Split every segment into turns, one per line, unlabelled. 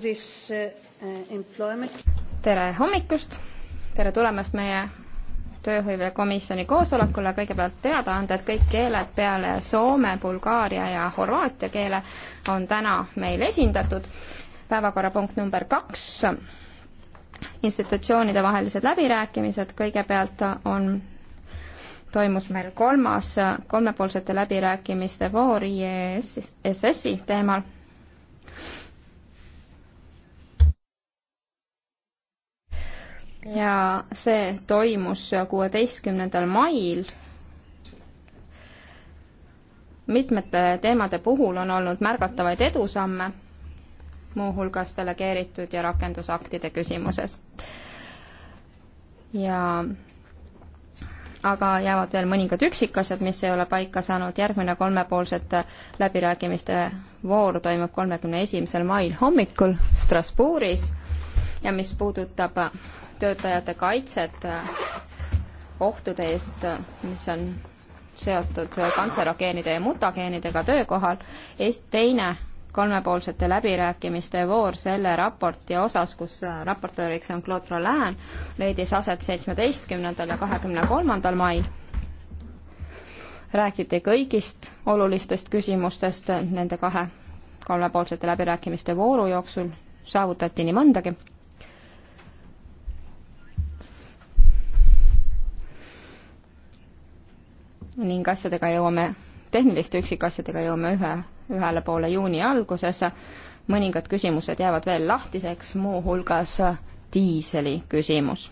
This, uh, uh
tere hommikust, tere tulemast meie tööhõivekomisjoni koosolekule, kõigepealt teadaanded, kõik keeled peale soome, bulgaaria ja horvaatia keele on täna meil esindatud. päevakorrapunkt number kaks, institutsioonide vahelised läbirääkimised, kõigepealt on toimus meil kolmas kolmepoolsete läbirääkimiste voor IES-i e teemal ja see toimus kuueteistkümnendal mail. mitmete teemade puhul on olnud märgatavaid edusamme, muuhulgas delegeeritud ja rakendusaktide küsimuses. ja aga jäävad veel mõningad üksikasjad, mis ei ole paika saanud, järgmine kolmepoolsete läbirääkimiste voor toimub kolmekümne esimesel mail hommikul Strasbourgis ja mis puudutab töötajate kaitset ohtude eest, mis on seotud kantserogeenide ja mutageenidega töökohal. teine kolmepoolsete läbirääkimiste voor selle raporti osas, kus raportööriks on Claude Rollin, leidis aset seitsmeteistkümnendal ja kahekümne kolmandal mail. räägiti kõigist olulistest küsimustest nende kahe kolmepoolsete läbirääkimiste vooru jooksul, saavutati nii mõndagi ning asjadega jõuame, tehniliste üksikasjadega jõuame ühe, ühele poole juuni alguses. mõningad küsimused jäävad veel lahtiseks, muuhulgas diiseli küsimus.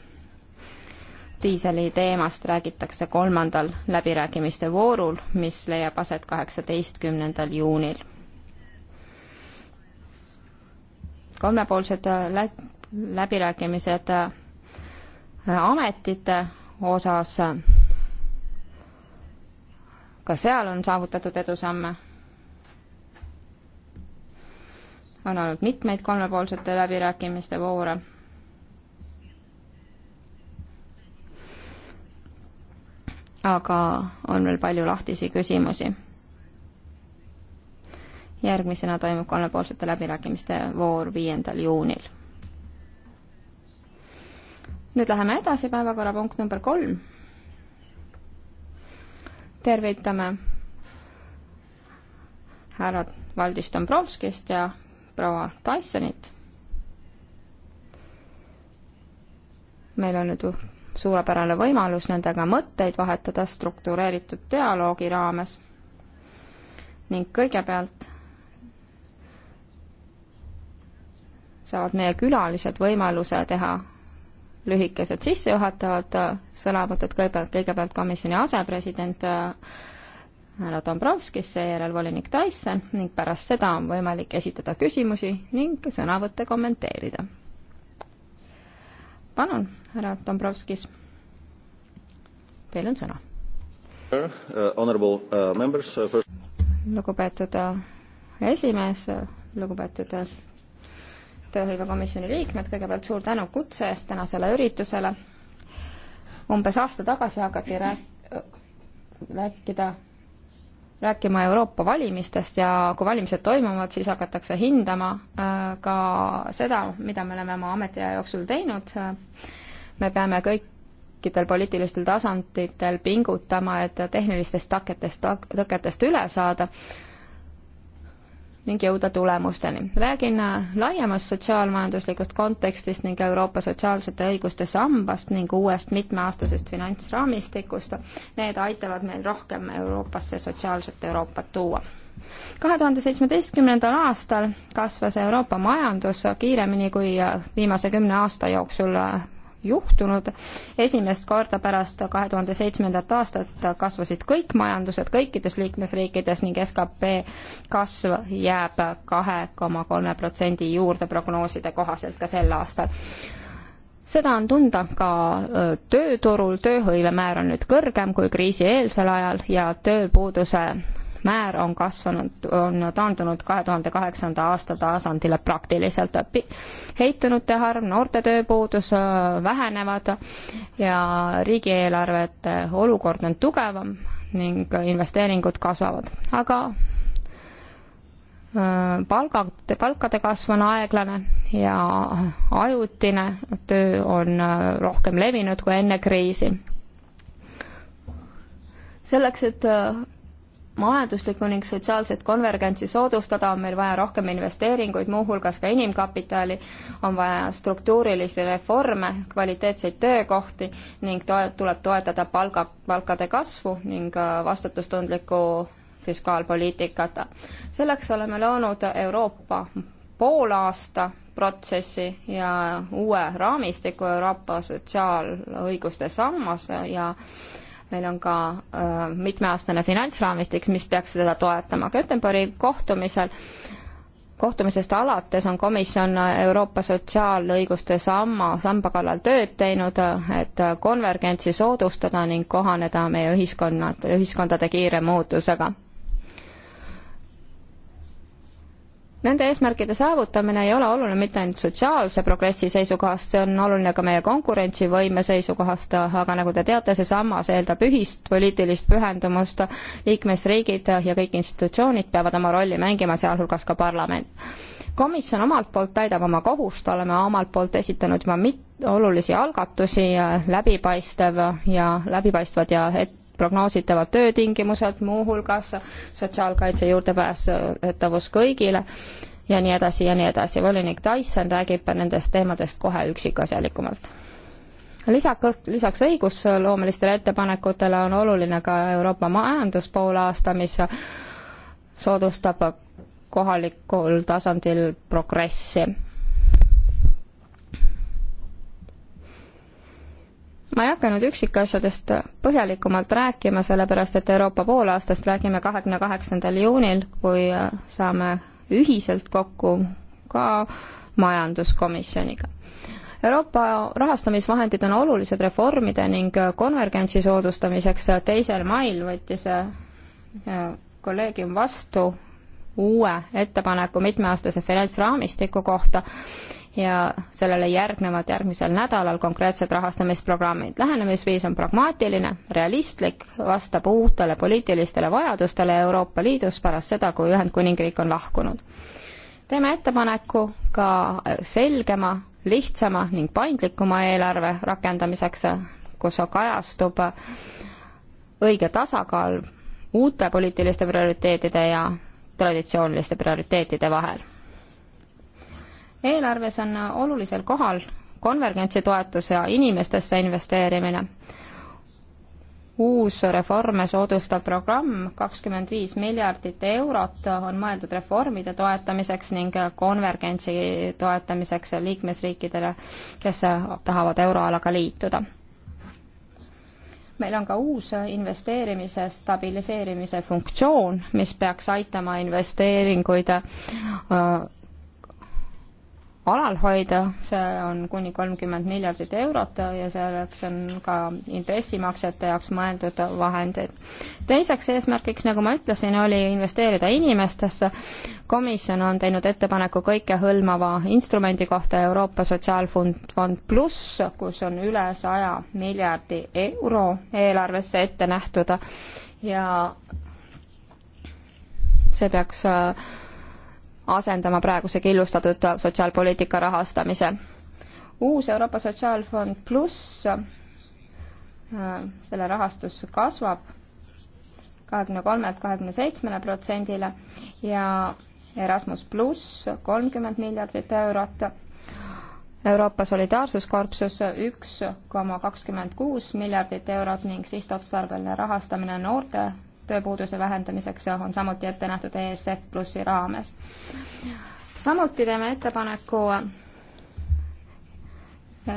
diiseli teemast räägitakse kolmandal läbirääkimiste voorul, mis leiab aset kaheksateistkümnendal juunil. kolmepoolsed lä-, läbirääkimised ametite osas ka seal on saavutatud edusamme. on olnud mitmeid kolmepoolsete läbirääkimiste voore. aga on veel palju lahtisi küsimusi. järgmisena toimub kolmepoolsete läbirääkimiste voor viiendal juunil. nüüd läheme edasi, päevakorrapunkt number kolm tervitame härra Valdis Dombrovskist ja proua Tysonit. meil on nüüd suurepärane võimalus nendega mõtteid vahetada struktureeritud dialoogi raames ning kõigepealt saavad meie külalised võimaluse teha lühikesed sissejuhatavad äh, sõnavõtud, kõigepealt, kõigepealt komisjoni asepresident äh, härra Dombrovskis, seejärel volinik Tyson ning pärast seda on võimalik esitada küsimusi ning sõnavõtte kommenteerida. palun, härra Dombrovskis, teil on sõna.
Uh, uh,
lugupeetud uh, esimees, lugupeetud tööhõivekomisjoni liikmed, kõigepealt suur tänu kutse eest tänasele üritusele. umbes aasta tagasi hakati rääk-, rääkida, rääkima Euroopa valimistest ja kui valimised toimuvad, siis hakatakse hindama äh, ka seda, mida me oleme oma ametiaja jooksul teinud. me peame kõik kõikidel poliitilistel tasanditel pingutama, et tehnilistest taketest, tõketest üle saada ning jõuda tulemusteni. räägin äh, laiemast sotsiaalmajanduslikust kontekstist ning Euroopa sotsiaalsete õiguste sambast ning uuest mitmeaastasest finantsraamistikust. Need aitavad meil rohkem Euroopasse sotsiaalset Euroopat tuua kahe tuhande seitsmeteistkümnendal aastal kasvas Euroopa majandus kiiremini kui äh, viimase kümne aasta jooksul äh, juhtunud. esimest korda pärast kahe tuhande seitsmendat aastat kasvasid kõik majandused kõikides liikmesriikides ning skp kasv jääb kahe koma kolme protsendi juurde prognooside kohaselt ka sel aastal seda on tunda ka tööturul, tööhõivemäär on nüüd kõrgem kui kriisieelsel ajal ja tööpuuduse määr on kasvanud, on taandunud kahe tuhande kaheksanda aasta tasandile praktiliselt. heitunute arv, noorte tööpuudus äh, vähenevad ja riigieelarvete olukord on tugevam ning investeeringud kasvavad, aga äh, palgad, palkade kasv on aeglane ja ajutine töö on äh, rohkem levinud kui enne kriisi. selleks, et majanduslikku ning sotsiaalset konvergentsi soodustada, on meil vaja rohkem investeeringuid, muuhulgas ka inimkapitali, on vaja struktuurilisi reforme, kvaliteetseid töökohti ning toe-, tuleb toetada palga, palkade kasvu ning vastutustundlikku fiskaalpoliitikat. selleks oleme loonud Euroopa poolaasta protsessi ja uue raamistiku Euroopa sotsiaalõiguste sammas ja, ja meil on ka äh, mitmeaastane finantsraamistik, mis peaks seda toetama. Göteborgi kohtumisel kohtumisest alates on komisjon äh, Euroopa sotsiaalõiguste samma, samba kallal tööd teinud, äh, et äh, konvergentsi soodustada ning kohaneda meie ühiskonna, ühiskondade kiire muutusega Nende eesmärkide saavutamine ei ole oluline mitte ainult sotsiaalse progressi seisukohast, see on oluline ka meie konkurentsivõime seisukohast, aga nagu te teate, see sammas eeldab ühist poliitilist pühendumust, liikmesriigid ja kõik institutsioonid peavad oma rolli mängima, sealhulgas ka parlament. komisjon omalt poolt täidab oma kohust, oleme omalt poolt esitanud juba mit-, olulisi algatusi, läbipaistev ja läbipaistvad ja et-, prognoositavad töötingimused, muuhulgas sotsiaalkaitse juurdepääsetavus äh, kõigile ja nii edasi ja nii edasi. volinik Tyson räägib nendest teemadest kohe üksikasjalikumalt. lisaks, lisaks õigusloomelistele ettepanekutele on oluline ka Euroopa majandus poolaasta, mis soodustab kohalikul tasandil progressi ma ei hakanud üksikasjadest põhjalikumalt rääkima, sellepärast et Euroopa poolaastast räägime kahekümne kaheksandal juunil, kui äh, saame ühiselt kokku ka majanduskomisjoniga. Euroopa rahastamisvahendid on olulised reformide ning konvergentsi soodustamiseks, teisel mail võttis äh, äh, kolleegium vastu uue ettepaneku mitmeaastase finantsraamistiku kohta ja sellele järgnevad järgmisel nädalal konkreetsed rahastamisprogrammid. lähenemisviis on pragmaatiline, realistlik, vastab uutele poliitilistele vajadustele Euroopa Liidus pärast seda, kui Ühendkuningriik on lahkunud. teeme ettepaneku ka selgema, lihtsama ning paindlikuma eelarve rakendamiseks, kus kajastub õige tasakaal uute poliitiliste prioriteetide ja traditsiooniliste prioriteetide vahel eelarves on olulisel kohal konvergentsi toetus ja inimestesse investeerimine. uus reforme soodustav programm, kakskümmend viis miljardit eurot, on mõeldud reformide toetamiseks ning konvergentsi toetamiseks liikmesriikidele, kes tahavad euroalaga liituda meil on ka uus investeerimise stabiliseerimise funktsioon, mis peaks aitama investeeringuid äh, alal hoida, see on kuni kolmkümmend miljardit eurot ja selleks on ka intressimaksete jaoks mõeldud vahendeid. teiseks eesmärgiks, nagu ma ütlesin, oli investeerida inimestesse. komisjon on teinud ettepaneku kõikehõlmava instrumendi kohta Euroopa Sotsiaalfond Fond Pluss, kus on üle saja miljardi euro eelarvesse ette nähtud ja see peaks äh, asendama praeguse killustatud sotsiaalpoliitika rahastamise. uus Euroopa Sotsiaalfond pluss, äh, selle rahastus kasvab kahekümne kolmelt kahekümne seitsmele protsendile ja Erasmus pluss kolmkümmend miljardit eurot Euroopa Solidaarsuskorpsus üks koma kakskümmend kuus miljardit eurot ning sihtotstarbeline rahastamine noorte tööpuuduse vähendamiseks on samuti ette nähtud ESF Plussi raames. samuti teeme ettepaneku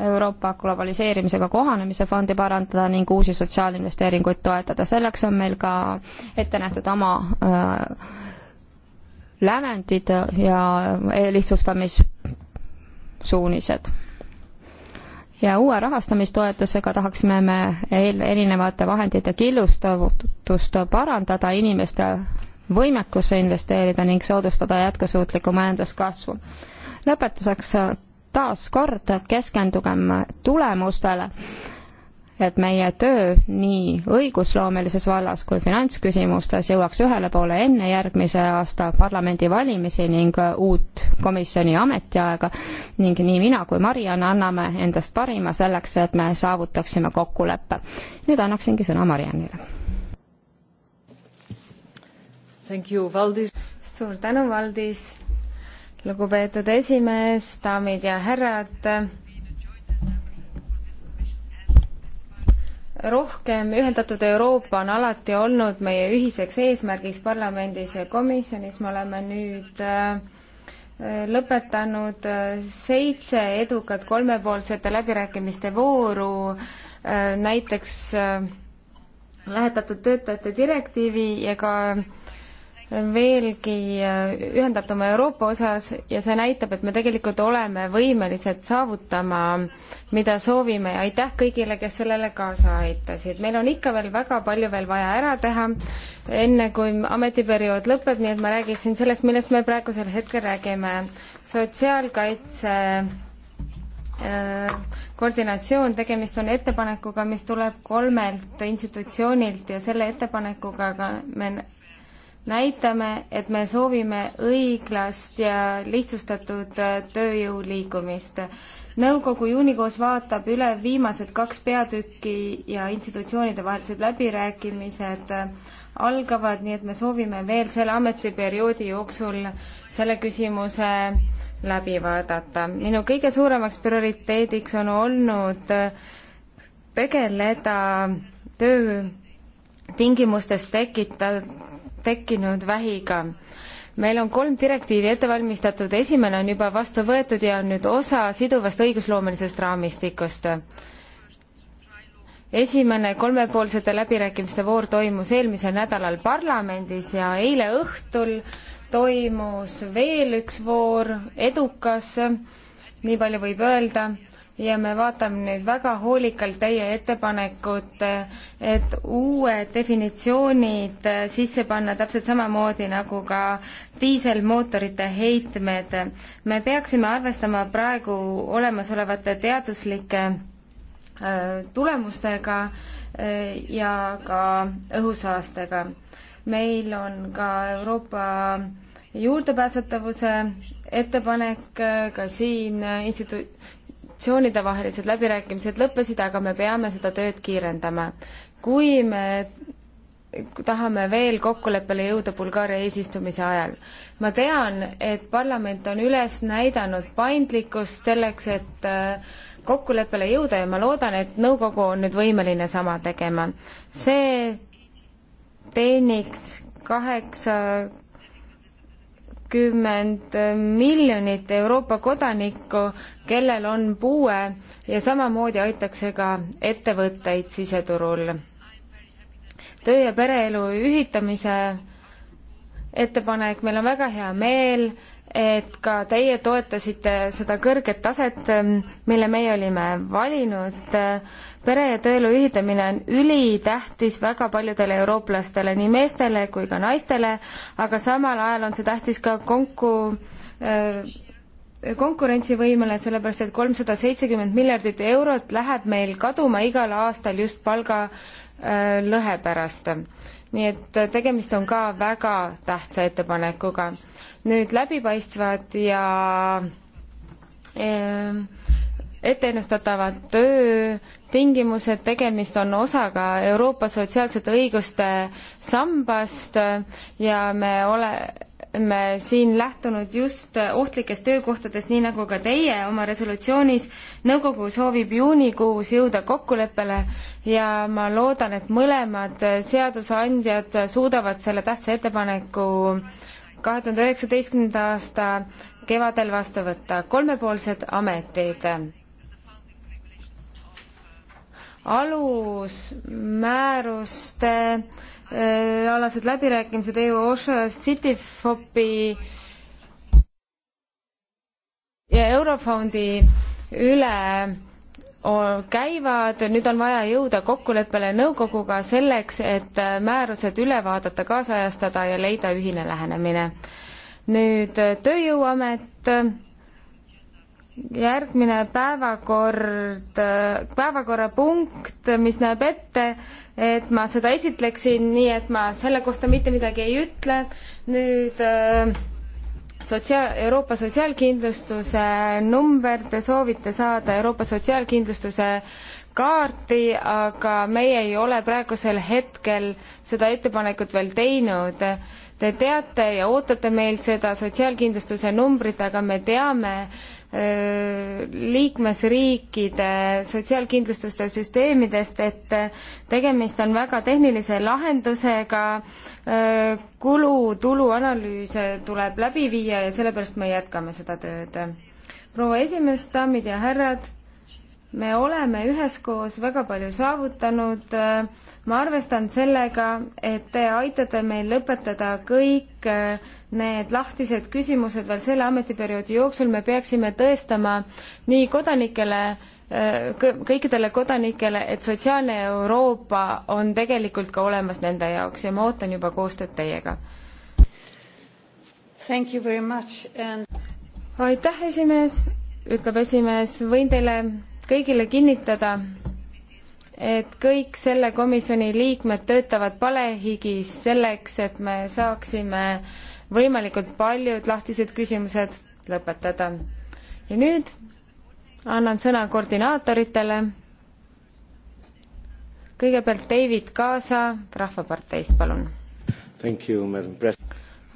Euroopa globaliseerimisega kohanemise fondi parandada ning uusi sotsiaalinvesteeringuid toetada. selleks on meil ka ette nähtud oma äh, lävendid ja äh, lihtsustamissuunised ja uue rahastamistoetusega tahaksime me erinevate vahendite killustatust parandada, inimeste võimekusse investeerida ning soodustada jätkusuutlikku majanduskasvu. lõpetuseks taas kord keskendugem tulemustele et meie töö nii õigusloomelises vallas kui finantsküsimustes jõuaks ühele poole enne järgmise aasta parlamendivalimisi ning uut komisjoni ametiaega ning nii mina kui Mariann anname endast parima selleks, et me saavutaksime kokkuleppe. nüüd annaksingi sõna Mariannile.
suur tänu, Valdis lugupeetud esimees, daamid ja härrad, rohkem ühendatud Euroopa on alati olnud meie ühiseks eesmärgiks parlamendis ja komisjonis, me oleme nüüd äh, lõpetanud äh, seitse edukat kolmepoolsete läbirääkimiste vooru, äh, näiteks lähetatud töötajate direktiivi ja ka äh, veelgi äh, ühendatuma Euroopa osas ja see näitab, et me tegelikult oleme võimelised saavutama, mida soovime ja aitäh kõigile, kes sellele kaasa aitasid. meil on ikka veel väga palju veel vaja ära teha, enne kui ametiperiood lõpeb, nii et ma räägiksin sellest, millest me praegusel hetkel räägime. sotsiaalkaitse äh, koordinatsioon, tegemist on ettepanekuga, mis tuleb kolmelt institutsioonilt ja selle ettepanekuga me näitame, et me soovime õiglast ja lihtsustatud äh, tööjõu liikumist. nõukogu juunikoos vaatab üle viimased kaks peatükki ja institutsioonide vahelised läbirääkimised äh, algavad, nii et me soovime veel selle ametiperioodi jooksul selle küsimuse läbi vaadata. minu kõige suuremaks prioriteediks on olnud äh, tegeleda töö tingimustes tekita-, tekkinud vähiga. meil on kolm direktiivi ette valmistatud, esimene on juba vastu võetud ja on nüüd osa siduvast õigusloomelisest raamistikust. esimene kolmepoolsete läbirääkimiste voor toimus eelmisel nädalal parlamendis ja eile õhtul toimus veel üks voor, edukas, nii palju võib öelda ja me vaatame nüüd väga hoolikalt teie ettepanekut, et uued definitsioonid äh, sisse panna täpselt samamoodi nagu ka diiselmootorite heitmed. me peaksime arvestama praegu olemasolevate teaduslike äh, tulemustega äh, ja ka õhusaastega. meil on ka Euroopa juurdepääsetavuse ettepanek, ka siin institu-, fraktsioonide vahelised läbirääkimised lõppesid, aga me peame seda tööd kiirendama. kui me tahame veel kokkuleppele jõuda Bulgaaria eesistumise ajal. ma tean, et parlament on üles näidanud paindlikkust selleks, et äh, kokkuleppele jõuda ja ma loodan, et nõukogu on nüüd võimeline sama tegema. see teeniks kaheksa kakskümmend miljonit Euroopa kodanikku, kellel on puue ja samamoodi aitaks see ka ettevõtteid siseturul. töö ja pereelu ühitamise ettepanek, meil on väga hea meel, et ka teie toetasite seda kõrget taset, ähm, mille meie olime valinud. pere ja tööelu ühitamine on ülitähtis väga paljudele eurooplastele, nii meestele kui ka naistele, aga samal ajal on see tähtis ka konku- äh,, konkurentsivõimele, sellepärast et kolmsada seitsekümmend miljardit eurot läheb meil kaduma igal aastal just palgalõhe äh, pärast nii et äh, tegemist on ka väga tähtsa ettepanekuga. nüüd läbipaistvad ja ähm, etteennustatavad töötingimused, tegemist on osaga Euroopa sotsiaalsete õiguste sambast ja me ole, me siin lähtunud just ohtlikest töökohtadest, nii nagu ka teie oma resolutsioonis. nõukogu soovib juunikuus jõuda kokkuleppele ja ma loodan, et mõlemad seadusandjad suudavad selle tähtsa ettepaneku kahe tuhande üheksateistkümnenda aasta kevadel vastu võtta. kolmepoolsed ametid. alusmääruste äh, Äh, alased läbirääkimised EU OSHA Cityfopi ja Eurofondi üle käivad, nüüd on vaja jõuda kokkuleppele nõukoguga selleks, et äh, määrused üle vaadata, kaasajastada ja leida ühine lähenemine. nüüd äh, Tööjõuamet, järgmine päevakord, päevakorrapunkt, mis näeb ette et ma seda esitleksin, nii et ma selle kohta mitte midagi ei ütle. nüüd äh, sotsiaal, Euroopa sotsiaalkindlustuse number, te soovite saada Euroopa sotsiaalkindlustuse kaarti, aga meie ei ole praegusel hetkel seda ettepanekut veel teinud. Te teate ja ootate meilt seda sotsiaalkindlustuse numbrit, aga me teame, Äh, liikmesriikide sotsiaalkindlustuste süsteemidest, et äh, tegemist on väga tehnilise lahendusega, äh, kulu-tulu analüüse tuleb läbi viia ja sellepärast me jätkame seda tööd. proua esimees, daamid ja härrad me oleme üheskoos väga palju saavutanud. ma arvestan sellega, et te aitate meil lõpetada kõik need lahtised küsimused veel selle ametiperioodi jooksul. me peaksime tõestama nii kodanikele, kõikidele kodanikele, et sotsiaalne Euroopa on tegelikult ka olemas nende jaoks ja ma ootan juba koostööd teiega.
And... aitäh,
esimees, ütleb esimees, võin teile kõigile kinnitada, et kõik selle komisjoni liikmed töötavad palehigis selleks, et me saaksime võimalikult paljud lahtised küsimused lõpetada. ja nüüd annan sõna koordinaatoritele. kõigepealt David Kaasa Rahvaparteist, palun.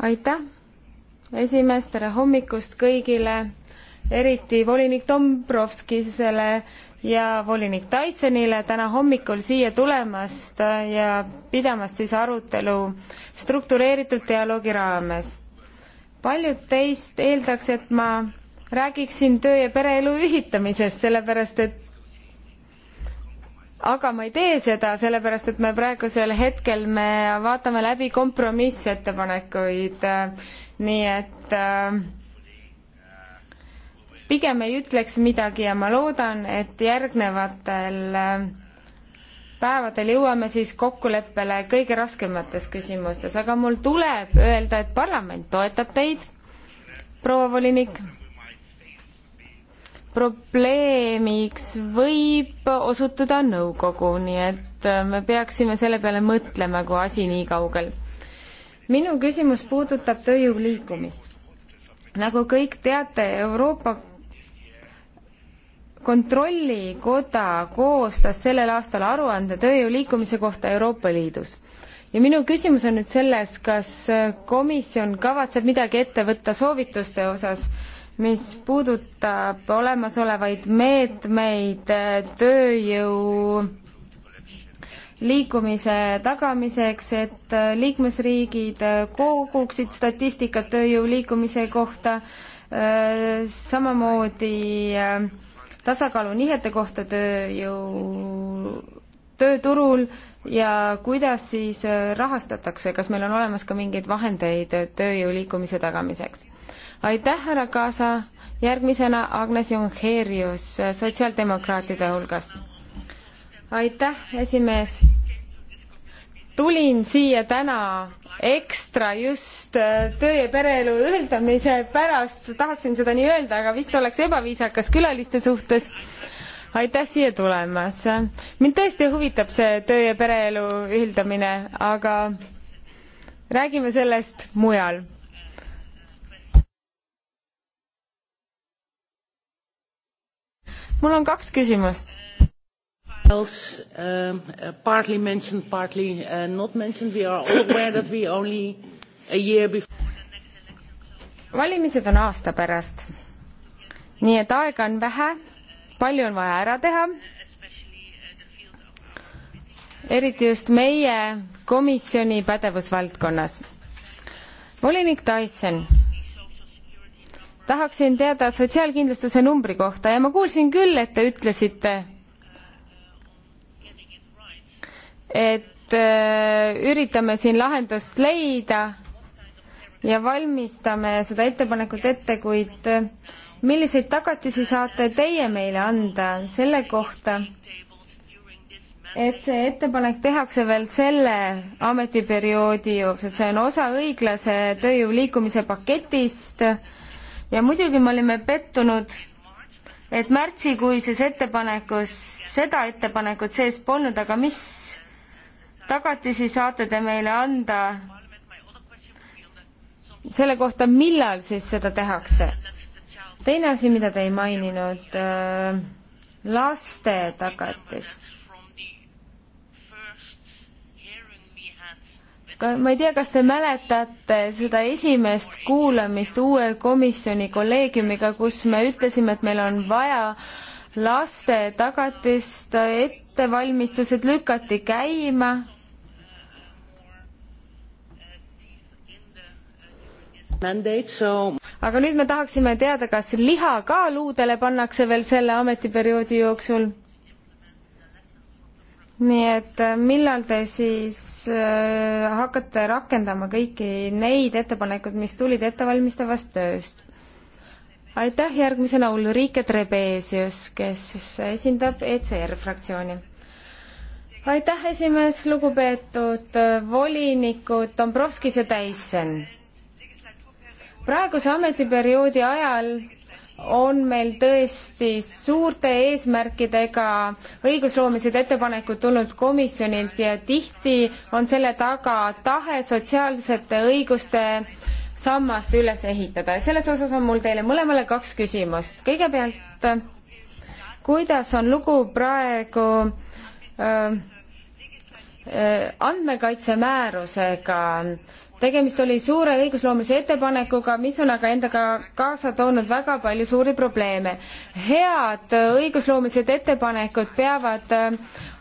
aitäh, esimees, tere hommikust kõigile eriti volinik Dombrovskisele ja volinik Tysonile täna hommikul siia tulemast ja pidamast siis arutelu struktureeritud dialoogi raames. paljud teist eeldaks, et ma räägiksin töö ja pereelu ühitamisest, sellepärast et aga ma ei tee seda, sellepärast et me praegusel hetkel me vaatame läbi kompromissettepanekuid, nii et äh, pigem ei ütleks midagi ja ma loodan, et järgnevatel äh, päevadel jõuame siis kokkuleppele kõige raskemates küsimustes, aga mul tuleb öelda, et parlament toetab teid, proua volinik. probleemiks võib osutuda nõukogu, nii et äh, me peaksime selle peale mõtlema, kui asi nii kaugel. minu küsimus puudutab tööjõu liikumist. nagu kõik teate, Euroopa kontrollikoda koostas sellel aastal aruande tööjõu liikumise kohta Euroopa Liidus. ja minu küsimus on nüüd selles, kas komisjon kavatseb midagi ette võtta soovituste osas, mis puudutab olemasolevaid meetmeid tööjõu liikumise tagamiseks, et liikmesriigid koguksid statistikat tööjõu liikumise kohta, samamoodi äh, tasakaalu nihete kohta tööjõu, tööturul ja kuidas siis äh, rahastatakse, kas meil on olemas ka mingeid vahendeid äh, tööjõu liikumise tagamiseks? aitäh, härra Kaasa, järgmisena Agnes Jungerius äh, sotsiaaldemokraatide hulgast. aitäh, esimees tulin siia täna ekstra just äh, töö ja pereelu ühildamise pärast, tahaksin seda nii öelda, aga vist oleks ebaviisakas külaliste suhtes. aitäh siia tulemast. mind tõesti huvitab see töö ja pereelu ühildamine, aga räägime sellest mujal. mul on kaks küsimust
else um, uh, partly mentioned, partly uh, not mentioned. We are all aware that we only a year before
valimised on aasta pärast. nii et aega on vähe, palju on vaja ära teha. eriti just meie komisjoni pädevusvaldkonnas. volinik Tyson, tahaksin teada sotsiaalkindlustuse numbri kohta ja ma kuulsin küll, et te ütlesite, et äh, üritame siin lahendust leida ja valmistame seda ettepanekut ette, kuid äh, milliseid tagatisi saate teie meile anda selle kohta, et see ettepanek tehakse veel selle ametiperioodi jooksul, see on osa õiglase tööjõu liikumise paketist ja muidugi me olime pettunud, et märtsikuises ettepanekus seda ettepanekut sees polnud, aga mis tagatisi saate te meile anda selle kohta, millal siis seda tehakse? teine asi, mida te ei maininud, äh, laste tagatis. ma ei tea, kas te mäletate seda esimest kuulamist uue komisjoni kolleegiumiga, kus me ütlesime, et meil on vaja laste tagatist, ettevalmistused lükati käima aga nüüd me tahaksime teada, kas liha ka luudele pannakse veel selle ametiperioodi jooksul? nii et äh, millal te siis äh, hakkate rakendama kõiki neid ettepanekuid, mis tulid ettevalmistavast tööst? aitäh, järgmisena Ulrike Trebesius, kes esindab ECR fraktsiooni aitäh, esimees, lugupeetud äh, volinikud Dombrovskis ja Täissen praeguse ametiperioodi ajal on meil tõesti suurte eesmärkidega õigusloomised ettepanekud tulnud komisjonilt ja tihti on selle taga tahe sotsiaalsete õiguste sammast üles ehitada ja selles osas on mul teile mõlemale kaks küsimust. kõigepealt, kuidas on lugu praegu öö, äh, öö, andmekaitsemäärusega äh,? tegemist oli suure õigusloomelise ettepanekuga, mis on aga endaga kaasa toonud väga palju suuri probleeme. head õigusloomelised ettepanekud peavad äh,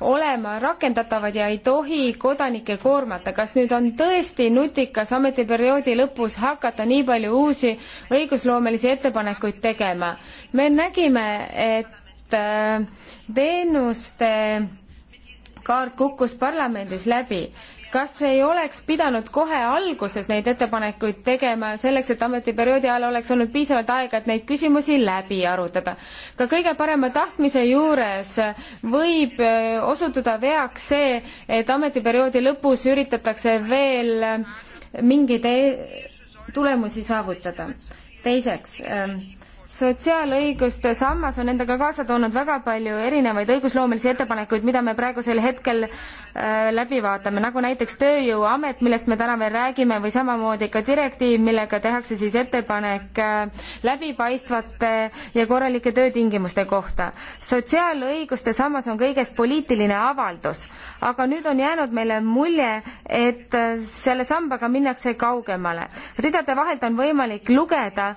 olema rakendatavad ja ei tohi kodanikke koormata. kas nüüd on tõesti nutikas ametiperioodi lõpus hakata nii palju uusi õigusloomelisi ettepanekuid tegema? me nägime, et äh, teenuste kaart kukkus parlamendis läbi kas ei oleks pidanud kohe alguses neid ettepanekuid tegema selleks, et ametiperioodi ajal oleks olnud piisavalt aega, et neid küsimusi läbi arutada? ka kõige parema tahtmise juures võib äh, osutuda veaks see, et ametiperioodi lõpus üritatakse veel äh, mingeid e tulemusi saavutada. teiseks ähm,, sotsiaalõiguste sammas on endaga kaasa toonud väga palju erinevaid õigusloomelisi ettepanekuid, mida me praegusel hetkel äh, läbi vaatame, nagu näiteks Tööjõuamet, millest me täna veel räägime, või samamoodi ka direktiiv, millega tehakse siis ettepanek äh, läbipaistvate ja korralike töötingimuste kohta. sotsiaalõiguste sammas on kõigest poliitiline avaldus, aga nüüd on jäänud meile mulje, et äh, selle sambaga minnakse kaugemale. ridade vahelt on võimalik lugeda,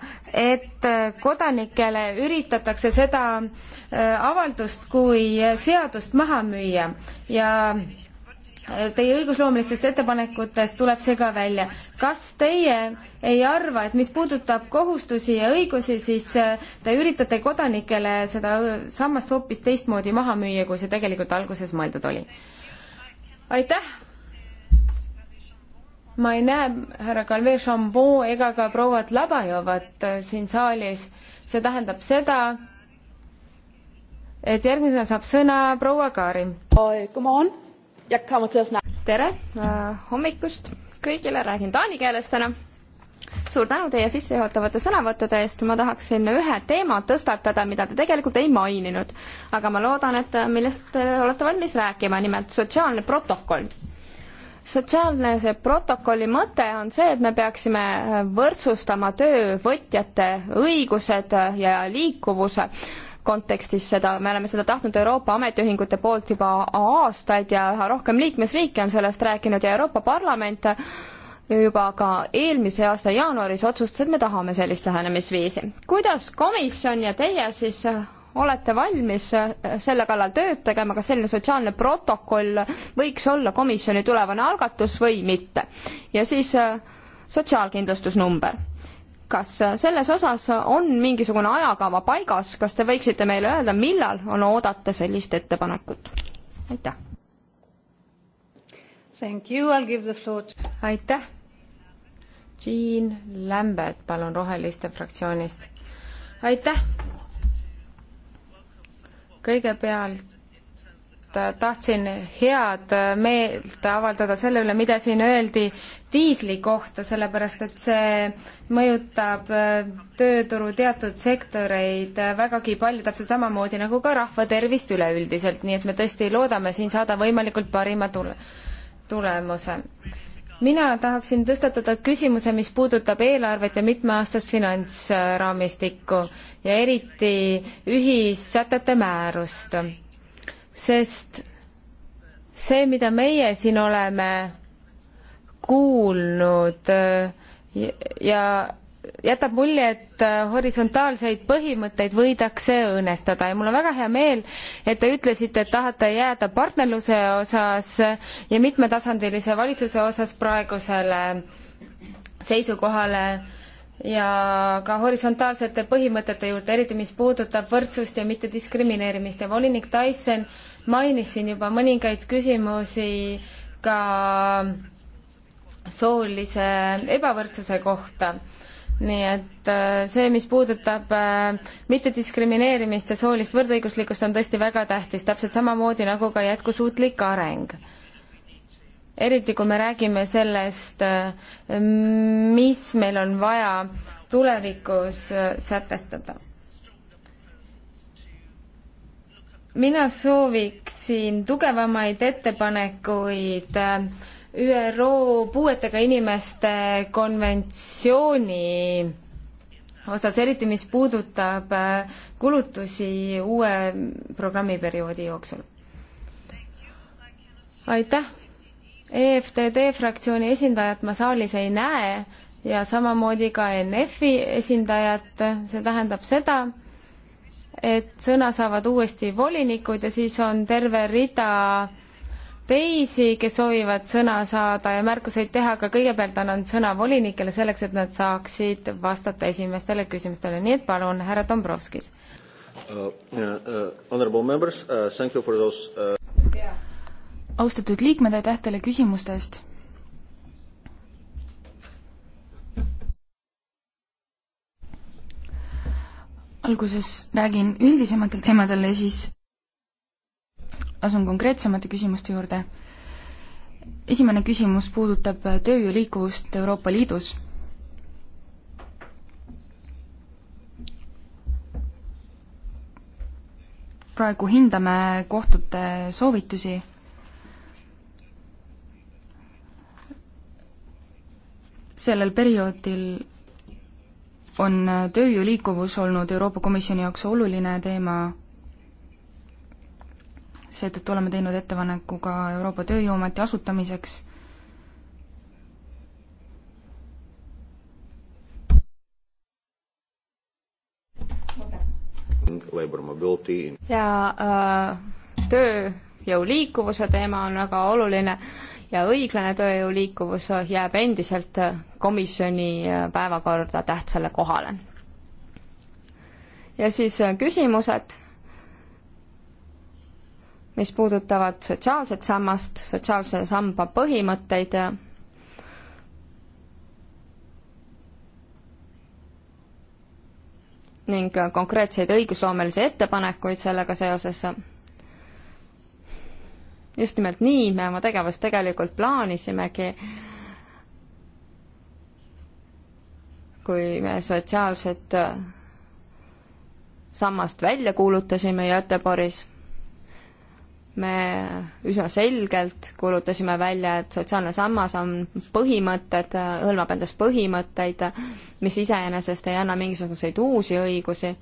et äh, koda kodanikele üritatakse seda äh, avaldust kui seadust maha müüa ja äh, teie õigusloomelistest ettepanekutest tuleb see ka välja. kas teie ei arva, et mis puudutab kohustusi ja õigusi, siis äh, te üritate kodanikele seda sammast hoopis teistmoodi maha müüa, kui see tegelikult alguses mõeldud oli? aitäh! ma ei näe härra Calvet Chambon ega ka prouat Labajovat siin saalis see tähendab seda, et järgmisena saab sõna proua Kaari.
tere äh, hommikust kõigile, räägin taani keeles täna. suur tänu teie sissejuhatavate sõnavõttude eest, ma tahaksin ühe teema tõstatada, mida te tegelikult ei maininud, aga ma loodan, et äh, millest te äh, olete valmis rääkima, nimelt sotsiaalne protokoll sotsiaalne see protokolli mõte on see, et me peaksime äh, võrdsustama töövõtjate õigused äh, ja liikuvuse kontekstis seda, me oleme seda tahtnud Euroopa ametiühingute poolt juba aastaid ja üha rohkem liikmesriike on sellest rääkinud ja Euroopa Parlament äh, juba ka eelmise aasta jaanuaris otsustas, et me tahame sellist lähenemisviisi. kuidas komisjon ja teie siis olete valmis äh, selle kallal tööd tegema, kas selline sotsiaalne protokoll võiks olla komisjoni tulevane algatus või mitte? ja siis äh, sotsiaalkindlustusnumber. kas äh, selles osas on mingisugune ajakava paigas, kas te võiksite meile öelda, millal on oodata sellist ettepanekut? aitäh.
Thank you, I will give the floor to aitäh.
Jean Lambert, palun, Roheliste fraktsioonist. aitäh kõigepealt äh, tahtsin head äh, meelt avaldada selle üle, mida siin öeldi diisli kohta, sellepärast et see mõjutab äh, tööturu teatud sektoreid vägagi palju, täpselt samamoodi nagu ka rahva tervist üleüldiselt, nii et me tõesti loodame siin saada võimalikult parima tule-, tulemuse mina tahaksin tõstatada küsimuse, mis puudutab eelarvet ja mitmeaastast finantsraamistikku ja eriti ühissätete määrust. sest see, mida meie siin oleme kuulnud ja jätab mulje, et äh, horisontaalseid põhimõtteid võidakse õõnestada ja mul on väga hea meel, et te ütlesite, et tahate jääda partnerluse osas ja mitmetasandilise valitsuse osas praegusele seisukohale ja ka horisontaalsete põhimõtete juurde, eriti mis puudutab võrdsust ja mittediskrimineerimist ja volinik Tyson mainis siin juba mõningaid küsimusi ka soolise ebavõrdsuse kohta nii et äh, see, mis puudutab äh, mittediskrimineerimist ja soolist võrdõiguslikkust, on tõesti väga tähtis, täpselt samamoodi nagu ka jätkusuutlik areng. eriti, kui me räägime sellest, äh, mis meil on vaja tulevikus sätestada. mina sooviksin tugevamaid ettepanekuid äh, ÜRO puuetega inimeste konventsiooni osas, eriti mis puudutab äh, kulutusi uue programmiperioodi jooksul. aitäh! EFTD fraktsiooni esindajat ma saalis ei näe ja samamoodi ka NF-i esindajat, see tähendab seda, et sõna saavad uuesti volinikud ja siis on terve rida äh, teisi, kes soovivad sõna saada ja märkuseid teha, aga kõigepealt annan sõna volinikele selleks, et nad saaksid vastata esimestele küsimustele, nii et palun, härra Dombrovskis uh,. Uh, honorable members uh,, thank you for those uh... Yeah..
austatud liikmed, aitäh teile küsimuste eest. alguses räägin üldisematel teemadel ja siis asun konkreetsemate küsimuste juurde. esimene küsimus puudutab tööjõu liikuvust Euroopa Liidus. praegu hindame kohtute soovitusi sellel perioodil on tööjõu liikuvus olnud Euroopa Komisjoni jaoks oluline teema seetõttu oleme teinud ettepaneku ka Euroopa Tööjõuameti asutamiseks.
ja äh, tööjõu liikuvuse teema on väga oluline ja õiglane tööjõu liikuvus jääb endiselt komisjoni äh, päevakorda tähtsale kohale. ja siis äh, küsimused mis puudutavad sotsiaalset sammast, sotsiaalse samba põhimõtteid. ning konkreetseid õigusloomelisi ettepanekuid sellega seoses. just nimelt nii me oma tegevust tegelikult plaanisimegi. kui me sotsiaalset sammast välja kuulutasime Göteborgis me üsna selgelt kuulutasime välja, et sotsiaalne sammas on põhimõtted, hõlmab endas põhimõtteid, mis iseenesest ei anna mingisuguseid uusi õigusi,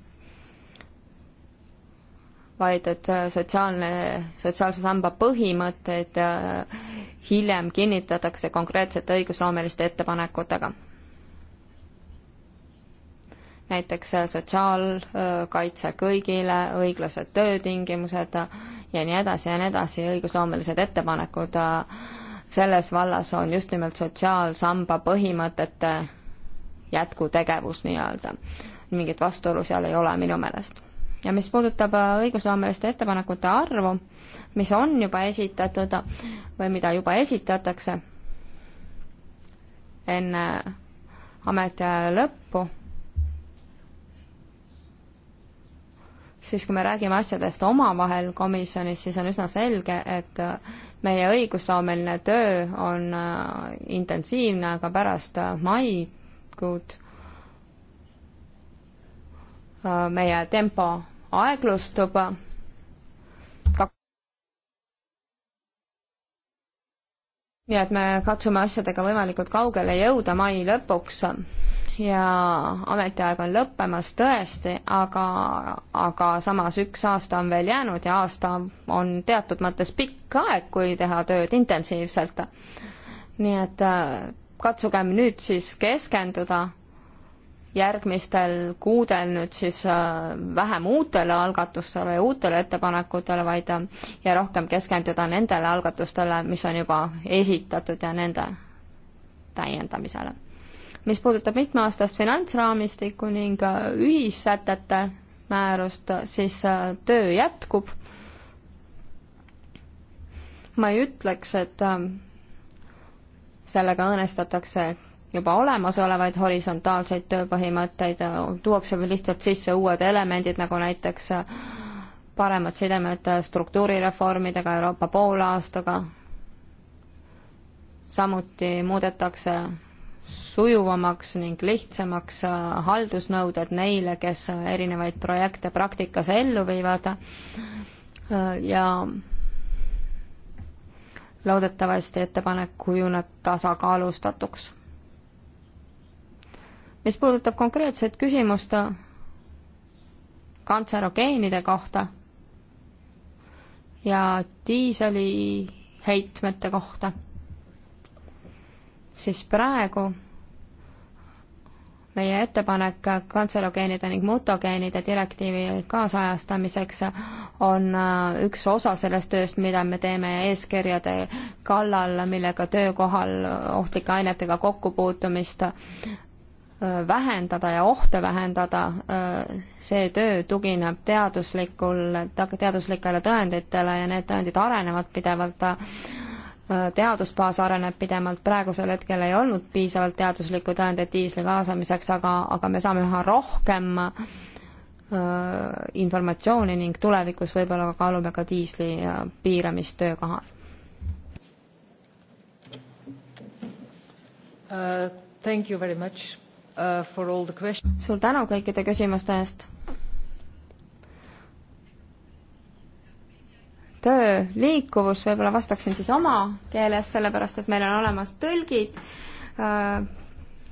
vaid et sotsiaalne, sotsiaalse samba põhimõtteid hiljem kinnitatakse konkreetsete õigusloomeliste ettepanekutega näiteks äh, sotsiaalkaitse kõigile, õiglased töötingimused äh, ja nii edasi ja nii edasi, õigusloomelised ettepanekud äh, selles vallas on just nimelt sotsiaalsamba põhimõtete jätkutegevus nii-öelda. mingit vastuolu seal ei ole minu meelest. ja mis puudutab õigusloomeliste ettepanekute arvu, mis on juba esitatud või mida juba esitatakse enne ametiaja lõppu siis kui me räägime asjadest omavahel komisjonis, siis on üsna selge, et äh, meie õigusloomeline töö on äh, intensiivne, aga pärast äh, maikuud meie tempo aeglustub. nii et me katsume asjadega võimalikult kaugele jõuda mai lõpuks ja ametiaeg on lõppemas tõesti, aga, aga samas üks aasta on veel jäänud ja aasta on teatud mõttes pikk aeg, kui teha tööd intensiivselt. nii et äh, katsugem nüüd siis keskenduda järgmistel kuudel nüüd siis äh, vähem uutele algatustele ja uutele ettepanekutele, vaid äh, ja rohkem keskenduda nendele algatustele, mis on juba esitatud ja nende täiendamisele mis puudutab mitmeaastast finantsraamistikku ning äh, ühissätete määrust, siis äh, töö jätkub. ma ei ütleks, et äh, sellega õõnestatakse juba olemasolevaid horisontaalseid tööpõhimõtteid, tuuakse lihtsalt sisse uued elemendid, nagu näiteks paremad sidemed struktuurireformidega, Euroopa poolaastaga, samuti muudetakse sujuvamaks ning lihtsamaks äh, haldusnõuded neile, kes äh, erinevaid projekte praktikas ellu viivad äh, ja loodetavasti ettepanek kujuneb tasakaalustatuks. mis puudutab konkreetset küsimust kantserogeenide kohta ja diiseli heitmete kohta siis praegu meie ettepanek kantserogeenide ning mutageenide direktiivi kaasajastamiseks on äh, üks osa sellest tööst, mida me teeme eeskirjade kallal, millega töökohal ohtlike ainetega kokkupuutumist äh, vähendada ja ohte vähendada, äh, see töö tugineb teaduslikul, teaduslikele tõenditele ja need tõendid arenevad pidevalt Äh, teadusbaas areneb pidevalt, praegusel hetkel ei olnud piisavalt teaduslikku tõendeid diisli kaasamiseks, aga, aga me saame üha rohkem äh, informatsiooni ning tulevikus võib-olla kaalume ka diisli äh, piiramist töökohal
uh,. Thank you very much uh, for all the questions.
suur tänu kõikide küsimuste eest töö, liikuvus, võib-olla vastaksin siis oma keeles, sellepärast et meil on olemas tõlgid, äh,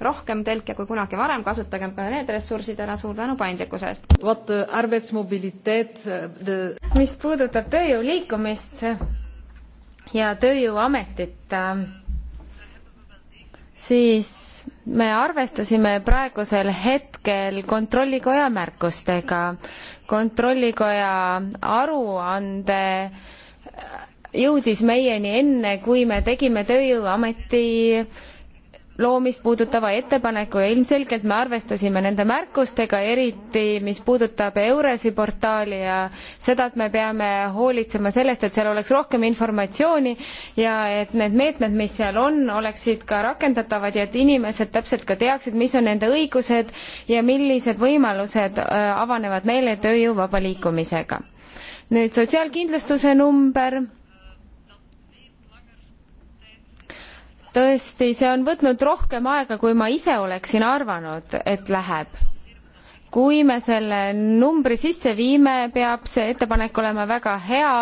rohkem tõlke kui kunagi varem, kasutagem ka need ressursid ära, suur tänu paindlikkuse eest!
Äh, äh, mis puudutab tööjõu liikumist ja tööjõuametit, siis me arvestasime praegusel hetkel Kontrollikoja märkustega. kontrollikoja aruande jõudis meieni enne, kui me tegime Tööjõuameti äh, loomist puudutava ettepaneku ja ilmselgelt me arvestasime nende märkustega, eriti mis puudutab Euresi portaali ja seda, et me peame hoolitsema sellest, et seal oleks rohkem informatsiooni ja et need meetmed, mis seal on, oleksid ka rakendatavad ja et inimesed täpselt ka teaksid, mis on nende õigused ja millised võimalused äh, avanevad neile tööjõu vaba liikumisega. nüüd sotsiaalkindlustuse number tõesti, see on võtnud rohkem aega, kui ma ise oleksin arvanud, et läheb. kui me selle numbri sisse viime, peab see ettepanek olema väga hea,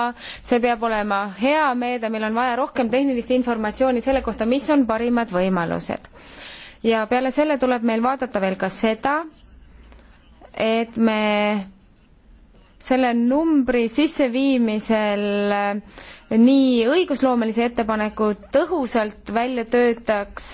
see peab olema hea meede, meil on vaja rohkem tehnilist informatsiooni selle kohta, mis on parimad võimalused. ja peale selle tuleb meil vaadata veel ka seda, et me selle numbri sisseviimisel eh, nii õigusloomelise ettepaneku tõhusalt välja töötaks,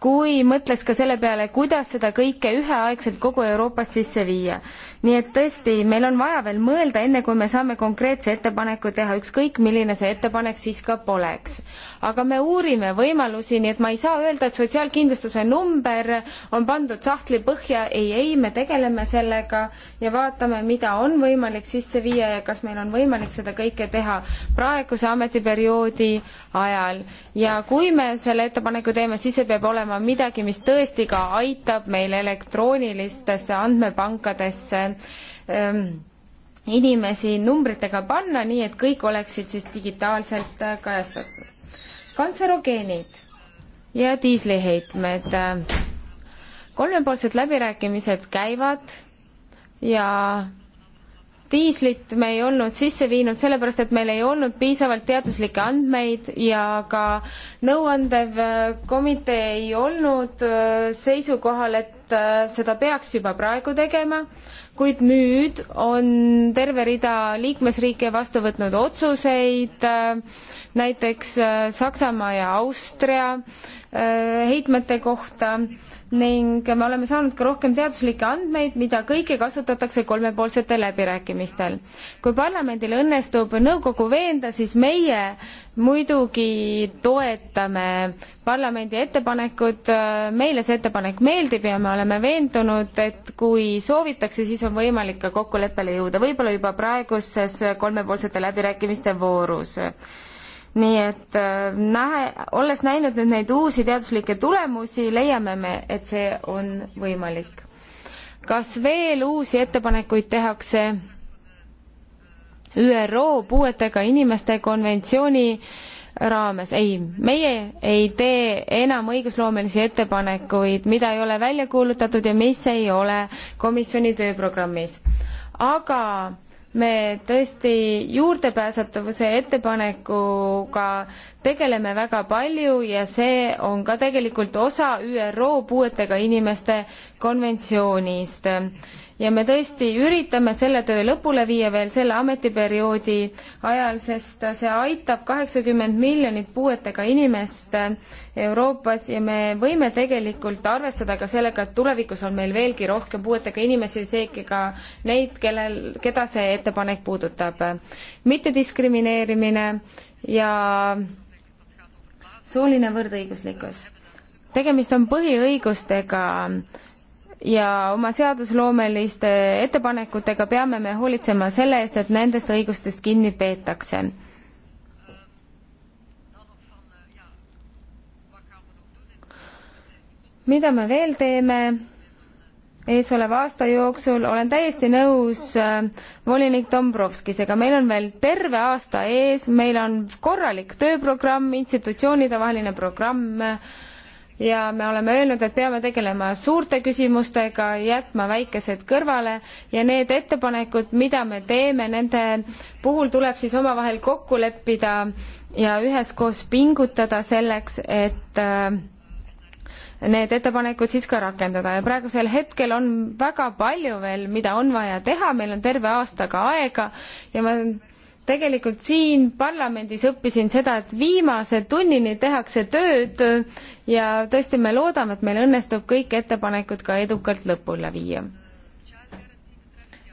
kui mõtleks ka selle peale, kuidas seda kõike üheaegselt kogu Euroopas sisse viia. nii et tõesti, meil on vaja veel mõelda, enne kui me saame konkreetse ettepaneku teha, ükskõik milline see ettepanek siis ka poleks aga me uurime võimalusi, nii et ma ei saa öelda, et sotsiaalkindlustuse number on pandud sahtli põhja, ei, ei, me tegeleme sellega ja vaatame, mida on võimalik sisse viia ja kas meil on võimalik seda kõike teha praeguse ametiperioodi ajal. ja kui me selle ettepaneku teeme, siis see peab olema midagi, mis tõesti ka aitab meil elektroonilistesse andmepankadesse ähm, inimesi numbritega panna, nii et kõik oleksid siis digitaalselt äh, kajastatud kantserogeenid ja diisliheitmed. kolmepoolsed läbirääkimised käivad ja diislit me ei olnud sisse viinud sellepärast, et meil ei olnud piisavalt teaduslikke andmeid ja ka nõuandev äh, komitee ei olnud äh, seisukohal, et äh, seda peaks juba praegu tegema, kuid nüüd on terve rida liikmesriike vastu võtnud otsuseid äh, näiteks äh, Saksamaa ja Austria äh, heitmete kohta ning me oleme saanud ka rohkem teaduslikke andmeid, mida kõike kasutatakse kolmepoolsetel läbirääkimistel. kui parlamendil õnnestub nõukogu veenda, siis meie muidugi toetame parlamendi ettepanekut, äh, meile see ettepanek meeldib ja me oleme veendunud, et kui soovitakse, siis on võimalik ka kokkuleppele jõuda, võib-olla juba praeguses kolmepoolsete läbirääkimiste voorus nii et äh, nähe, olles näinud nüüd neid uusi teaduslikke tulemusi, leiame me, et see on võimalik. kas veel uusi ettepanekuid tehakse? ÜRO puuetega inimeste konventsiooni raames, ei, meie ei tee enam õigusloomelisi ettepanekuid, mida ei ole välja kuulutatud ja mis ei ole komisjoni tööprogrammis. aga me tõesti juurdepääsetavuse ettepanekuga tegeleme väga palju ja see on ka tegelikult osa ÜRO puuetega inimeste konventsioonist ja me tõesti üritame selle töö lõpule viia veel selle ametiperioodi ajal, sest see aitab kaheksakümmend miljonit puuetega inimest Euroopas ja me võime tegelikult arvestada ka sellega, et tulevikus on meil veelgi rohkem puuetega inimesi, seegi ka neid, kellel, keda see ettepanek puudutab. mittediskrimineerimine ja sooline võrdõiguslikkus. tegemist on põhiõigustega ja oma seadusloomeliste ettepanekutega peame me hoolitsema selle eest, et nendest õigustest kinni peetakse. mida me veel teeme? eesoleva aasta jooksul olen täiesti nõus äh, volinik Dombrovskisega, meil on veel terve aasta ees, meil on korralik tööprogramm, institutsioonide vaheline programm, programm ja me oleme öelnud, et peame tegelema suurte küsimustega, jätma väikesed kõrvale ja need ettepanekud, mida me teeme, nende puhul tuleb siis omavahel kokku leppida ja üheskoos pingutada selleks, et äh, need ettepanekud siis ka rakendada ja praegusel hetkel on väga palju veel, mida on vaja teha, meil on terve aastaga aega ja ma tegelikult siin parlamendis õppisin seda, et viimase tunnini tehakse tööd ja tõesti, me loodame, et meil õnnestub kõik ettepanekud ka edukalt lõpule viia.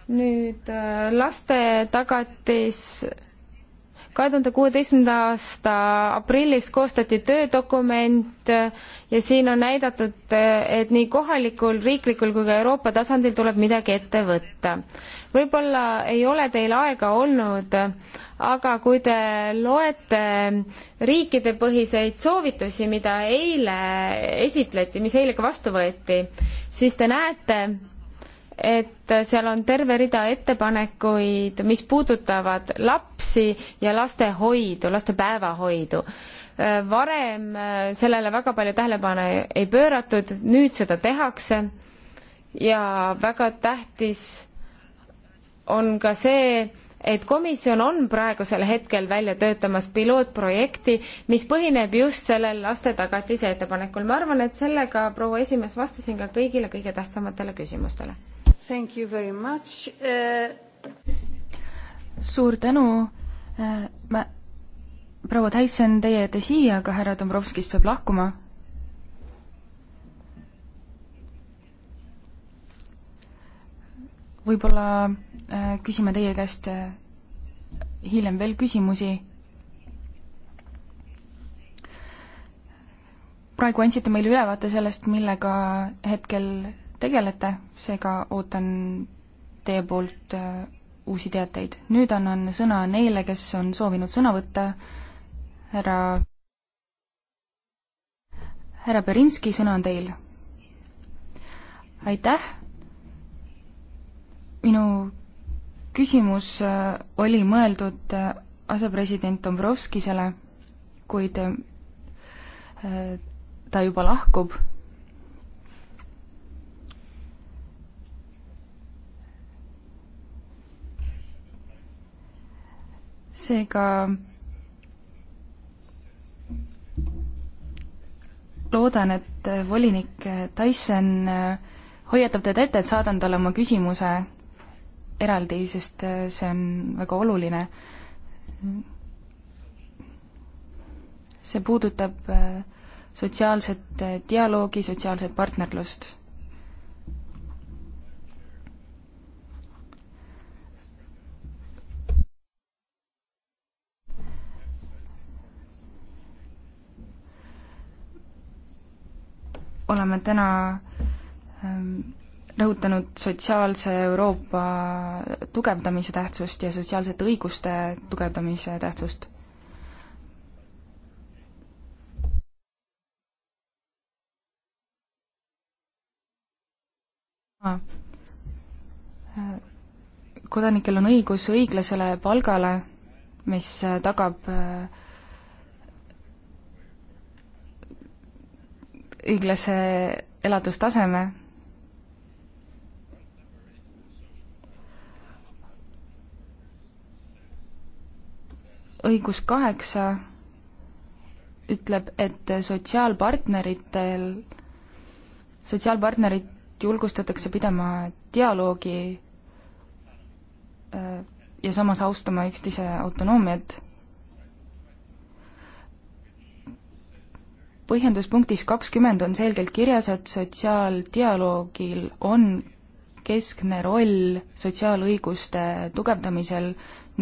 nüüd äh, laste tagatis kahe tuhande kuueteistkümnenda aasta aprillis koostati töödokument äh, ja siin on näidatud, äh, et nii kohalikul, riiklikul kui ka Euroopa tasandil tuleb midagi ette võtta. võib-olla ei ole teil aega olnud, aga kui te loete riikidepõhiseid soovitusi, mida eile esitleti, mis eile ka vastu võeti, siis te näete, et seal on terve rida ettepanekuid, mis puudutavad lapsi ja lastehoidu, laste päevahoidu. varem sellele väga palju tähelepanu ei pööratud, nüüd seda tehakse ja väga tähtis on ka see, et komisjon on praegusel hetkel välja töötamas pilootprojekti, mis põhineb just sellel lastetagatise ettepanekul. ma arvan, et sellega, proua esimees, vastasin ka kõigile kõige tähtsamatele küsimustele.
Thank you very much uh....
suur tänu uh,. ma, proua Tyson, teie jääte siia, aga härra Dombrovskis peab lahkuma. võib-olla uh, küsime teie käest uh, hiljem veel küsimusi. praegu andsite meile ülevaate sellest, millega hetkel tegelete, seega ootan teie poolt äh, uusi teateid. nüüd annan sõna neile, kes on soovinud sõna võtta, härra, härra Berinski, sõna on teil. aitäh, minu küsimus äh, oli mõeldud äh, asepresident Dombrovskisele, kuid ta juba lahkub seega loodan, et volinik Tyson hoiatab teid ette, et saadan talle oma küsimuse eraldi, sest see on väga oluline. see puudutab sotsiaalset dialoogi, sotsiaalset partnerlust oleme täna ähm, rõhutanud sotsiaalse Euroopa tugevdamise tähtsust ja sotsiaalsete õiguste tugevdamise tähtsust. Äh, kodanikel on õigus õiglasele palgale, mis äh, tagab äh, õiglase elatustaseme. õigus kaheksa ütleb, et sotsiaalpartneritel, sotsiaalpartnerit julgustatakse pidama dialoogi äh, ja samas austama üksteise autonoomiat põhjenduspunktis kakskümmend on selgelt kirjas, et sotsiaaldialoogil on keskne roll sotsiaalõiguste tugevdamisel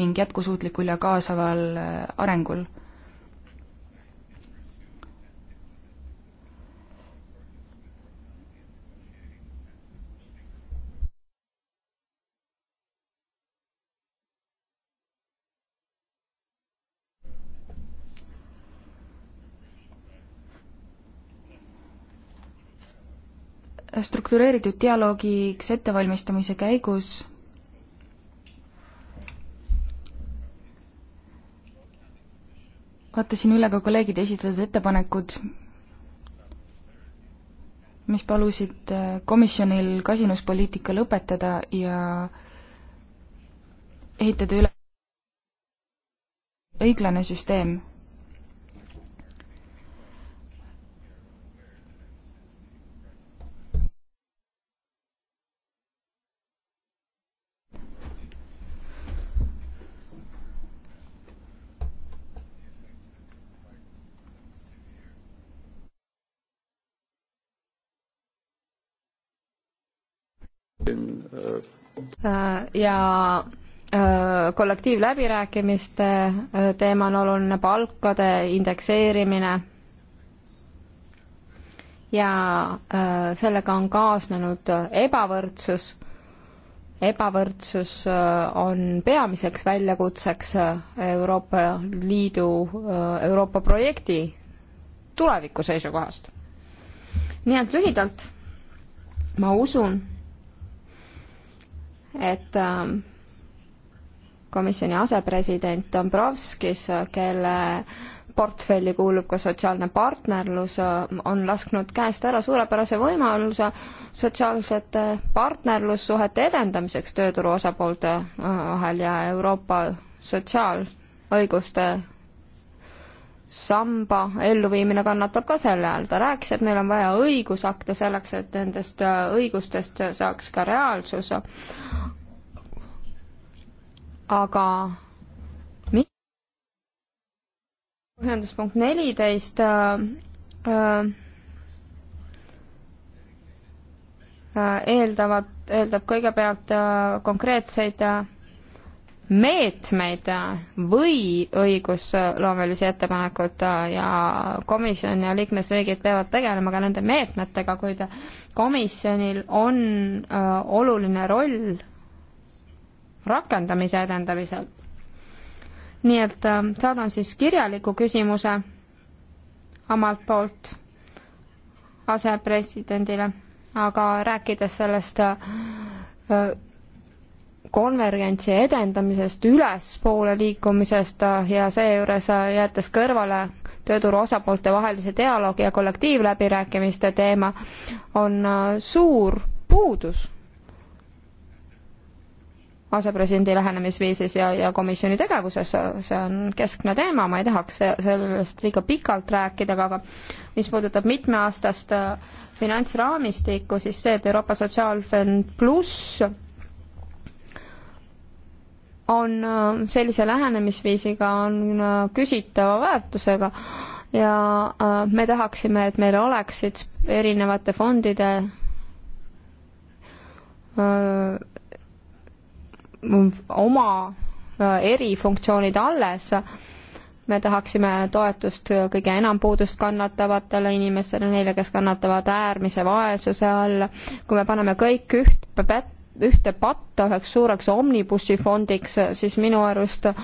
ning jätkusuutlikul ja kaasaval äh, arengul struktureeritud dialoogiks ettevalmistamise käigus vaatasin üle ka kolleegide esitatud ettepanekud, mis palusid äh, komisjonil kasinuspoliitika lõpetada ja ehitada üle õiglane süsteem
Äh, ja äh, kollektiivläbirääkimiste äh, teema on oluline, palkade indekseerimine ja sellega on kaasnenud ebavõrdsus. ebavõrdsus on peamiseks väljakutseks Euroopa Liidu, Euroopa projekti tuleviku seisukohast. nii et lühidalt ma usun, et ähm, komisjoni asepresident Dombrovskis, kelle portfelli kuulub ka sotsiaalne partnerlus, on lasknud käest ära suurepärase võimaluse sotsiaalsete partnerlussuhete edendamiseks tööturu osapoolte äh, vahel ja Euroopa sotsiaalõiguste samba elluviimine kannatab ka selle all, ta rääkis, et meil on vaja õigusakte selleks, et nendest äh, õigustest saaks ka reaalsus. aga põhjendus punkt neliteist äh, äh, eeldavad, eeldab kõigepealt konkreetseid äh, meetmeid või õigusloomelisi ettepanekuid ja komisjon ja liikmesriigid peavad tegelema ka nende meetmetega, kuid komisjonil on oluline roll rakendamise edendamisel. nii et saadan siis kirjaliku küsimuse omalt poolt asepresidendile, aga rääkides sellest konvergentsi edendamisest, ülespoole liikumisest äh, ja seejuures äh, jättes kõrvale tööturu osapoolte vahelise dialoogi ja kollektiivläbirääkimiste teema, on äh, suur puudus asepresidendi lähenemisviisis ja, ja komisjoni tegevuses, see on keskne teema, ma ei tahaks sellest liiga pikalt rääkida, aga mis puudutab mitmeaastast finantsraamistikku, siis see, et Euroopa Sotsiaalfond pluss on äh, sellise lähenemisviisiga, on äh, küsitava väärtusega ja äh, me tahaksime, et meil oleksid erinevate fondide öö, oma erifunktsioonid alles, me tahaksime toetust kõige enam puudust kannatavatele inimestele, neile, kes kannatavad äärmise vaesuse all, kui me paneme kõik üht ühte patta üheks suureks omnibussifondiks, siis minu arust äh,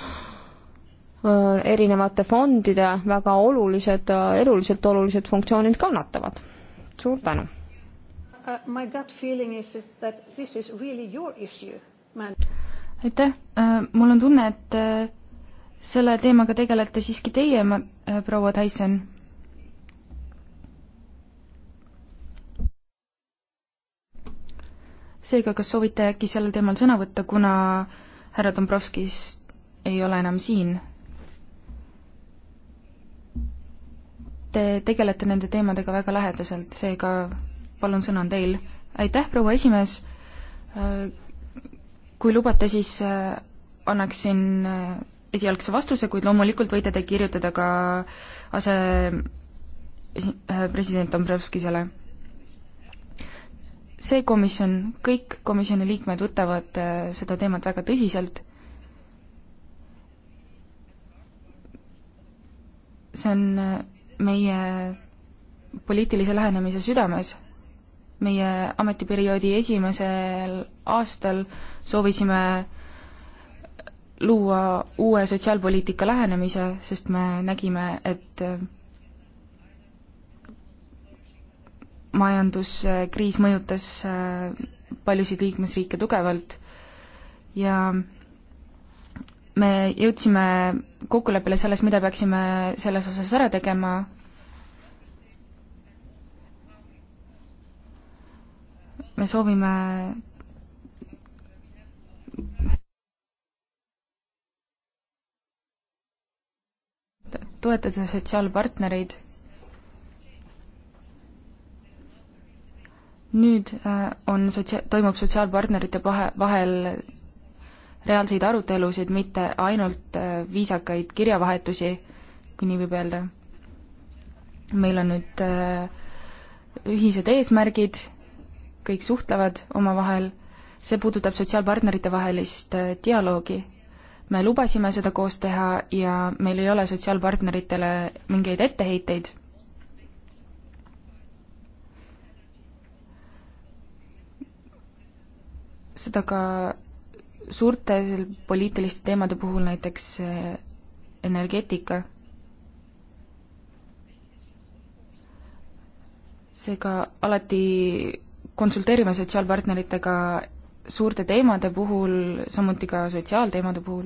erinevate fondide väga olulised, äh, eluliselt olulised funktsioonid kannatavad. suur tänu!
Uh, my gut feeling is that this is really your issue, man. aitäh,
äh, mul on tunne, et selle teemaga tegelete siiski teie, proua Tyson seega, kas soovite äkki sellel teemal sõna võtta, kuna härra Dombrovskis ei ole enam siin? Te tegelete nende teemadega väga lähedaselt, seega palun, sõna on teil. aitäh, proua esimees, kui lubate, siis äh, annaksin äh, esialgse vastuse, kuid loomulikult võite te kirjutada ka ase-, äh, president Dombrovskisele see komisjon, kõik komisjoni liikmed võtavad äh, seda teemat väga tõsiselt. see on äh, meie poliitilise lähenemise südames. meie ametiperioodi esimesel aastal soovisime luua uue sotsiaalpoliitika lähenemise, sest me nägime, et äh, majanduskriis mõjutas äh, paljusid liikmesriike tugevalt ja me jõudsime kokkuleppele selles, mida peaksime selles osas ära tegema, me soovime toetada sotsiaalpartnereid nüüd äh, on sotsia-, toimub sotsiaalpartnerite vahe, vahel reaalseid arutelusid, mitte ainult äh, viisakaid kirjavahetusi, kui nii võib öelda. meil on nüüd äh, ühised eesmärgid, kõik suhtlevad omavahel, see puudutab sotsiaalpartnerite vahelist dialoogi. me lubasime seda koos teha ja meil ei ole sotsiaalpartneritele mingeid etteheiteid seda ka suurte poliitiliste teemade puhul, näiteks eh, energeetika. seega alati konsulteerime sotsiaalpartneritega suurte teemade puhul, samuti ka sotsiaalteemade puhul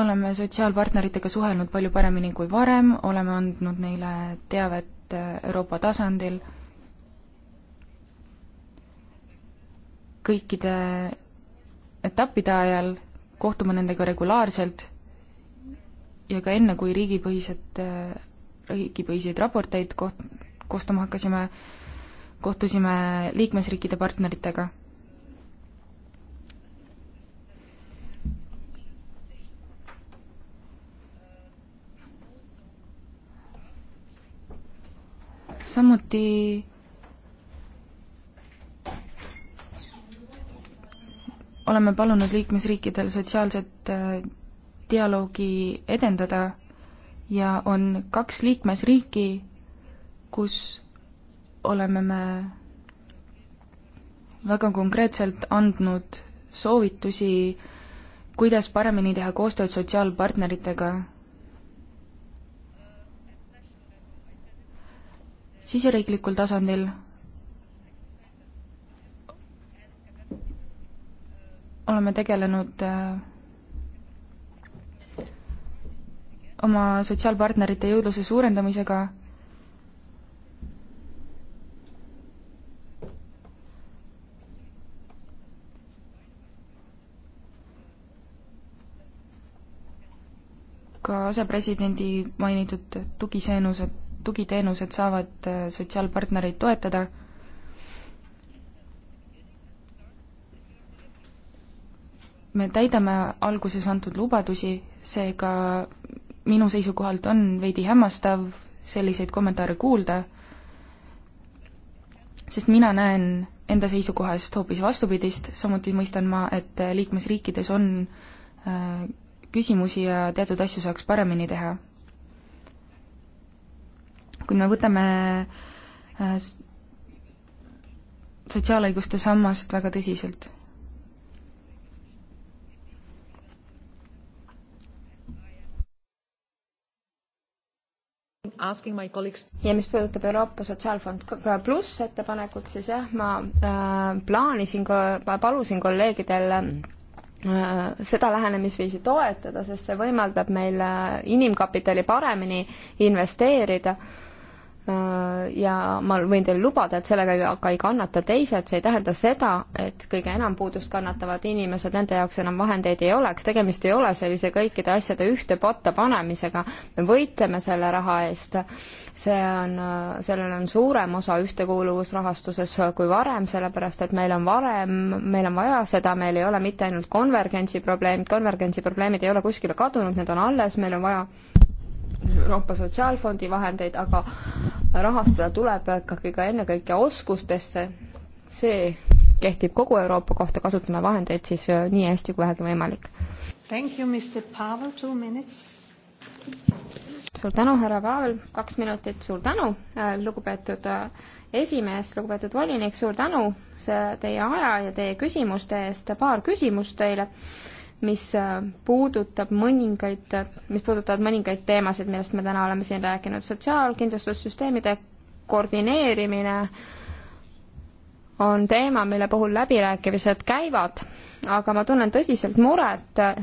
oleme sotsiaalpartneritega suhelnud palju paremini kui varem, oleme andnud neile teavet et äh, Euroopa tasandil kõikide etappide ajal kohtume nendega regulaarselt ja ka enne, kui riigipõhised, äh, riigipõhiseid raporteid koht-, koostama hakkasime, kohtusime liikmesriikide partneritega samuti oleme palunud liikmesriikidel sotsiaalset äh, dialoogi edendada ja on kaks liikmesriiki, kus oleme me väga konkreetselt andnud soovitusi, kuidas paremini teha koostööd sotsiaalpartneritega siseriiklikul tasandil oleme tegelenud äh, oma sotsiaalpartnerite jõudluse suurendamisega ka asepresidendi mainitud tugiseenused tugiteenused saavad äh, sotsiaalpartnereid toetada. me täidame alguses antud lubadusi, seega minu seisukohalt on veidi hämmastav selliseid kommentaare kuulda, sest mina näen enda seisukohast hoopis vastupidist, samuti mõistan ma, et liikmesriikides on äh, küsimusi ja teatud asju saaks paremini teha kui me võtame äh, sotsiaalõiguste sammast väga tõsiselt.
ja mis puudutab Euroopa Sotsiaalfond pluss ettepanekut, siis jah, ma äh, plaanisin, ma palusin kolleegidel äh, seda lähenemisviisi toetada, sest see võimaldab meil äh, inimkapitali paremini investeerida äh, Äh, ja ma võin teile lubada, et sellega aga ei kannata teised, see ei tähenda seda, et kõige enam puudust kannatavad inimesed, nende jaoks enam vahendeid ei oleks, tegemist ei ole sellise kõikide asjade ühte potta panemisega, me võitleme selle raha eest, see on, äh, sellel on suurem osa ühtekuuluvusrahastuses kui varem, sellepärast et meil on varem, meil on vaja seda, meil ei ole mitte ainult konvergentsi probleemid, konvergentsi probleemid ei ole kuskile kadunud, need on alles, meil on vaja Euroopa Sotsiaalfondi vahendeid, aga rahastada tuleb ikkagi ka ennekõike oskustesse. see kehtib kogu Euroopa kohta, kasutame vahendeid siis äh, nii hästi kui vähegi võimalik. suur tänu, härra Pavel, kaks minutit, suur tänu, äh, lugupeetud äh, esimees, lugupeetud volinik, suur tänu see teie aja ja teie küsimuste eest, paar küsimust teile mis äh, puudutab mõningaid, mis puudutavad mõningaid teemasid, millest me täna oleme siin rääkinud. sotsiaalkindlustussüsteemide koordineerimine on teema, mille puhul läbirääkimised käivad, aga ma tunnen tõsiselt muret äh,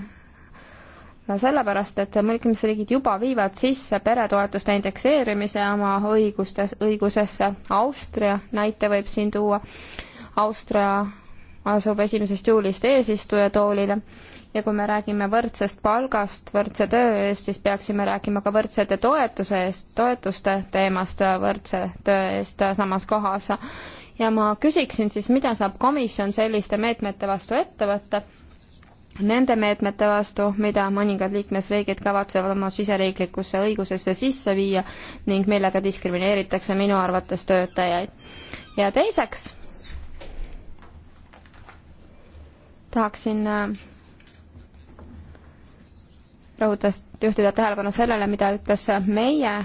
sellepärast, et mõned liikmesriigid juba viivad sisse peretoetuste indekseerimise oma õigustes, õigusesse. Austria näite võib siin tuua. Austria asub esimesest juulist eesistuja toolile ja kui me räägime võrdsest palgast võrdse töö eest, siis peaksime rääkima ka võrdsete toetuse eest, toetuste teemast võrdse töö eest samas kohas. ja ma küsiksin siis, mida saab komisjon selliste meetmete vastu ette võtta, nende meetmete vastu, mida mõningad liikmesriigid kavatsevad oma siseriiklikusse õigusesse sisse viia ning millega diskrimineeritakse minu arvates töötajaid. ja teiseks, tahaksin äh, rõhutas, juhtida tähelepanu sellele, mida ütles meie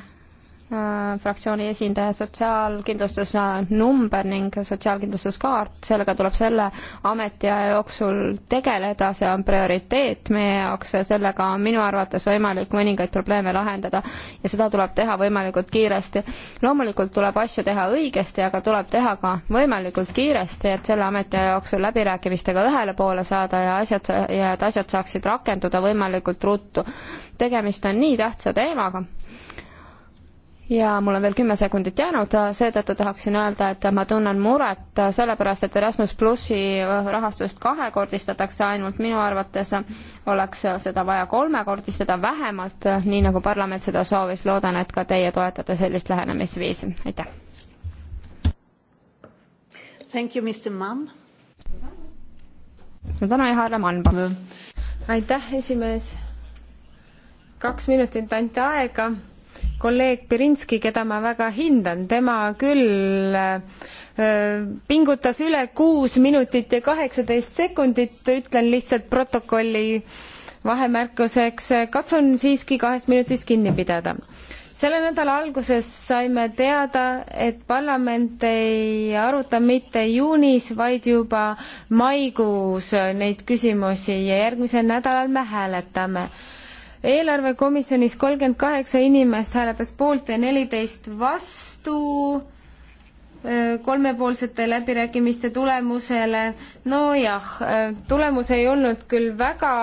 Äh, fraktsiooni esindaja sotsiaalkindlustusnumber ning sotsiaalkindlustuskaart, sellega tuleb selle ametiaja jooksul tegeleda, see on prioriteet meie jaoks ja sellega on minu arvates võimalik mõningaid probleeme lahendada ja seda tuleb teha võimalikult kiiresti. loomulikult tuleb asju teha õigesti, aga tuleb teha ka võimalikult kiiresti, et selle ametiaja jooksul läbirääkimistega ühele poole saada ja asjad, ja et asjad saaksid rakenduda võimalikult ruttu. tegemist on nii tähtsa teemaga ja mul on veel kümme sekundit jäänud, äh, seetõttu tahaksin öelda, et ma tunnen muret äh, sellepärast, et Erasmus plussi äh, rahastust kahekordistatakse ainult, minu arvates oleks seda vaja kolmekordistada vähemalt, nii nagu parlament seda soovis, loodan, et ka teie toetate sellist lähenemisviisi, aitäh.
Thank you, Mr Mann.
suur tänu, Jaanle Mann.
aitäh, esimees. kaks minutit anti aega kolleeg Pirinski, keda ma väga hindan, tema küll äh, pingutas üle kuus minutit ja kaheksateist sekundit, ütlen lihtsalt protokolli vahemärkuseks, katsun siiski kahest minutist kinni pidada. selle nädala alguses saime teada, et parlament ei aruta mitte juunis, vaid juba maikuus neid küsimusi ja järgmisel nädalal me hääletame eelarvekomisjonis kolmkümmend kaheksa inimest hääletas poolt ja neliteist vastu kolmepoolsete läbirääkimiste tulemusele. nojah, tulemus ei olnud küll väga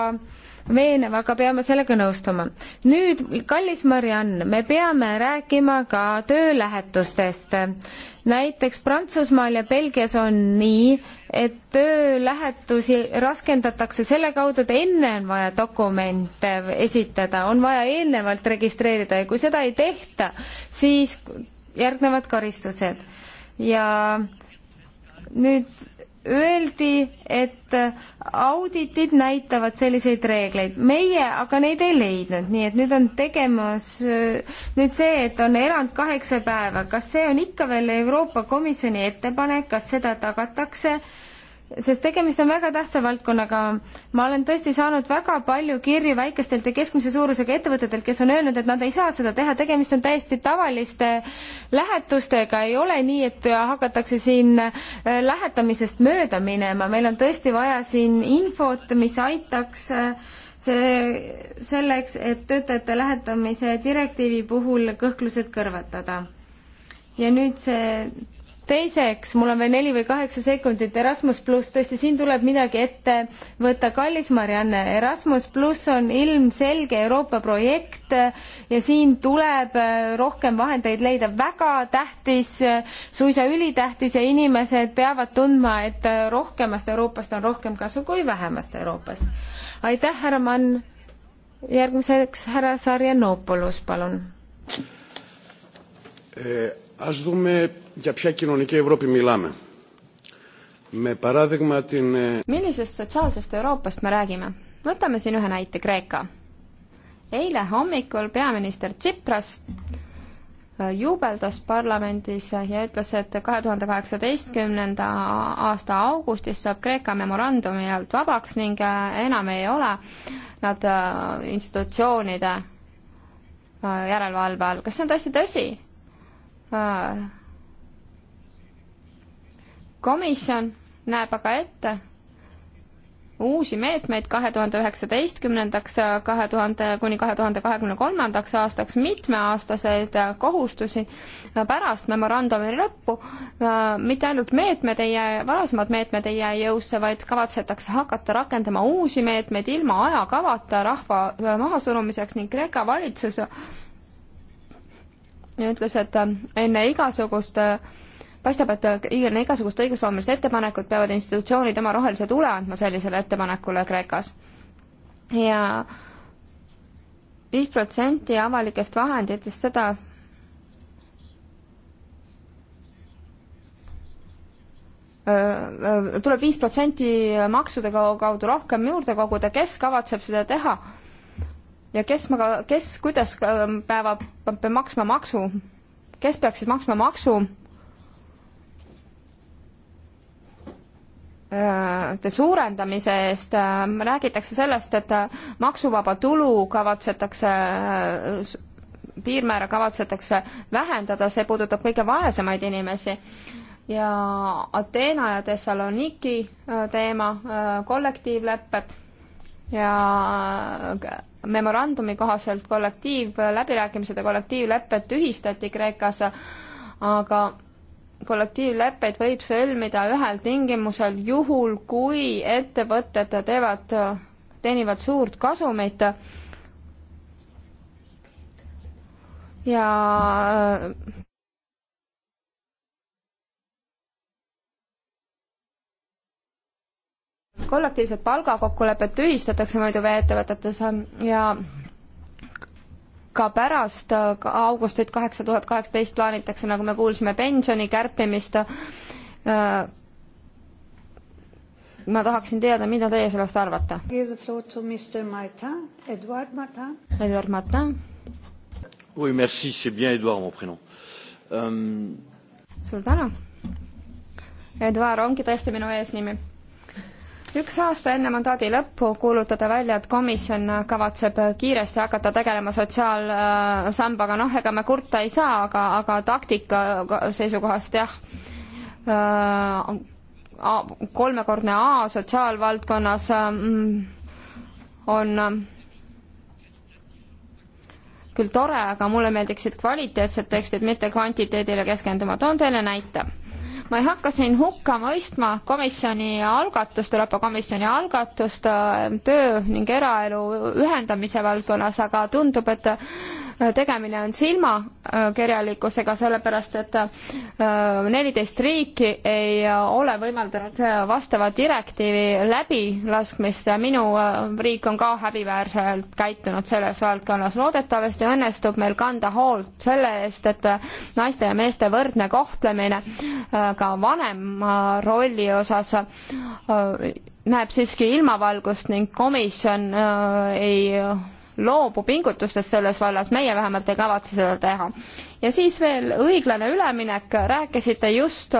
veenev, aga peame sellega nõustuma. nüüd, kallis Mariann, me peame rääkima ka töölähetustest. näiteks Prantsusmaal ja Belgias on nii, et töölähetusi raskendatakse selle kaudu, et enne on vaja dokumente esitada, on vaja eelnevalt registreerida ja kui seda ei tehta, siis järgnevad karistused. ja nüüd öeldi, et auditid näitavad selliseid reegleid. meie aga neid ei leidnud, nii et nüüd on tegemas nüüd see, et on erand kaheksa päeva. kas see on ikka veel Euroopa Komisjoni ettepanek, kas seda tagatakse? sest tegemist on väga tähtsa valdkonnaga. ma olen tõesti saanud väga palju kirju väikestelt ja keskmise suurusega ettevõtetelt, kes on öelnud, et nad ei saa seda teha, tegemist on täiesti tavaliste lähetustega, ei ole nii, et hakatakse siin äh, lähetamisest mööda minema, meil on tõesti vaja siin infot, mis aitaks äh, see, selleks, et töötajate lähetamise direktiivi puhul kõhklused kõrvatada. ja nüüd see teiseks, mul on veel neli või kaheksa sekundit, Erasmus pluss, tõesti, siin tuleb midagi ette võtta. kallis Marianne, Erasmus pluss on ilmselge Euroopa projekt ja siin tuleb äh, rohkem vahendeid leida. väga tähtis, äh, suisa ülitähtis ja inimesed peavad tundma, et äh, rohkemast Euroopast on rohkem kasu kui vähemast Euroopast. aitäh, härra Mann. järgmiseks härra Sarjanopolus, palun
eh Ας δούμε για ποια κοινωνική Ευρώπη μιλάμε. Me paradigma την...
millisest sotsiaalsest Euroopast me räägime? võtame siin ühe näite, Kreeka. eile hommikul peaminister Tsipras äh, juubeldas parlamendis ja ütles, et kahe tuhande kaheksateistkümnenda aasta augustis saab Kreeka memorandumi alt vabaks ning äh, enam ei ole nad äh, institutsioonide järelevalve all. kas see on tõesti tõsi? Äh, komisjon näeb aga ette uusi meetmeid kahe tuhande üheksateistkümnendaks, kahe tuhande kuni kahe tuhande kahekümne kolmandaks aastaks mitmeaastaseid kohustusi pärast memorandumi lõppu. Äh, mitte ainult meetmed ei jää, varasemad meetmed ei jää jõusse, vaid kavatsetakse hakata rakendama uusi meetmeid ilma ajakavata rahva mahasurumiseks ning Kreeka valitsus ütles, et äh, enne igasugust äh, paistab, et äh, enne igasugust õigusloomilist ettepanekut peavad institutsioonid oma rohelise tule andma sellisele ettepanekule Kreekas ja. ja viis protsenti avalikest vahenditest, seda tuleb viis protsenti maksude kaudu rohkem juurde koguda, kes kavatseb seda teha? ja kes ma, kes, kuidas äh, päeva, peab maksma maksu, kes peaksid maksma maksu? Äh, suurendamise eest äh, räägitakse sellest, et maksuvaba tulu kavatsetakse piirmäära kavatsetakse vähendada, see puudutab kõige vaesemaid inimesi. ja Ateena ja Thessaloniki teema, kollektiivlepped ja memorandumi kohaselt kollektiivläbirääkimised ja kollektiivlepped tühistati Kreekas, aga kollektiivleppeid võib sõlmida ühel tingimusel, juhul kui ettevõtted teevad, teenivad suurt kasumit ja kollektiivsed palgakokkulepped tühistatakse muidu veeettevõtetes ähm, ja ka pärast äh, ka augustit kaheksa tuhat kaheksateist plaanitakse, nagu me kuulsime, pensioni kärpimist. Äh, ma tahaksin teada, mida teie sellest arvate?
Eduard Martin. Oui, merci, c'est bien Eduard, mon prénom um.... suur tänu. Eduard
ongi tõesti minu eesnimi üks aasta enne mandaadi lõppu kuulutada välja, et komisjon kavatseb kiiresti hakata tegelema sotsiaalsambaga, noh, ega me kurta ei saa, aga, aga taktika seisukohast jah, äh, kolmekordne A sotsiaalvaldkonnas mm, on äh, küll tore, aga mulle meeldiksid kvaliteetsed tekstid, mitte kvantiteedile keskenduma. toon teile näite ma ei hakka siin hukka mõistma komisjoni algatust, Euroopa Komisjoni algatust äh, töö ning eraelu ühendamise valdkonnas, aga tundub, et tegemine on silmakirjalikkusega, sellepärast et äh, neliteist riiki ei äh, ole võimaldanud äh, vastava direktiivi läbilaskmist ja minu riik on ka häbiväärselt käitunud selles valdkonnas. loodetavasti õnnestub meil kanda hoolt selle eest, et naiste ja meeste võrdne kohtlemine ka vanema rolli osas näeb siiski ilmavalgust ning komisjon ei loobu pingutustest selles vallas, meie vähemalt ei kavatse seda teha. ja siis veel õiglane üleminek, rääkisite just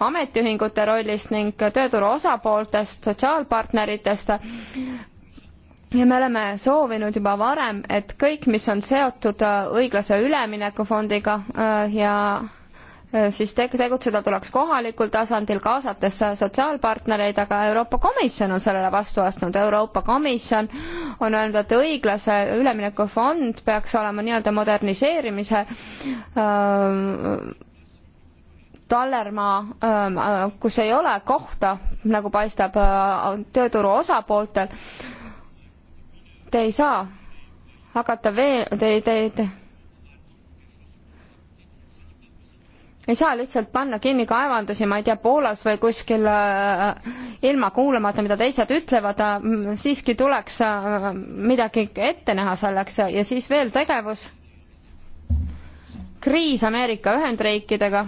ametiühingute rollist ning tööturu osapooltest, sotsiaalpartneritest ja me oleme soovinud juba varem, et kõik, mis on seotud õiglase ülemineku fondiga äh, ja Äh, siis teg-, tegutseda tuleks kohalikul tasandil, kaasates sotsiaalpartnereid, aga Euroopa Komisjon on sellele vastu astunud. Euroopa Komisjon on öelnud, et õiglase ülemineku fond peaks olema nii-öelda moderniseerimise öö, ähm, tallermaa, ähm, äh, kus ei ole kohta, nagu paistab äh, tööturu osapooltel, te ei saa hakata veel, te, te, te ei saa lihtsalt panna kinni kaevandusi, ma ei tea, Poolas või kuskil äh, ilma kuulamata, mida teised ütlevad, äh, siiski tuleks äh, midagi ette näha selleks ja siis veel tegevus. kriis Ameerika Ühendriikidega.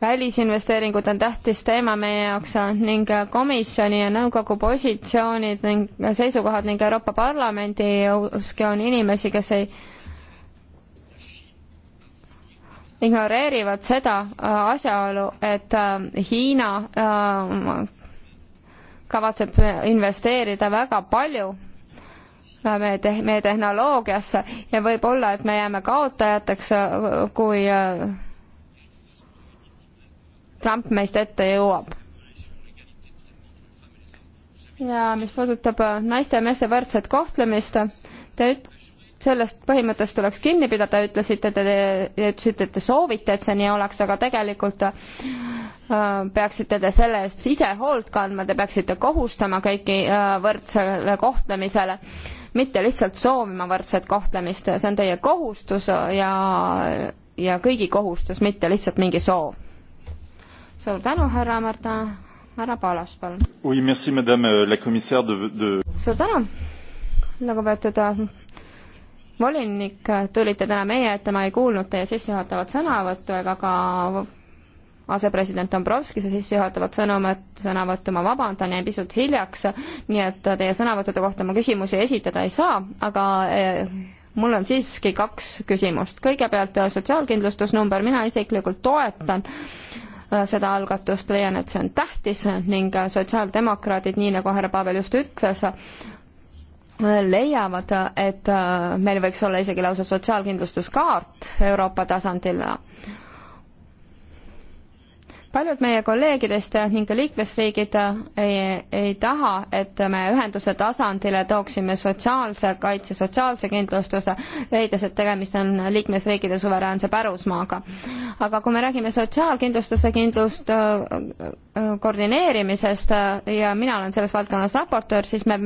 välisinvesteeringud on tähtis teema meie jaoks ning komisjoni ja nõukogu positsioonid ning seisukohad ning Euroopa Parlamendi on inimesi, kes ei ignoreerivad seda äh, asjaolu, et äh, Hiina äh, kavatseb investeerida väga palju meie te-, meie tehnoloogiasse ja võib-olla, et me jääme kaotajateks, kui Trump meist ette jõuab. ja mis puudutab naiste ja meeste võrdset kohtlemist, te üt-, sellest põhimõttest tuleks kinni pidada, ütlesite te, te ütlesite, et te soovite, et see nii oleks, aga tegelikult äh, peaksite te selle eest ise hoolt kandma, te peaksite kohustama kõiki äh, võrdsele kohtlemisele, mitte lihtsalt soovima võrdset kohtlemist, see on teie kohustus ja, ja kõigi kohustus, mitte lihtsalt mingi soov. suur tänu, härra Marta, härra Palas, palun. Euh, suur tänu, lugupeetud äh, volinik, tulite täna meie ette, ma ei kuulnud teie sissejuhatavat sõnavõttu ega ka asepresident Dombrovski see sissejuhatavat sõnumit, sõnavõttu ma vabandan, jäin pisut hiljaks, nii et teie sõnavõttude kohta ma küsimusi esitada ei saa, aga eh, mul on siiski kaks küsimust. kõigepealt sotsiaalkindlustusnumber, mina isiklikult toetan eh, seda algatust, leian, et see on tähtis ning sotsiaaldemokraadid, nii nagu härra Pavel just ütles, leiavad, et äh, meil võiks olla isegi lausa sotsiaalkindlustuskaart Euroopa tasandil. paljud meie kolleegidest ning ka liikmesriigid äh, ei, ei taha, et me ühenduse tasandile tooksime sotsiaalse kaitse, sotsiaalse kindlustuse, leides, et tegemist on liikmesriikide suveräänse pärusmaaga. aga kui me räägime sotsiaalkindlustuse kindlust äh, koordineerimisest ja mina olen selles valdkonnas raportöör, siis me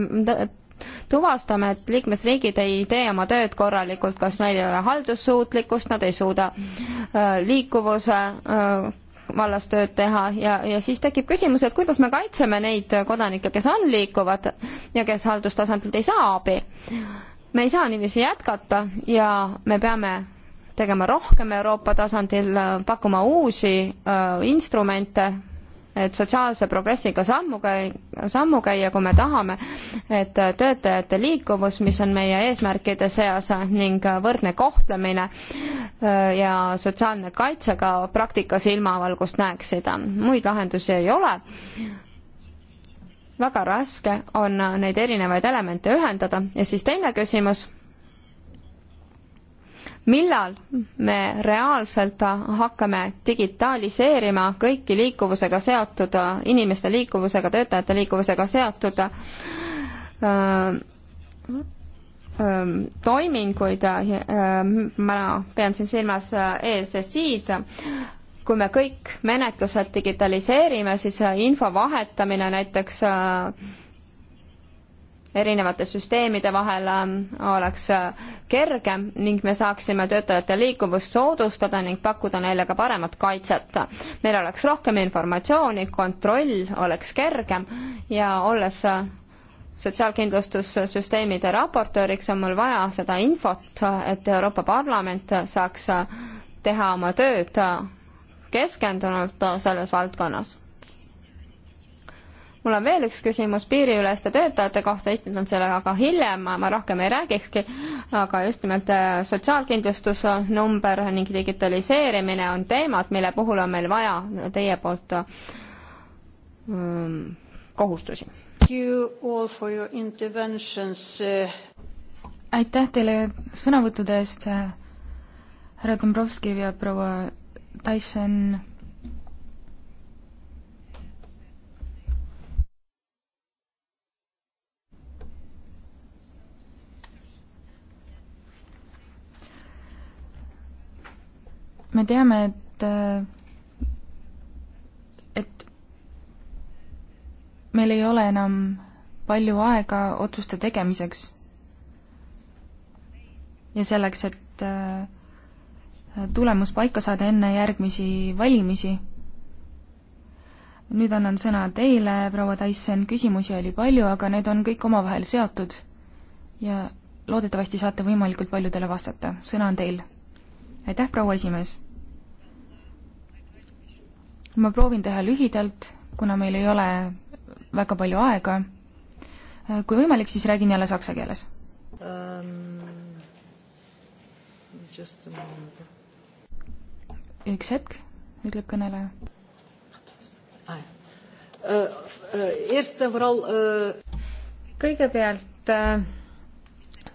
tuvastame, et liikmesriigid ei tee oma tööd korralikult, kas neil ei ole haldussuutlikkust, nad ei suuda äh, liikuvuse äh, vallas tööd teha ja, ja siis tekib küsimus, et kuidas me kaitseme neid kodanikke, kes on liikuvad ja kes haldustasandilt ei saa abi. me ei saa niiviisi jätkata ja me peame tegema rohkem Euroopa tasandil, äh, pakkuma uusi öö, instrumente et sotsiaalse progressiga sammu käi-, sammu käia, kui me tahame, et töötajate liikuvus, mis on meie eesmärkide seas, ning võrdne kohtlemine äh, ja sotsiaalne kaitse ka praktikas ilmavalgust näeksid. muid lahendusi ei ole väga raske on neid erinevaid elemente ühendada ja siis teine küsimus millal me reaalselt hakkame digitaliseerima kõiki liikuvusega seotud, inimeste liikuvusega, töötajate liikuvusega seotud öö, öö, toiminguid, ma pean siin silmas ESSI-d, kui me kõik menetlused digitaliseerime, siis info vahetamine näiteks öö, erinevate süsteemide vahel ähm, oleks äh, kergem ning me saaksime töötajate liikuvust soodustada ning pakkuda neile ka paremat kaitset. meil oleks rohkem informatsiooni, kontroll oleks kergem ja olles äh, sotsiaalkindlustussüsteemide raportööriks on mul vaja seda infot, et Euroopa Parlament saaks äh, teha oma tööd keskendunult selles valdkonnas mul on veel üks küsimus piiriüleste töötajate kohta, esitan selle aga hiljem, ma rohkem ei räägikski, aga just nimelt äh, sotsiaalkindlustusnumber ning digitaliseerimine on teemad, mille puhul on meil vaja teie poolt um, kohustusi.
Äh.
aitäh teile sõnavõttude eest, äh, härra Dombrovski ja proua Tyson me teame, et, et meil ei ole enam palju aega otsuste tegemiseks ja selleks, et äh, tulemus paika saada enne järgmisi valimisi. nüüd annan sõna teile, proua Tyson, küsimusi oli palju, aga need on kõik omavahel seotud ja loodetavasti saate võimalikult paljudele vastata, sõna on teil aitäh, proua esimees! ma proovin teha lühidalt, kuna meil ei ole väga palju aega. kui võimalik, siis räägin jälle saksa keeles
um,.
üks hetk, ütleb kõneleja.
Uh, uh, uh,
kõigepealt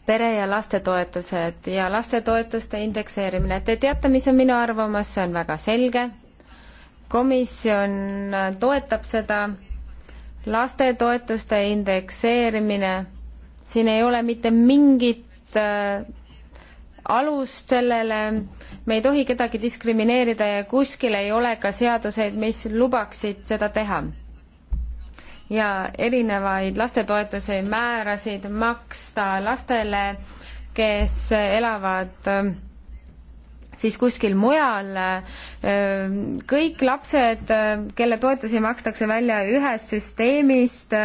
pere- ja lastetoetused ja lastetoetuste indekseerimine. Te teate, mis on minu arvamus, see on väga selge. komisjon toetab seda. lastetoetuste indekseerimine, siin ei ole mitte mingit äh, alust sellele, me ei tohi kedagi diskrimineerida ja kuskil ei ole ka seaduseid, mis lubaksid seda teha ja erinevaid lastetoetuse määrasid maksta lastele, kes elavad siis kuskil mujal kõik lapsed, kelle toetusi makstakse välja ühest süsteemist,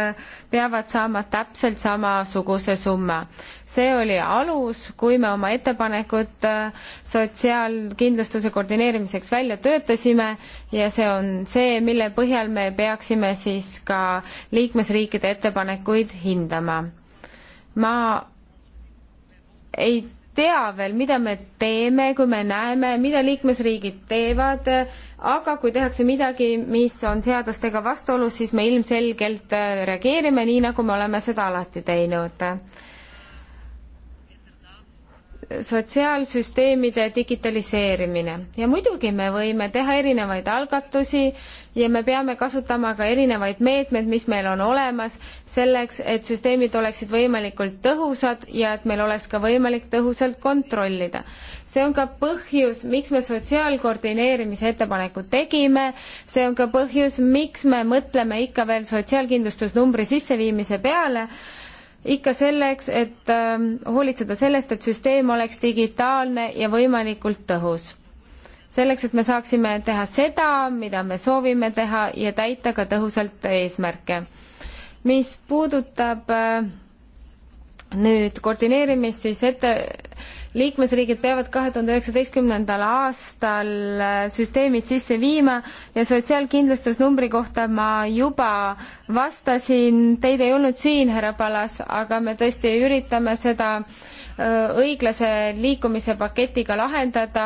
peavad saama täpselt samasuguse summa. see oli alus, kui me oma ettepanekud sotsiaalkindlustuse koordineerimiseks välja töötasime ja see on see, mille põhjal me peaksime siis ka liikmesriikide ettepanekuid hindama. ma ei tea veel, mida me teeme, kui me näeme, mida liikmesriigid teevad, aga kui tehakse midagi, mis on seadustega vastuolus, siis me ilmselgelt äh, reageerime nii, nagu me oleme seda alati teinud sotsiaalsüsteemide digitaliseerimine ja muidugi me võime teha erinevaid algatusi ja me peame kasutama ka erinevaid meetmeid, mis meil on olemas, selleks et süsteemid oleksid võimalikult tõhusad ja et meil oleks ka võimalik tõhusalt kontrollida. see on ka põhjus, miks me sotsiaalkoordineerimise ettepaneku tegime, see on ka põhjus, miks me mõtleme ikka veel sotsiaalkindlustusnumbri sisseviimise peale ikka selleks, et ähm, hoolitseda sellest, et süsteem oleks digitaalne ja võimalikult tõhus. selleks, et me saaksime teha seda, mida me soovime teha ja täita ka tõhusalt eesmärke. mis puudutab äh, nüüd koordineerimist, siis ette liikmesriigid peavad kahe tuhande üheksateistkümnendal aastal äh, süsteemid sisse viima ja sotsiaalkindlustusnumbri kohta ma juba vastasin, teid ei olnud siin, härra Palas, aga me tõesti üritame seda äh, õiglase liikumise paketiga lahendada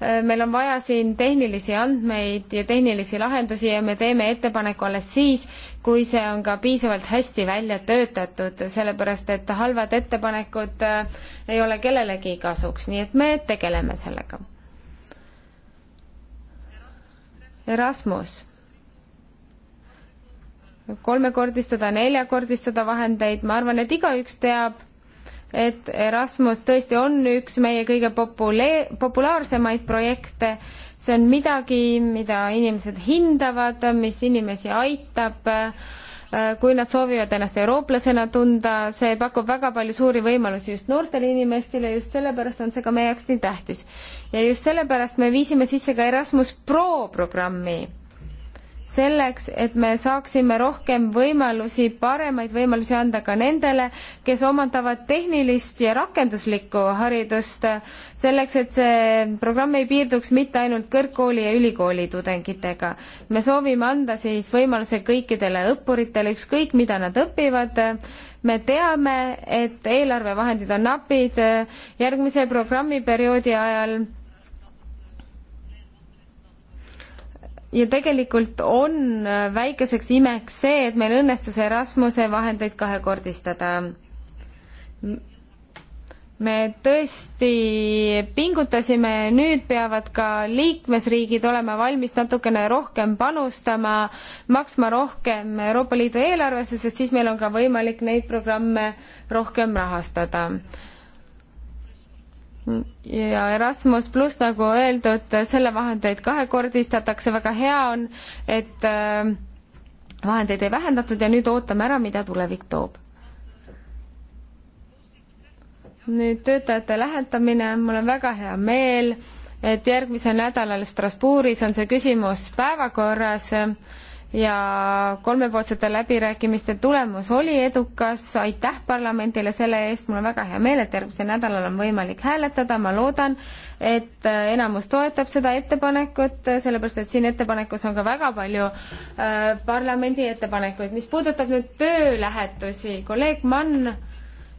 meil on vaja siin tehnilisi andmeid ja tehnilisi lahendusi ja me teeme ettepaneku alles siis, kui see on ka piisavalt hästi välja töötatud, sellepärast et halvad ettepanekud äh, ei ole kellelegi kasuks, nii et me tegeleme sellega. Erasmus kolmekordistada, neljakordistada vahendeid, ma arvan, et igaüks teab, et Erasmus tõesti on üks meie kõige popule-, populaarsemaid projekte, see on midagi, mida inimesed hindavad, mis inimesi aitab, kui nad soovivad ennast eurooplasena tunda, see pakub väga palju suuri võimalusi just noortele inimestele, just sellepärast on see ka meie jaoks nii tähtis. ja just sellepärast me viisime sisse ka Erasmus Pro programmi selleks, et me saaksime rohkem võimalusi, paremaid võimalusi anda ka nendele, kes omandavad tehnilist ja rakenduslikku haridust, selleks et see programm ei piirduks mitte ainult kõrgkooli ja ülikooli tudengitega. me soovime anda siis võimaluse kõikidele õppuritele, ükskõik mida nad õpivad, me teame, et eelarvevahendid on napid järgmise programmiperioodi ajal ja tegelikult on äh, väikeseks imeks see, et meil õnnestus Erasmuse vahendeid kahekordistada. me tõesti pingutasime, nüüd peavad ka liikmesriigid olema valmis natukene rohkem panustama, maksma rohkem Euroopa Liidu eelarvesse, sest siis meil on ka võimalik neid programme rohkem rahastada ja Erasmus pluss, nagu öeldud, selle vahendeid kahekordistatakse, väga hea on, et äh, vahendeid ei vähendatud ja nüüd ootame ära, mida tulevik toob. nüüd töötajate lähetamine, mul on väga hea meel, et järgmisel nädalal Strasbourgis on see küsimus päevakorras ja kolmepoolsete läbirääkimiste tulemus oli edukas, aitäh parlamendile selle eest, mul on väga hea meel, et järgmisel nädalal on võimalik hääletada, ma loodan, et äh, enamus toetab seda ettepanekut, äh, sellepärast et siin ettepanekus on ka väga palju äh, parlamendi ettepanekuid. mis puudutab nüüd töölähetusi, kolleeg Mann,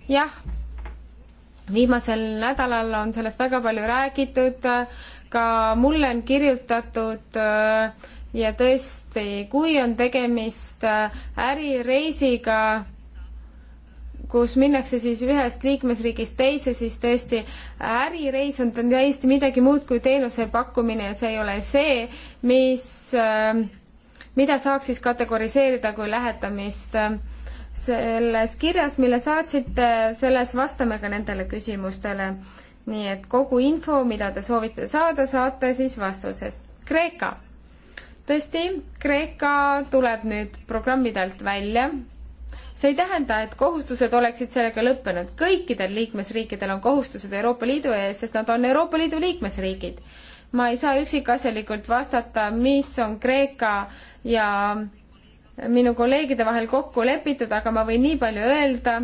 jah, viimasel nädalal on sellest väga palju räägitud, äh, ka mulle on kirjutatud äh, ja tõesti, kui on tegemist äh, ärireisiga, kus minnakse siis ühest liikmesriigist teise, siis tõesti ärireis on täiesti midagi muud kui teenuse pakkumine ja see ei ole see, mis, äh, mida saaks siis kategoriseerida kui lähetamist. selles kirjas, mille saatsite, selles vastame ka nendele küsimustele. nii et kogu info, mida te soovite saada, saate siis vastusest. Kreeka tõesti, Kreeka tuleb nüüd programmide alt välja. see ei tähenda, et kohustused oleksid sellega lõppenud. kõikidel liikmesriikidel on kohustused Euroopa Liidu ees, sest nad on Euroopa Liidu liikmesriigid. ma ei saa üksikasjalikult vastata, mis on Kreeka ja minu kolleegide vahel kokku lepitud, aga ma võin nii palju öelda,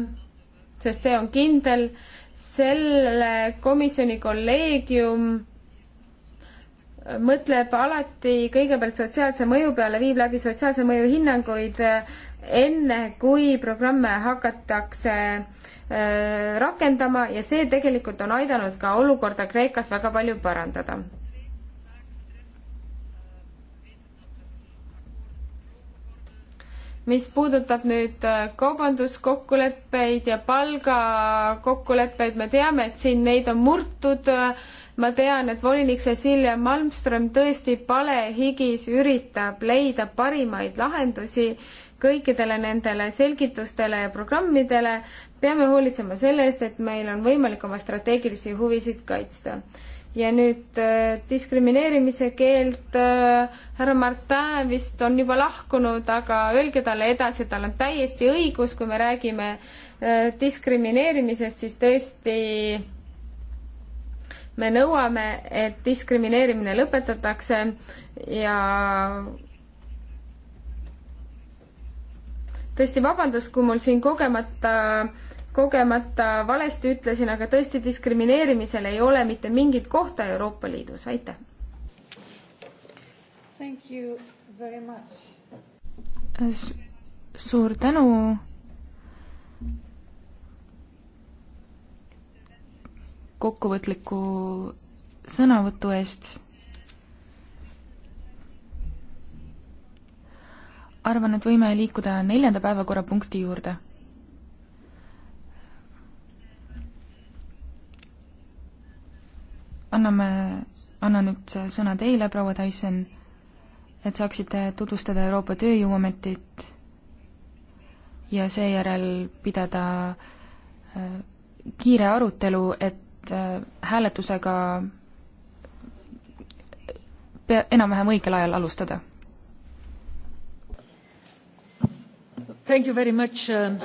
sest see on kindel, selle komisjoni kolleegium mõtleb alati kõigepealt sotsiaalse mõju peale, viib läbi sotsiaalse mõju hinnanguid, eh, enne kui programme hakatakse eh, rakendama ja see tegelikult on aidanud ka olukorda Kreekas väga palju parandada. mis puudutab nüüd eh, kaubanduskokkuleppeid ja palgakokkuleppeid, me teame, et siin neid on murtud äh, ma tean, et volinik Cecilia Malmström tõesti palehigis üritab leida parimaid lahendusi kõikidele nendele selgitustele ja programmidele, peame hoolitsema selle eest, et meil on võimalik oma strateegilisi huvisid kaitsta. ja nüüd äh, diskrimineerimise keeld äh,, härra Martin vist on juba lahkunud, aga öelge talle edasi, et tal on täiesti õigus, kui me räägime äh, diskrimineerimisest, siis tõesti äh, me nõuame, et diskrimineerimine lõpetatakse ja tõesti, vabandust, kui mul siin kogemata, kogemata valesti ütlesin, aga tõesti, diskrimineerimisel ei ole mitte mingit kohta Euroopa Liidus, aitäh!
suur tänu kokkuvõtliku sõnavõtu eest. arvan, et võime liikuda neljanda päevakorrapunkti juurde. anname, annan nüüd sõna teile, proua Tyson, et saaksite tutvustada Euroopa Tööjõuametit ja seejärel pidada äh, kiire arutelu, et et äh, hääletusega pea, enam-vähem õigel ajal alustada. Thank you very much uh....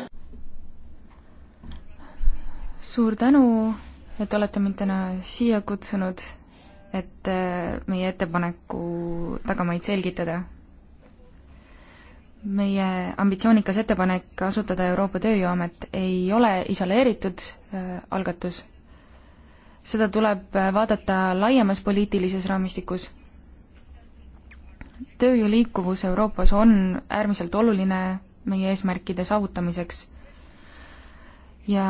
suur tänu, et olete mind täna siia kutsunud, et äh, meie ettepaneku tagamaid selgitada. meie ambitsioonikas ettepanek asutada Euroopa Tööjõuamet ei ole isoleeritud äh, algatus seda tuleb äh, vaadata laiemas poliitilises raamistikus. tööjõu liikuvus Euroopas on äärmiselt oluline meie eesmärkide saavutamiseks ja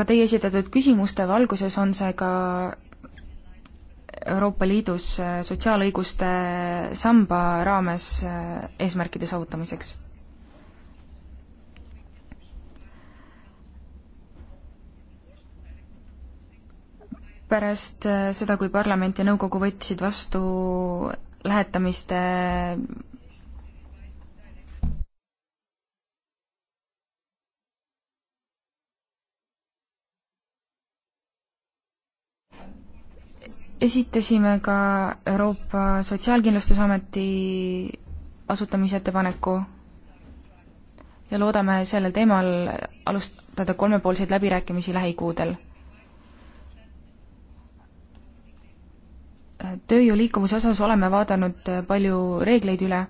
ka teie esitatud küsimuste valguses on see ka Euroopa Liidus äh, sotsiaalõiguste samba raames äh, eesmärkide saavutamiseks pärast äh, seda, kui parlament ja nõukogu võtsid vastu lähetamiste esitasime ka Euroopa Sotsiaalkindlustusameti asutamise ettepaneku ja loodame sellel teemal alustada kolmepoolseid läbirääkimisi lähikuudel tööjõu liikuvuse osas oleme vaadanud äh, palju reegleid üle.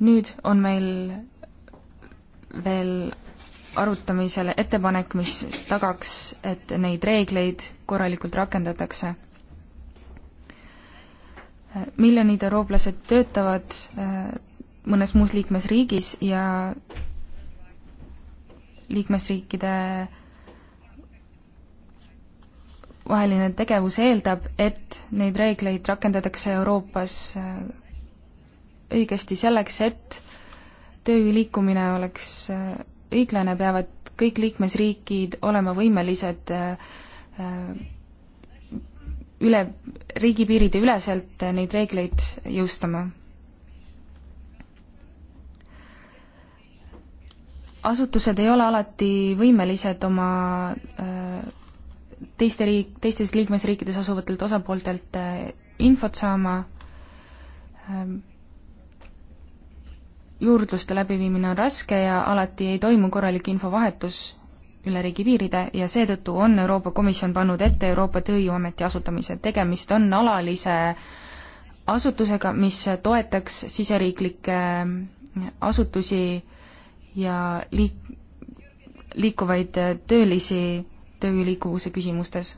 nüüd on meil veel arutamisele ettepanek, mis tagaks, et neid reegleid korralikult rakendatakse. Äh, miljonid eurooplased töötavad äh, mõnes muus liikmesriigis ja liikmesriikide vaheline tegevus eeldab, et neid reegleid rakendatakse Euroopas äh, õigesti selleks, et tööjõu liikumine oleks äh, õiglane, peavad kõik liikmesriigid olema võimelised äh, üle, riigipiiride üleselt neid reegleid jõustama. asutused ei ole alati võimelised oma teiste riik, teistes liikmesriikides asuvatelt osapooltelt äh, infot saama, ähm, juurdluste läbiviimine on raske ja alati ei toimu korralik infovahetus üle riigipiiride ja seetõttu on Euroopa Komisjon pannud ette Euroopa Tööjõuameti asutamise. tegemist on alalise asutusega, mis toetaks siseriiklikke äh, asutusi ja liik-, liikuvaid äh, töölisi tööjõu liikuvuse küsimustes.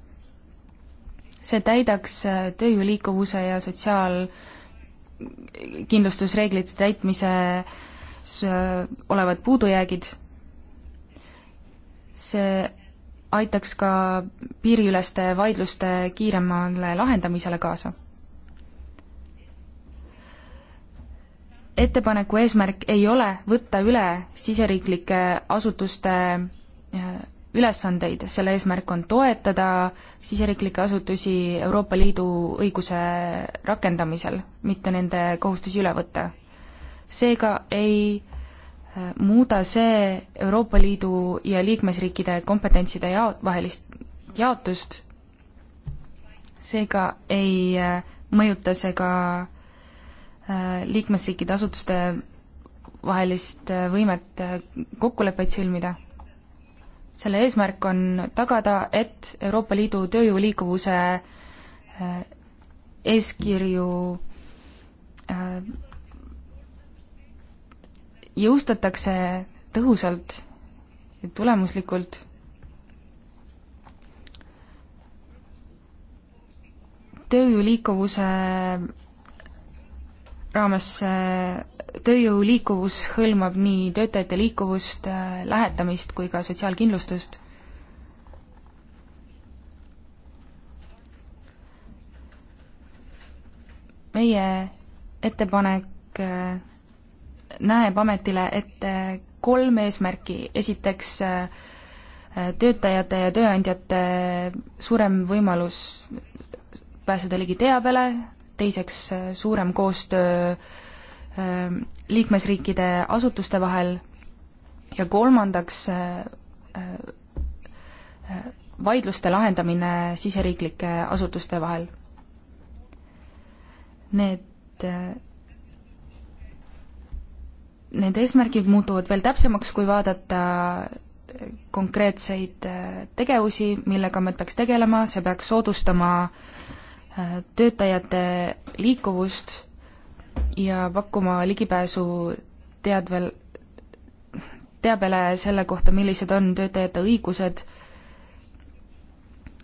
see täidaks äh, tööjõu liikuvuse ja sotsiaalkindlustusreeglite täitmises äh, olevad puudujäägid, see aitaks ka piiriüleste vaidluste kiiremale lahendamisele kaasa. ettepaneku eesmärk ei ole võtta üle siseriiklike asutuste äh, ülesandeid, selle eesmärk on toetada siseriiklikke asutusi Euroopa Liidu õiguse rakendamisel, mitte nende kohustusi üle võtta. seega ei äh, muuda see Euroopa Liidu ja liikmesriikide kompetentside jao-, vahelist jaotust, seega ei äh, mõjuta see ka äh, liikmesriikide asutuste vahelist võimet kokkuleppeid sõlmida selle eesmärk on tagada, et Euroopa Liidu tööjõu liikuvuse äh, eeskirju äh, jõustatakse tõhusalt ja tulemuslikult. tööjõu liikuvuse raames äh, tööjõu liikuvus hõlmab nii töötajate liikuvust, äh, lähetamist kui ka sotsiaalkindlustust. meie ettepanek äh, näeb ametile ette kolm eesmärki, esiteks töötajate ja tööandjate suurem võimalus pääseda ligi teabele, teiseks äh, suurem koostöö ähm, liikmesriikide asutuste vahel ja kolmandaks äh, äh, vaidluste lahendamine siseriiklike asutuste vahel. Need, need eesmärgid muutuvad veel täpsemaks, kui vaadata konkreetseid tegevusi, millega me peaks tegelema, see peaks soodustama äh, töötajate liikuvust ja pakkuma ligipääsu teadvel, teabele selle kohta, millised on töötajate õigused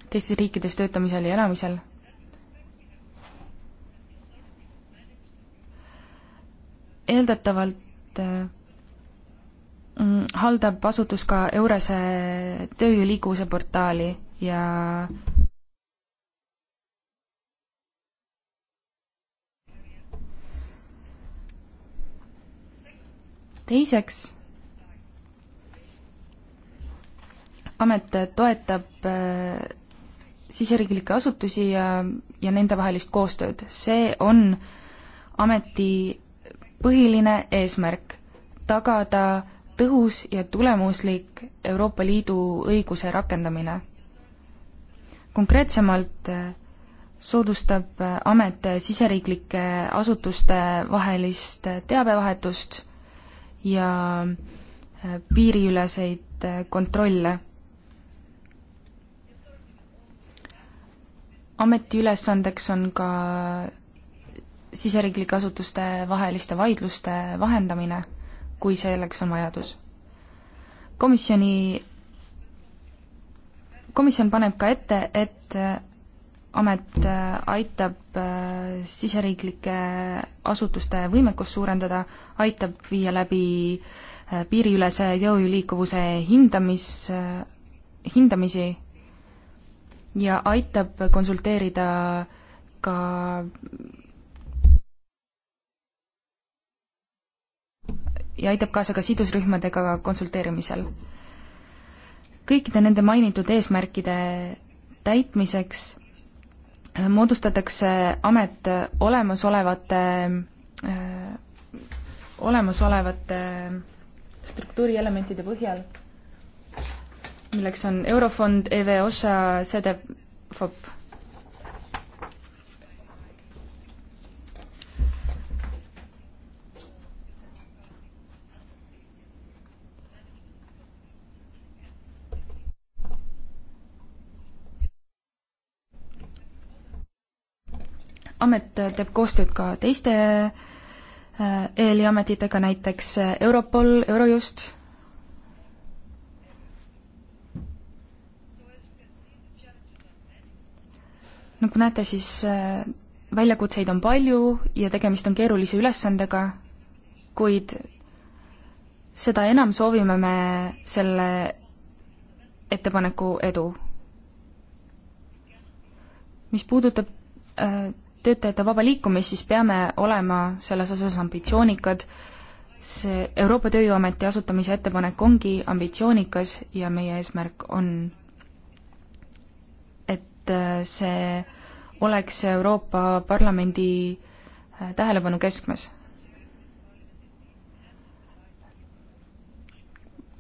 teistes riikides töötamisel ja elamisel. eeldatavalt äh, mm, haldab asutus ka Eurese tööjõu liikuvuse portaali ja teiseks, amet toetab äh, siseriiklikke asutusi ja, ja nendevahelist koostööd. see on ameti põhiline eesmärk, tagada tõhus ja tulemuslik Euroopa Liidu õiguse rakendamine. konkreetsemalt äh, soodustab äh, amet siseriiklike asutuste vahelist teabevahetust ja äh, piiriüleseid äh, kontrolle. ameti ülesandeks on ka siseriiklike asutuste vaheliste vaidluste vahendamine, kui selleks on vajadus. komisjoni, komisjon paneb ka ette, et amet äh, aitab äh, siseriiklike asutuste võimekust suurendada, aitab viia läbi äh, piiriülese jõuliikuvuse hindamis, hindamisi ja aitab konsulteerida ka ja aitab kaasa ka sidusrühmadega konsulteerimisel. kõikide nende mainitud eesmärkide täitmiseks moodustatakse amet olemasolevate, äh, olemasolevate struktuurielementide põhjal, milleks on Eurofond, EV OSHA, CDFOP amet teeb koostööd ka teiste äh, EL-i ametitega, näiteks äh, Europol, Eurojust, nagu näete, siis äh, väljakutseid on palju ja tegemist on keerulise ülesandega, kuid seda enam soovime me selle ettepaneku edu. mis puudutab äh, töötajate vaba liikumist, siis peame olema selles osas ambitsioonikad, see Euroopa Tööjõuameti asutamise ettepanek ongi ambitsioonikas ja meie eesmärk on, et äh, see oleks Euroopa Parlamendi äh, tähelepanu keskmes.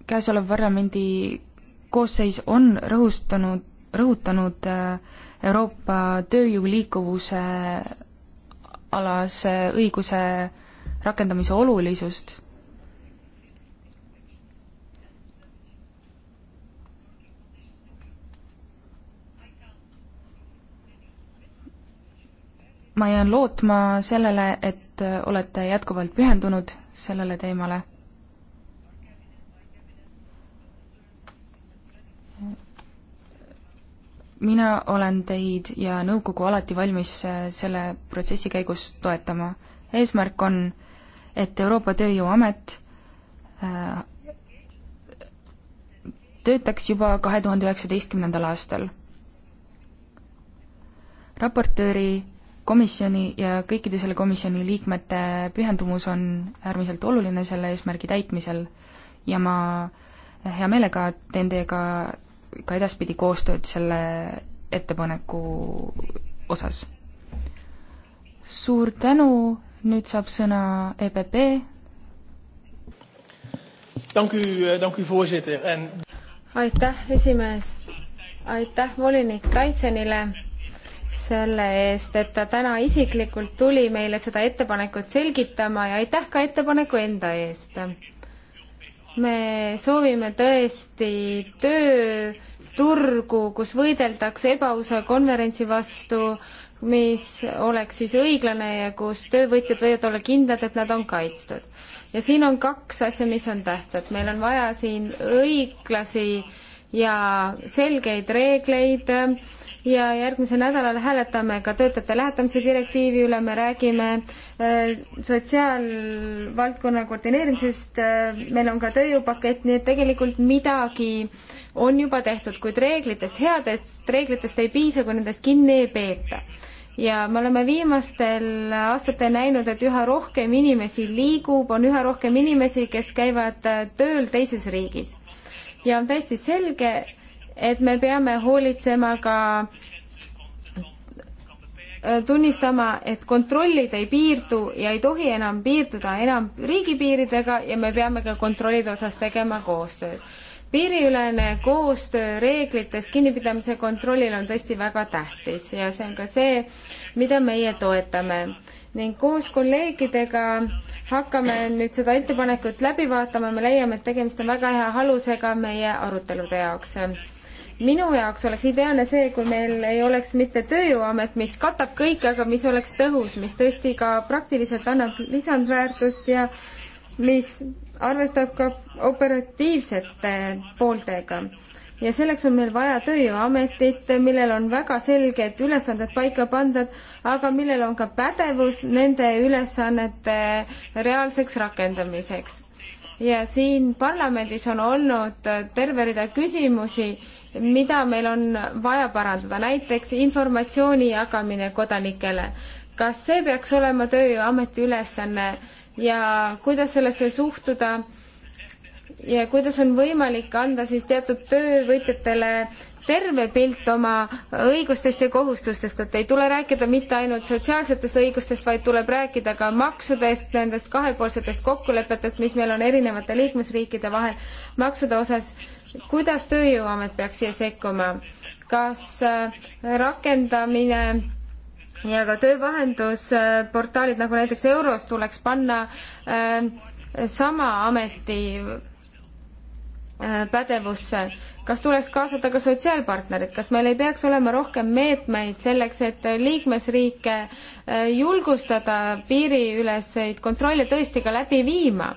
käesolev parlamendi koosseis on rõhustanud, rõhutanud äh, Euroopa tööjõu liikuvuse alase õiguse rakendamise olulisust ma jään lootma sellele, et olete jätkuvalt pühendunud sellele teemale mina olen teid ja nõukogu alati valmis äh, selle protsessi käigus toetama. eesmärk on, et Euroopa Tööjõuamet äh, töötaks juba kahe tuhande üheksateistkümnendal aastal. raportööri, komisjoni ja kõikide selle komisjoni liikmete pühendumus on äärmiselt oluline selle eesmärgi täitmisel ja ma hea meelega teen teiega ka edaspidi koostööd selle ettepaneku osas. suur tänu, nüüd saab sõna EPP.
aitäh, esimees. aitäh volinik Tysonile selle eest, et ta täna isiklikult tuli meile seda ettepanekut selgitama ja aitäh ka ettepaneku enda eest. me soovime tõesti töö turgu, kus võideldakse ebaausa konverentsi vastu, mis oleks siis õiglane ja kus töövõtjad võivad olla kindlad, et nad on kaitstud. ja siin on kaks asja, mis on tähtsad, meil on vaja siin õiglasi äh, ja selgeid reegleid ja järgmisel nädalal hääletame ka töötajate lähetamise direktiivi üle, me räägime äh, sotsiaalvaldkonna koordineerimisest, äh, meil on ka tööjõupakett, nii et tegelikult midagi on juba tehtud, kuid reeglitest, headest reeglitest ei piisa, kui nendest kinni ei peeta ja me oleme viimastel aastatel näinud, et üha rohkem inimesi liigub, on üha rohkem inimesi, kes käivad äh, tööl teises riigis ja on täiesti selge, et me peame hoolitsema ka äh, tunnistama, et kontrollid ei piirdu ja ei tohi enam piirduda enam riigipiiridega ja me peame ka kontrollide osas tegema koostööd piiriülene koostöö reeglitest kinnipidamise kontrollil on tõesti väga tähtis ja see on ka see, mida meie toetame. ning koos kolleegidega hakkame nüüd seda ettepanekut läbi vaatama, me leiame, et tegemist on väga hea alusega meie arutelude jaoks minu jaoks oleks ideaalne see, kui meil ei oleks mitte Tööjõuamet, mis katab kõike, aga mis oleks tõhus, mis tõesti ka praktiliselt annab lisandväärtust ja mis arvestab ka operatiivsete pooltega ja selleks on meil vaja Tööjõuametit, millel on väga selged ülesanded paika pandud, aga millel on ka pädevus nende ülesannete reaalseks rakendamiseks. ja siin parlamendis on olnud terve rida küsimusi, mida meil on vaja parandada, näiteks informatsiooni jagamine kodanikele. kas see peaks olema Tööjõuameti ülesanne? ja kuidas sellesse suhtuda ja kuidas on võimalik anda siis teatud töövõtjatele terve pilt oma õigustest ja kohustustest, et ei tule rääkida mitte ainult sotsiaalsetest õigustest, vaid tuleb rääkida ka maksudest, nendest kahepoolsetest kokkulepetest, mis meil on erinevate liikmesriikide vahel maksude osas. kuidas Tööjõuamet peaks siia sekkuma? kas äh, rakendamine ja ka töövahendusportaalid nagu näiteks Euros tuleks panna äh, sama ameti äh, pädevusse, kas tuleks kaasata ka sotsiaalpartnerid, kas meil ei peaks olema rohkem meetmeid selleks, et liikmesriike äh, julgustada piiriüleseid kontrolle tõesti ka läbi viima?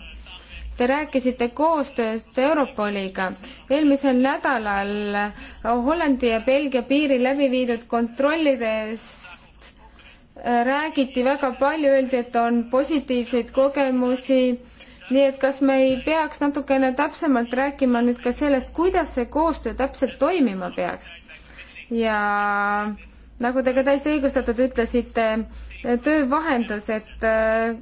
Te rääkisite koostööst Europoliga. eelmisel nädalal Hollandi ja Belgia piiril läbi viidud kontrollides räägiti väga palju, öeldi, et on positiivseid kogemusi, nii et kas me ei peaks natukene täpsemalt rääkima nüüd ka sellest, kuidas see koostöö täpselt toimima peaks? ja nagu te ka täiesti õigustatud ütlesite, töövahendus, et äh,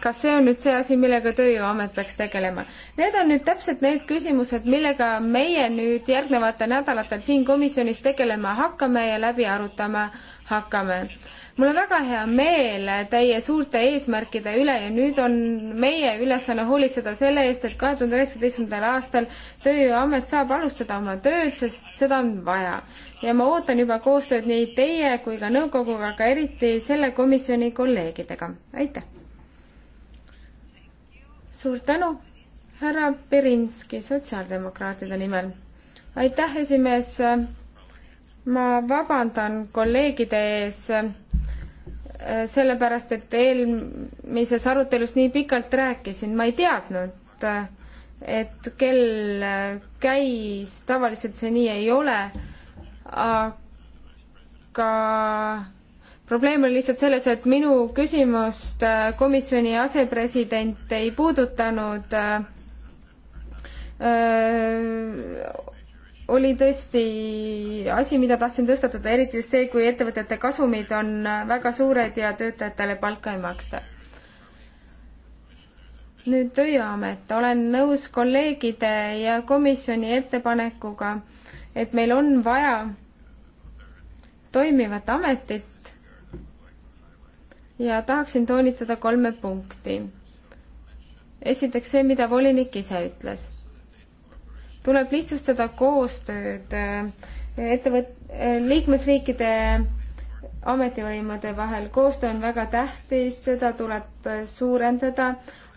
kas see on nüüd see asi, millega Tööjõuamet peaks tegelema? Need on nüüd täpselt need küsimused, millega meie nüüd järgnevatel nädalatel siin komisjonis tegelema hakkame ja läbi arutama hakkame mul on väga hea meel teie suurte eesmärkide üle ja nüüd on meie ülesanne hoolitseda selle eest, et kahe tuhande üheksateistkümnendal aastal Tööjõuamet saab alustada oma tööd, sest seda on vaja. ja ma ootan juba koostööd nii teie kui ka nõukoguga, aga eriti selle komisjoni kolleegidega. aitäh! suur tänu, härra Berinski sotsiaaldemokraatide nimel. aitäh, esimees ma vabandan kolleegide ees, sellepärast et eelmises arutelus nii pikalt rääkisin, ma ei teadnud, et kell käis, tavaliselt see nii ei ole, aga probleem oli lihtsalt selles, et minu küsimust komisjoni asepresident ei puudutanud öö, oli tõesti asi, mida tahtsin tõstatada, eriti just see, kui ettevõtete kasumid on väga suured ja töötajatele palka ei maksta. nüüd Tööamet, olen nõus kolleegide ja komisjoni ettepanekuga, et meil on vaja toimivat ametit ja tahaksin toonitada kolme punkti. esiteks see, mida volinik ise ütles tuleb lihtsustada koostööd äh, ettevõt-, äh, liikmesriikide ametivõimude vahel. koostöö on väga tähtis, seda tuleb äh, suurendada,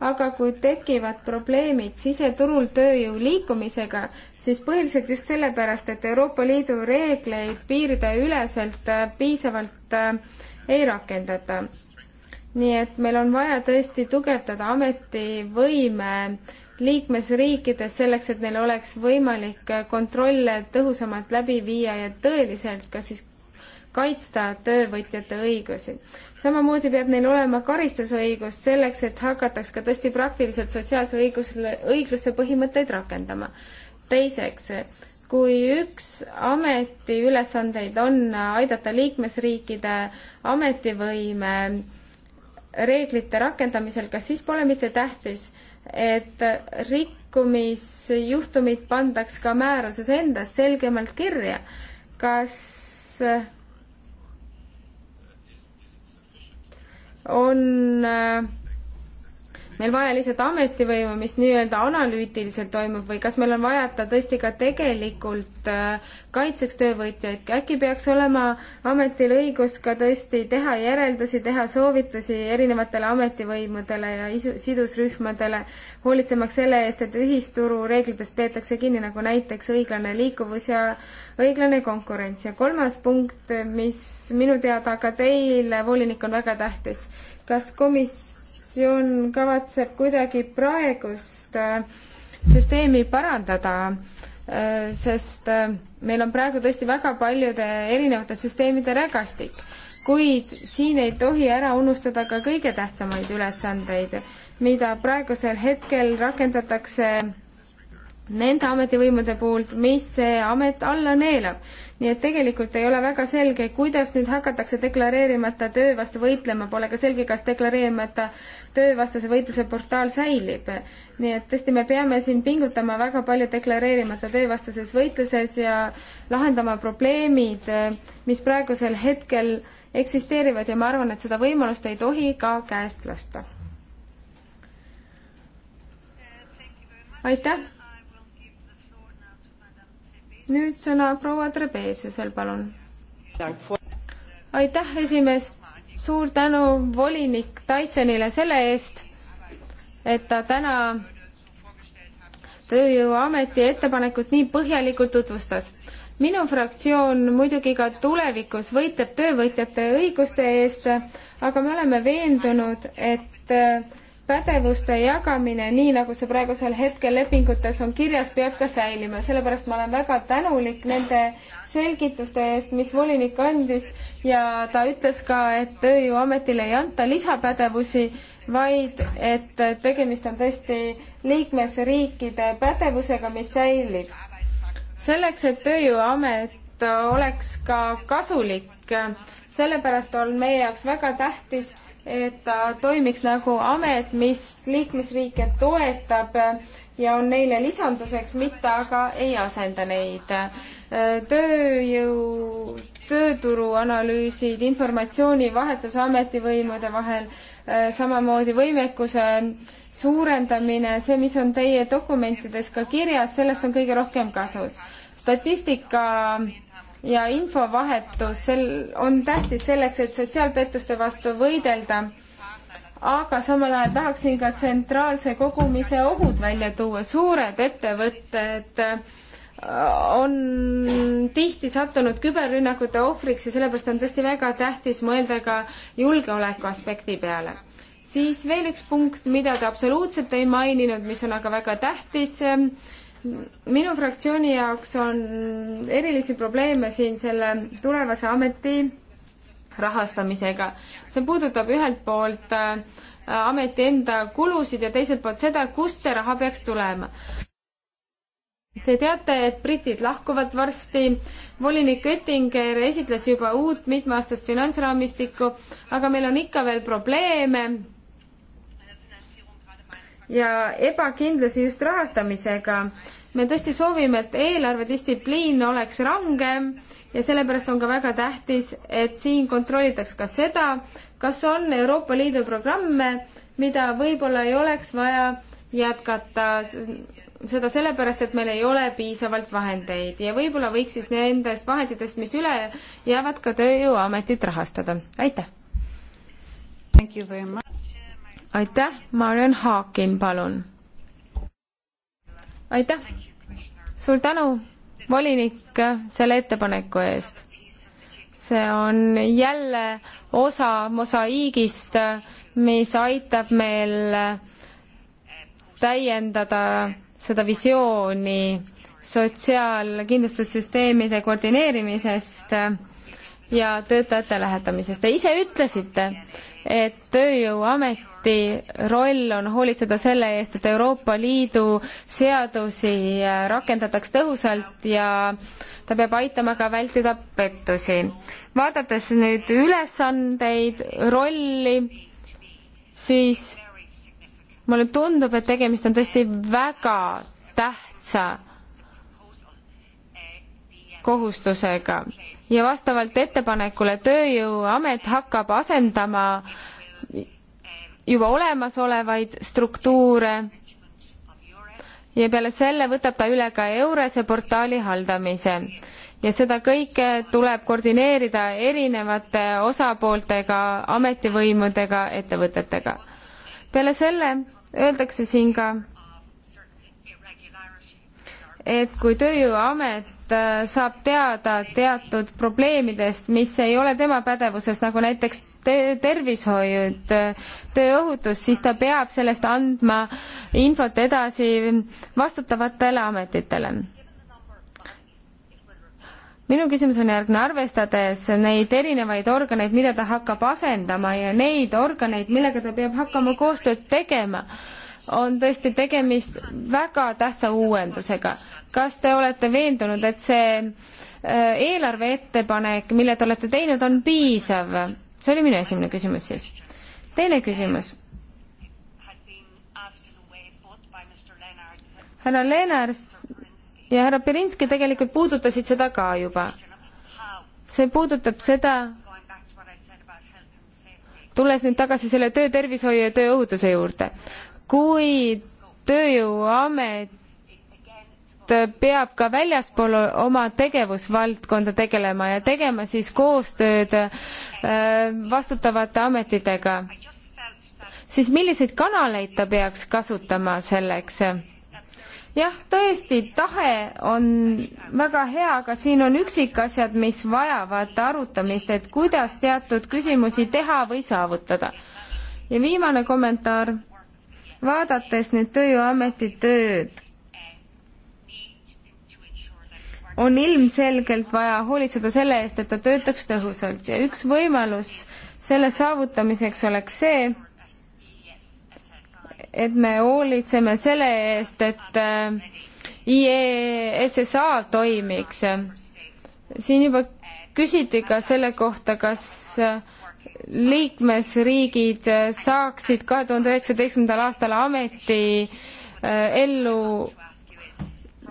aga kui tekivad probleemid siseturul tööjõu liikumisega, siis põhiliselt just sellepärast, et Euroopa Liidu reegleid piirideüleselt piisavalt ei rakendata. nii et meil on vaja tõesti tugevdada ametivõime liikmesriikides selleks, et neil oleks võimalik kontrolle tõhusamalt läbi viia ja tõeliselt ka siis kaitsta töövõtjate õigusi. samamoodi peab neil olema karistusõigus selleks, et hakataks ka tõesti praktiliselt sotsiaalse õigusle, õigluse põhimõtteid rakendama. teiseks, kui üks ameti ülesandeid on aidata liikmesriikide ametivõime reeglite rakendamisel, kas siis pole mitte tähtis, et rikkumisjuhtumid pandaks ka määruses endas selgemalt kirja. kas äh, on äh, meil vaja lihtsalt ametivõimu, mis nii-öelda analüütiliselt toimub või kas meil on vaja, et ta tõesti ka tegelikult äh, kaitseks töövõtjaid, äkki peaks olema ametil õigus ka tõesti teha järeldusi, teha soovitusi erinevatele ametivõimudele ja isu-, sidusrühmadele, hoolitsemaks selle eest, et ühisturu reeglitest peetakse kinni, nagu näiteks õiglane liikuvus ja õiglane konkurents ja kolmas punkt, mis minu teada ka teile, volinik, on väga tähtis. kas komis-, komisjon kavatseb kuidagi praegust äh, süsteemi parandada, äh, sest äh, meil on praegu tõesti väga paljude erinevate süsteemide rägastik, kuid siin ei tohi ära unustada ka kõige tähtsamaid ülesandeid, mida praegusel hetkel rakendatakse nende ametivõimude poolt, mis see amet alla neelab nii et tegelikult ei ole väga selge, kuidas nüüd hakatakse deklareerimata töö vastu võitlema, pole ka selge, kas deklareerimata töövastase võitluse portaal säilib. nii et tõesti, me peame siin pingutama väga palju deklareerimata töövastases võitluses ja lahendama probleemid, mis praegusel hetkel eksisteerivad ja ma arvan, et seda võimalust ei tohi ka käest lasta. aitäh! nüüd sõna proua Trebeesiusel, palun. aitäh, esimees. suur tänu volinik Tysonile selle eest, et ta täna tööjõuameti ettepanekut nii põhjalikult tutvustas. minu fraktsioon muidugi ka tulevikus võitleb töövõtjate õiguste eest, aga me oleme veendunud, et pädevuste jagamine, nii nagu see praegusel hetkel lepingutes on kirjas, peab ka säilima, sellepärast ma olen väga tänulik nende selgituste eest, mis volinik andis ja ta ütles ka, et Tööjõuametile ei anta lisapädevusi, vaid et tegemist on tõesti liikmesriikide pädevusega, mis säilib. selleks, et Tööjõuamet oleks ka kasulik, sellepärast on meie jaoks väga tähtis, et ta toimiks nagu amet, mis liikmesriike toetab ja on neile lisanduseks, mitte aga ei asenda neid. tööjõu, tööturu analüüsid, informatsioonivahetus ametivõimude vahel, samamoodi võimekuse suurendamine, see, mis on teie dokumentides ka kirjas, sellest on kõige rohkem kasu. statistika ja infovahetus sel, on tähtis selleks, et sotsiaalpettuste vastu võidelda. aga samal ajal tahaksin ka tsentraalse kogumise ohud välja tuua. suured ettevõtted äh, on tihti sattunud küberrünnakute ohvriks ja sellepärast on tõesti väga tähtis mõelda ka julgeoleku aspekti peale. siis veel üks punkt, mida te absoluutselt ei maininud, mis on aga väga tähtis minu fraktsiooni jaoks on erilisi probleeme siin selle tulevase ameti rahastamisega. see puudutab ühelt poolt äh, ameti enda kulusid ja teiselt poolt seda, kust see raha peaks tulema. Te teate, et britid lahkuvad varsti, volinik Oettinger esitles juba uut mitmeaastast finantsraamistikku, aga meil on ikka veel probleeme ja ebakindlusi just rahastamisega. me tõesti soovime, et eelarvedistsipliin oleks rangem ja sellepärast on ka väga tähtis, et siin kontrollitaks ka seda, kas on Euroopa Liidu programme, mida võib-olla ei oleks vaja jätkata, seda sellepärast, et meil ei ole piisavalt vahendeid ja võib-olla võiks siis nendest vahenditest, mis üle jäävad, ka Tööjõuametit rahastada. aitäh! aitäh, Marion Haakin, palun. aitäh, suur tänu, volinik, selle ettepaneku eest. see on jälle osa mosaiigist, mis aitab meil täiendada seda visiooni sotsiaalkindlustussüsteemide koordineerimisest ja töötajate lähetamisest. Te ise ütlesite, et Tööjõuameti roll on hoolitseda selle eest, et Euroopa Liidu seadusi äh, rakendataks tõhusalt ja ta peab aitama ka vältida pettusi. vaadates nüüd ülesandeid, rolli, siis mulle tundub, et tegemist on tõesti väga tähtsa kohustusega ja vastavalt ettepanekule Tööjõuamet hakkab asendama juba olemasolevaid struktuure ja peale selle võtab ta üle ka Eurese portaali haldamise ja seda kõike tuleb koordineerida erinevate osapooltega, ametivõimudega, ettevõtetega. peale selle öeldakse siin ka, et kui Tööjõuamet Äh, saab teada teatud probleemidest, mis ei ole tema pädevuses, nagu näiteks tervishoiud, tööohutus, siis ta peab sellest andma infot edasi vastutavatele ametitele. minu küsimus on järgne, arvestades neid erinevaid organeid, mida ta hakkab asendama ja neid organeid, millega ta peab hakkama koostööd tegema on tõesti tegemist väga tähtsa uuendusega. kas te olete veendunud, et see äh, eelarve ettepanek, mille te olete teinud, on piisav? see oli minu esimene küsimus siis. teine küsimus. härra
Lennart
ja härra Berinski tegelikult puudutasid seda ka juba. see puudutab seda, tulles nüüd tagasi selle töötervishoiu ja tööohutuse juurde kui Tööjõuamet peab ka väljaspool oma tegevusvaldkonda tegelema ja tegema siis koostööd äh, vastutavate ametitega, siis milliseid kanaleid ta peaks kasutama selleks? jah, tõesti, tahe on väga hea, aga siin on üksikasjad, mis vajavad arutamist, et kuidas teatud küsimusi teha või saavutada. ja viimane kommentaar vaadates nüüd Tööameti tööd, on ilmselgelt vaja hoolitseda selle eest, et ta töötaks tõhusalt ja üks võimalus selle saavutamiseks oleks see, et me hoolitseme selle eest, et äh, IESSA toimiks. siin juba küsiti ka selle kohta, kas äh, liikmesriigid saaksid kahe tuhande üheksateistkümnendal aastal ameti äh, ellu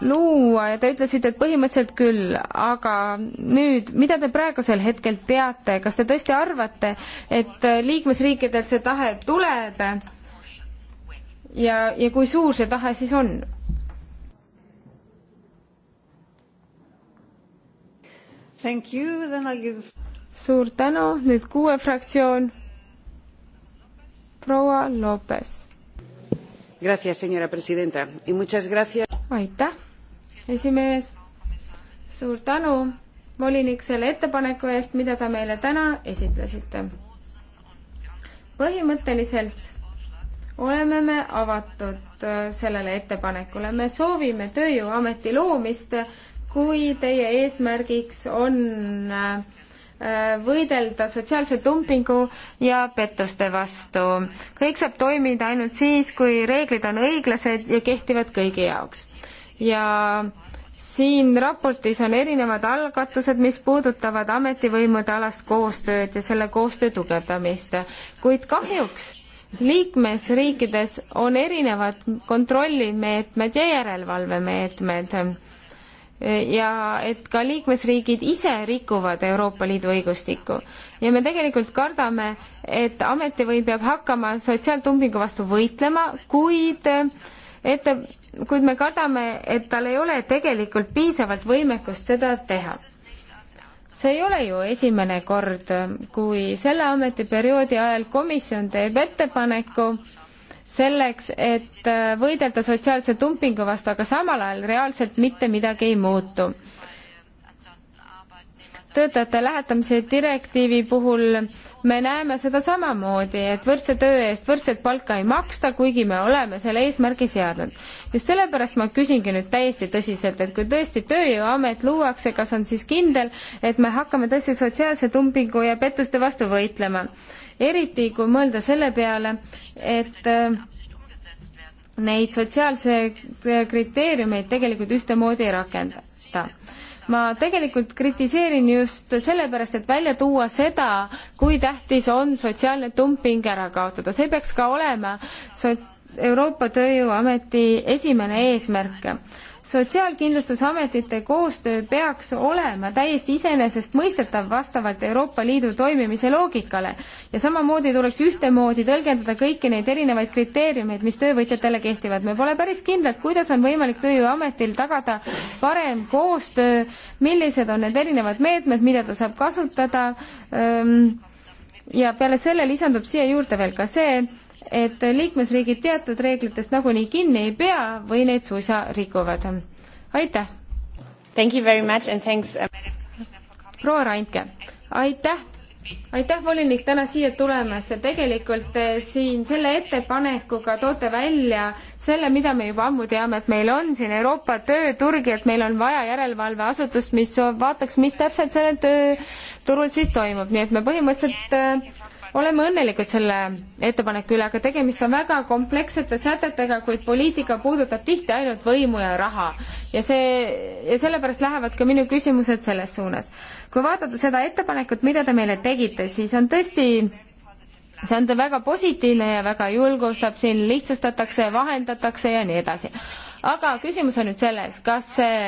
luua ja te ütlesite, et põhimõtteliselt küll, aga nüüd, mida te praegusel hetkel teate, kas te tõesti arvate, et liikmesriikidelt see tahe tuleb ja, ja kui suur see tahe siis on?
Give
suur tänu, nüüd kuue fraktsioon. proua Lopes. aitäh, esimees. suur tänu, volinik, selle ettepaneku eest, mida te meile täna esitlesite. põhimõtteliselt oleme me avatud äh, sellele ettepanekule, me soovime Tööjõuameti loomist, kui teie eesmärgiks on äh, Äh, võidelda sotsiaalse dumpingu ja pettuste vastu. kõik saab toimida ainult siis, kui reeglid on õiglased ja kehtivad kõigi jaoks. ja siin raportis on erinevad algatused, mis puudutavad ametivõimude alast koostööd ja selle koostöö tugevdamist, kuid kahjuks liikmesriikides on erinevad kontrollimeetmed ja järelevalvemeetmed ja et ka liikmesriigid ise rikuvad Euroopa Liidu õigustikku. ja me tegelikult kardame, et ametivõim peab hakkama sotsiaaltumpingu vastu võitlema, kuid et, kuid me kardame, et tal ei ole tegelikult piisavalt võimekust seda teha. see ei ole ju esimene kord, kui selle ametiperioodi ajal komisjon teeb ettepaneku, selleks, et võidelda sotsiaalse dumpingu vastu, aga samal ajal reaalselt mitte midagi ei muutu töötajate lähetamise direktiivi puhul me näeme seda samamoodi, et võrdse töö eest võrdset palka ei maksta, kuigi me oleme selle eesmärgi seadnud. just sellepärast ma küsingi nüüd täiesti tõsiselt, et kui tõesti Tööjõuamet luuakse, kas on siis kindel, et me hakkame tõesti sotsiaalse tumpingu ja pettuste vastu võitlema? eriti kui mõelda selle peale, et äh, neid sotsiaalseid kriteeriumeid tegelikult ühtemoodi ei rakendata ma tegelikult kritiseerin just sellepärast, et välja tuua seda, kui tähtis on sotsiaalne dumping ära kaotada, see peaks ka olema so-, Euroopa Tööjõuameti esimene eesmärk. sotsiaalkindlustusametite koostöö peaks olema täiesti iseenesestmõistetav vastavalt Euroopa Liidu toimimise loogikale ja samamoodi tuleks ühtemoodi tõlgendada kõiki neid erinevaid kriteeriumeid, mis töövõtjatele kehtivad. me pole päris kindlad, kuidas on võimalik Tööjõuametil tagada parem koostöö, millised on need erinevad meetmed, mida ta saab kasutada ähm, ja peale selle lisandub siia juurde veel ka see, et liikmesriigid teatud reeglitest nagunii kinni ei pea või neid suisa rikuvad. aitäh! Um, proua Randke, aitäh! aitäh, volinik, täna siia tulemast ja tegelikult eh, siin selle ettepanekuga toote välja selle, mida me juba ammu teame, et meil on siin Euroopa tööturg ja et meil on vaja järelevalveasutust, mis vaataks, mis täpselt sellel tööturul siis toimub, nii et me põhimõtteliselt eh, oleme õnnelikud selle ettepaneku üle, aga tegemist on väga komplekssete sätetega, kuid poliitika puudutab tihti ainult võimu ja raha. ja see, ja sellepärast lähevad ka minu küsimused selles suunas. kui vaadata seda ettepanekut, mida te meile tegite, siis on tõesti see on väga positiivne ja väga julgustab, siin lihtsustatakse, vahendatakse ja nii edasi. aga küsimus on nüüd selles, kas see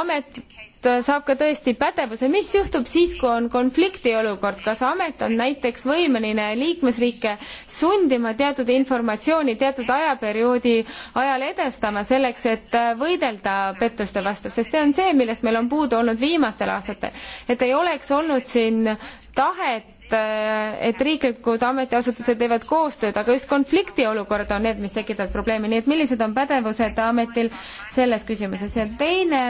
amet Äh, saab ka tõesti pädevuse, mis juhtub siis, kui on konfliktiolukord, kas amet on näiteks võimeline liikmesriike sundima teatud informatsiooni teatud ajaperioodi ajal edastama selleks, et äh, võidelda pettuste vastu, sest see on see, millest meil on puudu olnud viimastel aastatel, et ei oleks olnud siin tahet et, et riiklikud ametiasutused teevad koostööd, aga just konfliktiolukorrad on need, mis tekitavad probleeme, nii et millised on pädevused ametil selles küsimuses ja teine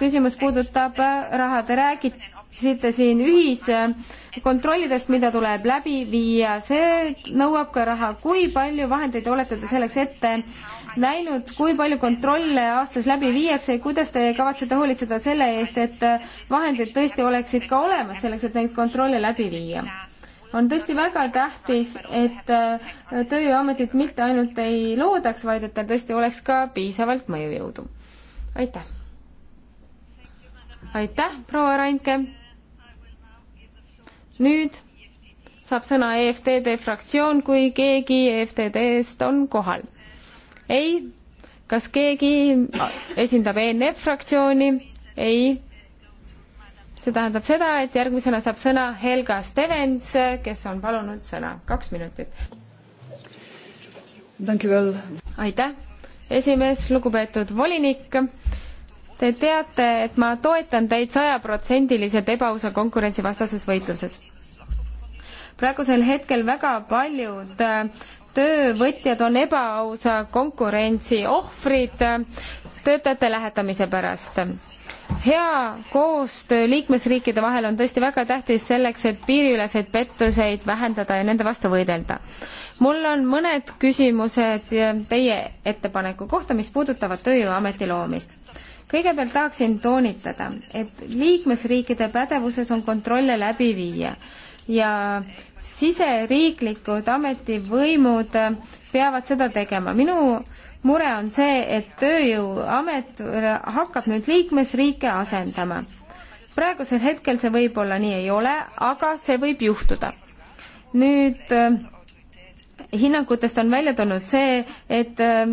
küsimus puudutab raha, te rääkisite siin ühiskontrollidest, mida tuleb läbi viia, see nõuab ka raha, kui palju vahendeid olete te selleks ette näinud, kui palju kontrolle aastas läbi viiakse ja kuidas te kavatsete hoolitseda selle eest, et vahendid tõesti oleksid ka olemas selleks, et neid kontrolle läbi viia? on tõesti väga tähtis, et äh, Tööjõuametit mitte ainult ei loodaks, vaid et tal tõesti oleks ka piisavalt mõjujõudu. aitäh! aitäh, proua Rainke! nüüd saab sõna EFTD fraktsioon, kui keegi EFTD-st on kohal ei. kas keegi esindab ENF fraktsiooni? ei. see tähendab seda, et järgmisena saab sõna Helga Stevens, kes on palunud sõna. kaks minutit. aitäh, esimees, lugupeetud volinik Te teate, et ma toetan teid sajaprotsendiliselt ebaausa konkurentsi vastases võitluses. praegusel hetkel väga paljud töövõtjad on ebaausa konkurentsi ohvrid töötajate lähetamise pärast. hea koostöö liikmesriikide vahel on tõesti väga tähtis selleks, et piiriüleseid pettuseid vähendada ja nende vastu võidelda. mul on mõned küsimused teie ettepaneku kohta, mis puudutavad Tööjõuameti loomist kõigepealt tahaksin toonitada, et liikmesriikide pädevuses on kontrolle läbi viia ja siseriiklikud ametivõimud peavad seda tegema. minu mure on see, et Tööjõuamet hakkab nüüd liikmesriike asendama. praegusel hetkel see võib-olla nii ei ole, aga see võib juhtuda. nüüd äh, hinnangutest on välja tulnud see, et äh,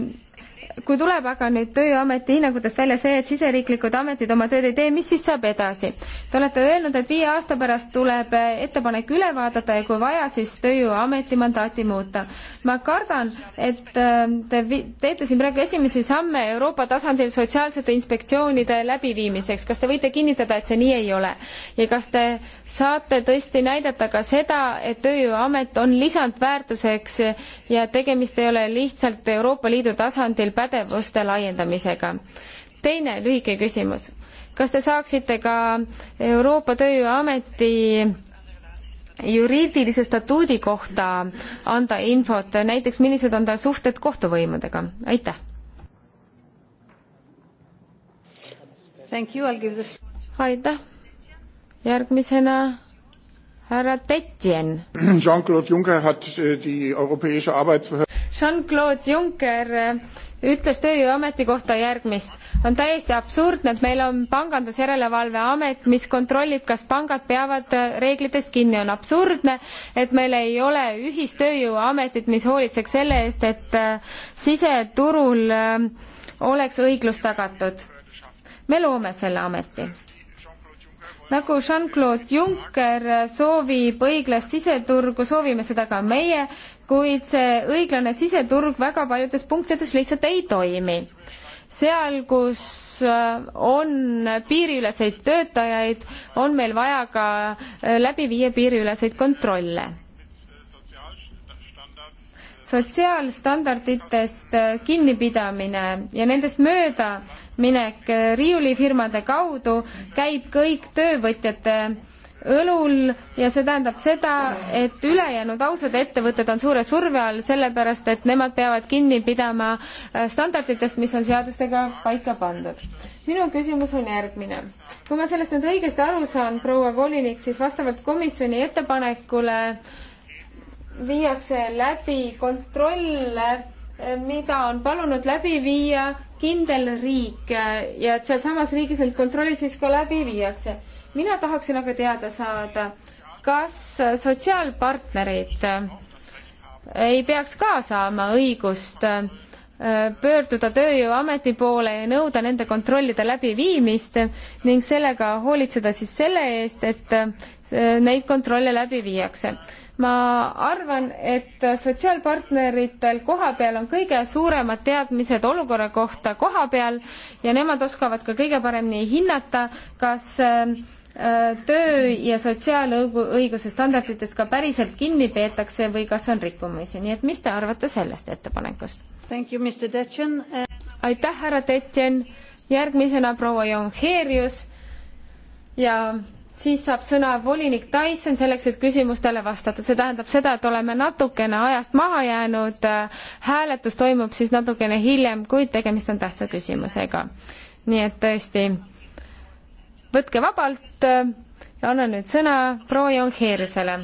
kui tuleb aga nüüd Tööameti hinnangutest välja see, et siseriiklikud ametid oma tööd ei tee, mis siis saab edasi? Te olete öelnud, et viie aasta pärast tuleb eh, ettepanek üle vaadata ja kui vaja, siis Tööameti mandaati muuta. ma kardan, et ähm, te teete siin praegu esimesi samme Euroopa tasandil sotsiaalsete inspektsioonide läbiviimiseks. kas te võite kinnitada, et see nii ei ole? ja kas te saate tõesti näidata ka seda, et Tööjõuamet on lisandväärtuseks ja tegemist ei ole lihtsalt Euroopa Liidu tasandil pädevuste laiendamisega. teine lühike küsimus. kas te saaksite ka Euroopa Tööjõuameti juriidilise statuudi kohta anda infot, näiteks millised on ta suhted kohtuvõimudega, aitäh! aitäh! järgmisena härra Tetjen.
Jean-Claude Juncker hat äh, die europäische Arbeitsbehörde.
Jean-Claude Juncker äh, ütles Tööjõuameti kohta järgmist. on täiesti absurdne, et meil on pangandusjärelevalveamet, mis kontrollib, kas pangad peavad äh, reeglitest kinni. on absurdne, et meil ei ole ühistööjõuametit, mis hoolitseks selle eest, et siseturul oleks õiglus tagatud. me loome selle ameti nagu Jean-Claude Juncker soovib õiglast siseturgu, soovime seda ka meie, kuid see õiglane siseturg väga paljudes punktides lihtsalt ei toimi. seal, kus äh, on piiriüleseid töötajaid, on meil vaja ka äh, läbi viia piiriüleseid kontrolle sotsiaalstandarditest äh, kinnipidamine ja nendest möödaminek äh, riiulifirmade kaudu käib kõik töövõtjate õlul ja see tähendab seda, et ülejäänud ausad ettevõtted on suure surve all, sellepärast et nemad peavad kinni pidama äh, standarditest, mis on seadustega paika pandud. minu küsimus on järgmine. kui ma sellest nüüd õigesti aru saan, proua volinik, siis vastavalt komisjoni ettepanekule äh, viiakse läbi kontrolle, mida on palunud läbi viia kindel riik ja et sealsamas riigis need kontrollid siis ka läbi viiakse. mina tahaksin aga teada saada, kas sotsiaalpartnerid ei peaks ka saama õigust äh, pöörduda Tööjõuameti poole ja nõuda nende kontrollide läbiviimist ning sellega hoolitseda siis selle eest, et äh, neid kontrolle läbi viiakse ma arvan, et sotsiaalpartneritel kohapeal on kõige suuremad teadmised olukorra kohta kohapeal ja nemad oskavad ka kõige paremini hinnata, kas ähm, äh, töö- ja sotsiaalõiguse standarditest ka päriselt kinni peetakse või kas on rikkumisi, nii et mis te arvate sellest ettepanekust?
aitäh, härra Tetjen, järgmisena
proua Jongeerius ja siis saab sõna volinik Tyson selleks, et küsimustele vastata. see tähendab seda, et oleme natukene ajast maha jäänud, äh, hääletus toimub siis natukene hiljem, kuid tegemist on tähtsa küsimusega. nii et tõesti, võtke vabalt äh, ja annan nüüd sõna proua Jongheirisele.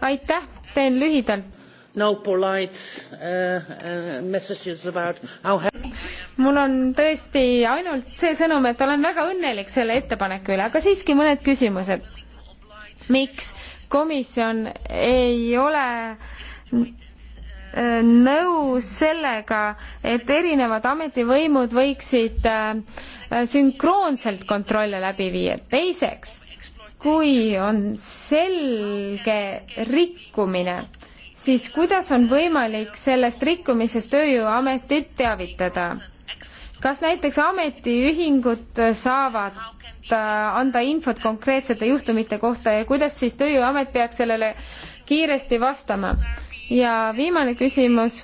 aitäh, teen lühidalt
no polite uh, uh, messages about how happy mul on
tõesti ainult see sõnum, et olen väga õnnelik selle ettepaneku üle, aga siiski mõned küsimused. miks komisjon ei ole äh, nõus sellega, et erinevad ametivõimud võiksid äh, sünkroonselt kontrolle läbi viia. teiseks, kui on selge rikkumine siis kuidas on võimalik sellest rikkumisest Tööjõuametit teavitada? kas näiteks ametiühingud saavad äh, anda infot konkreetsete juhtumite kohta ja kuidas siis Tööjõuamet peaks sellele kiiresti vastama? ja viimane küsimus,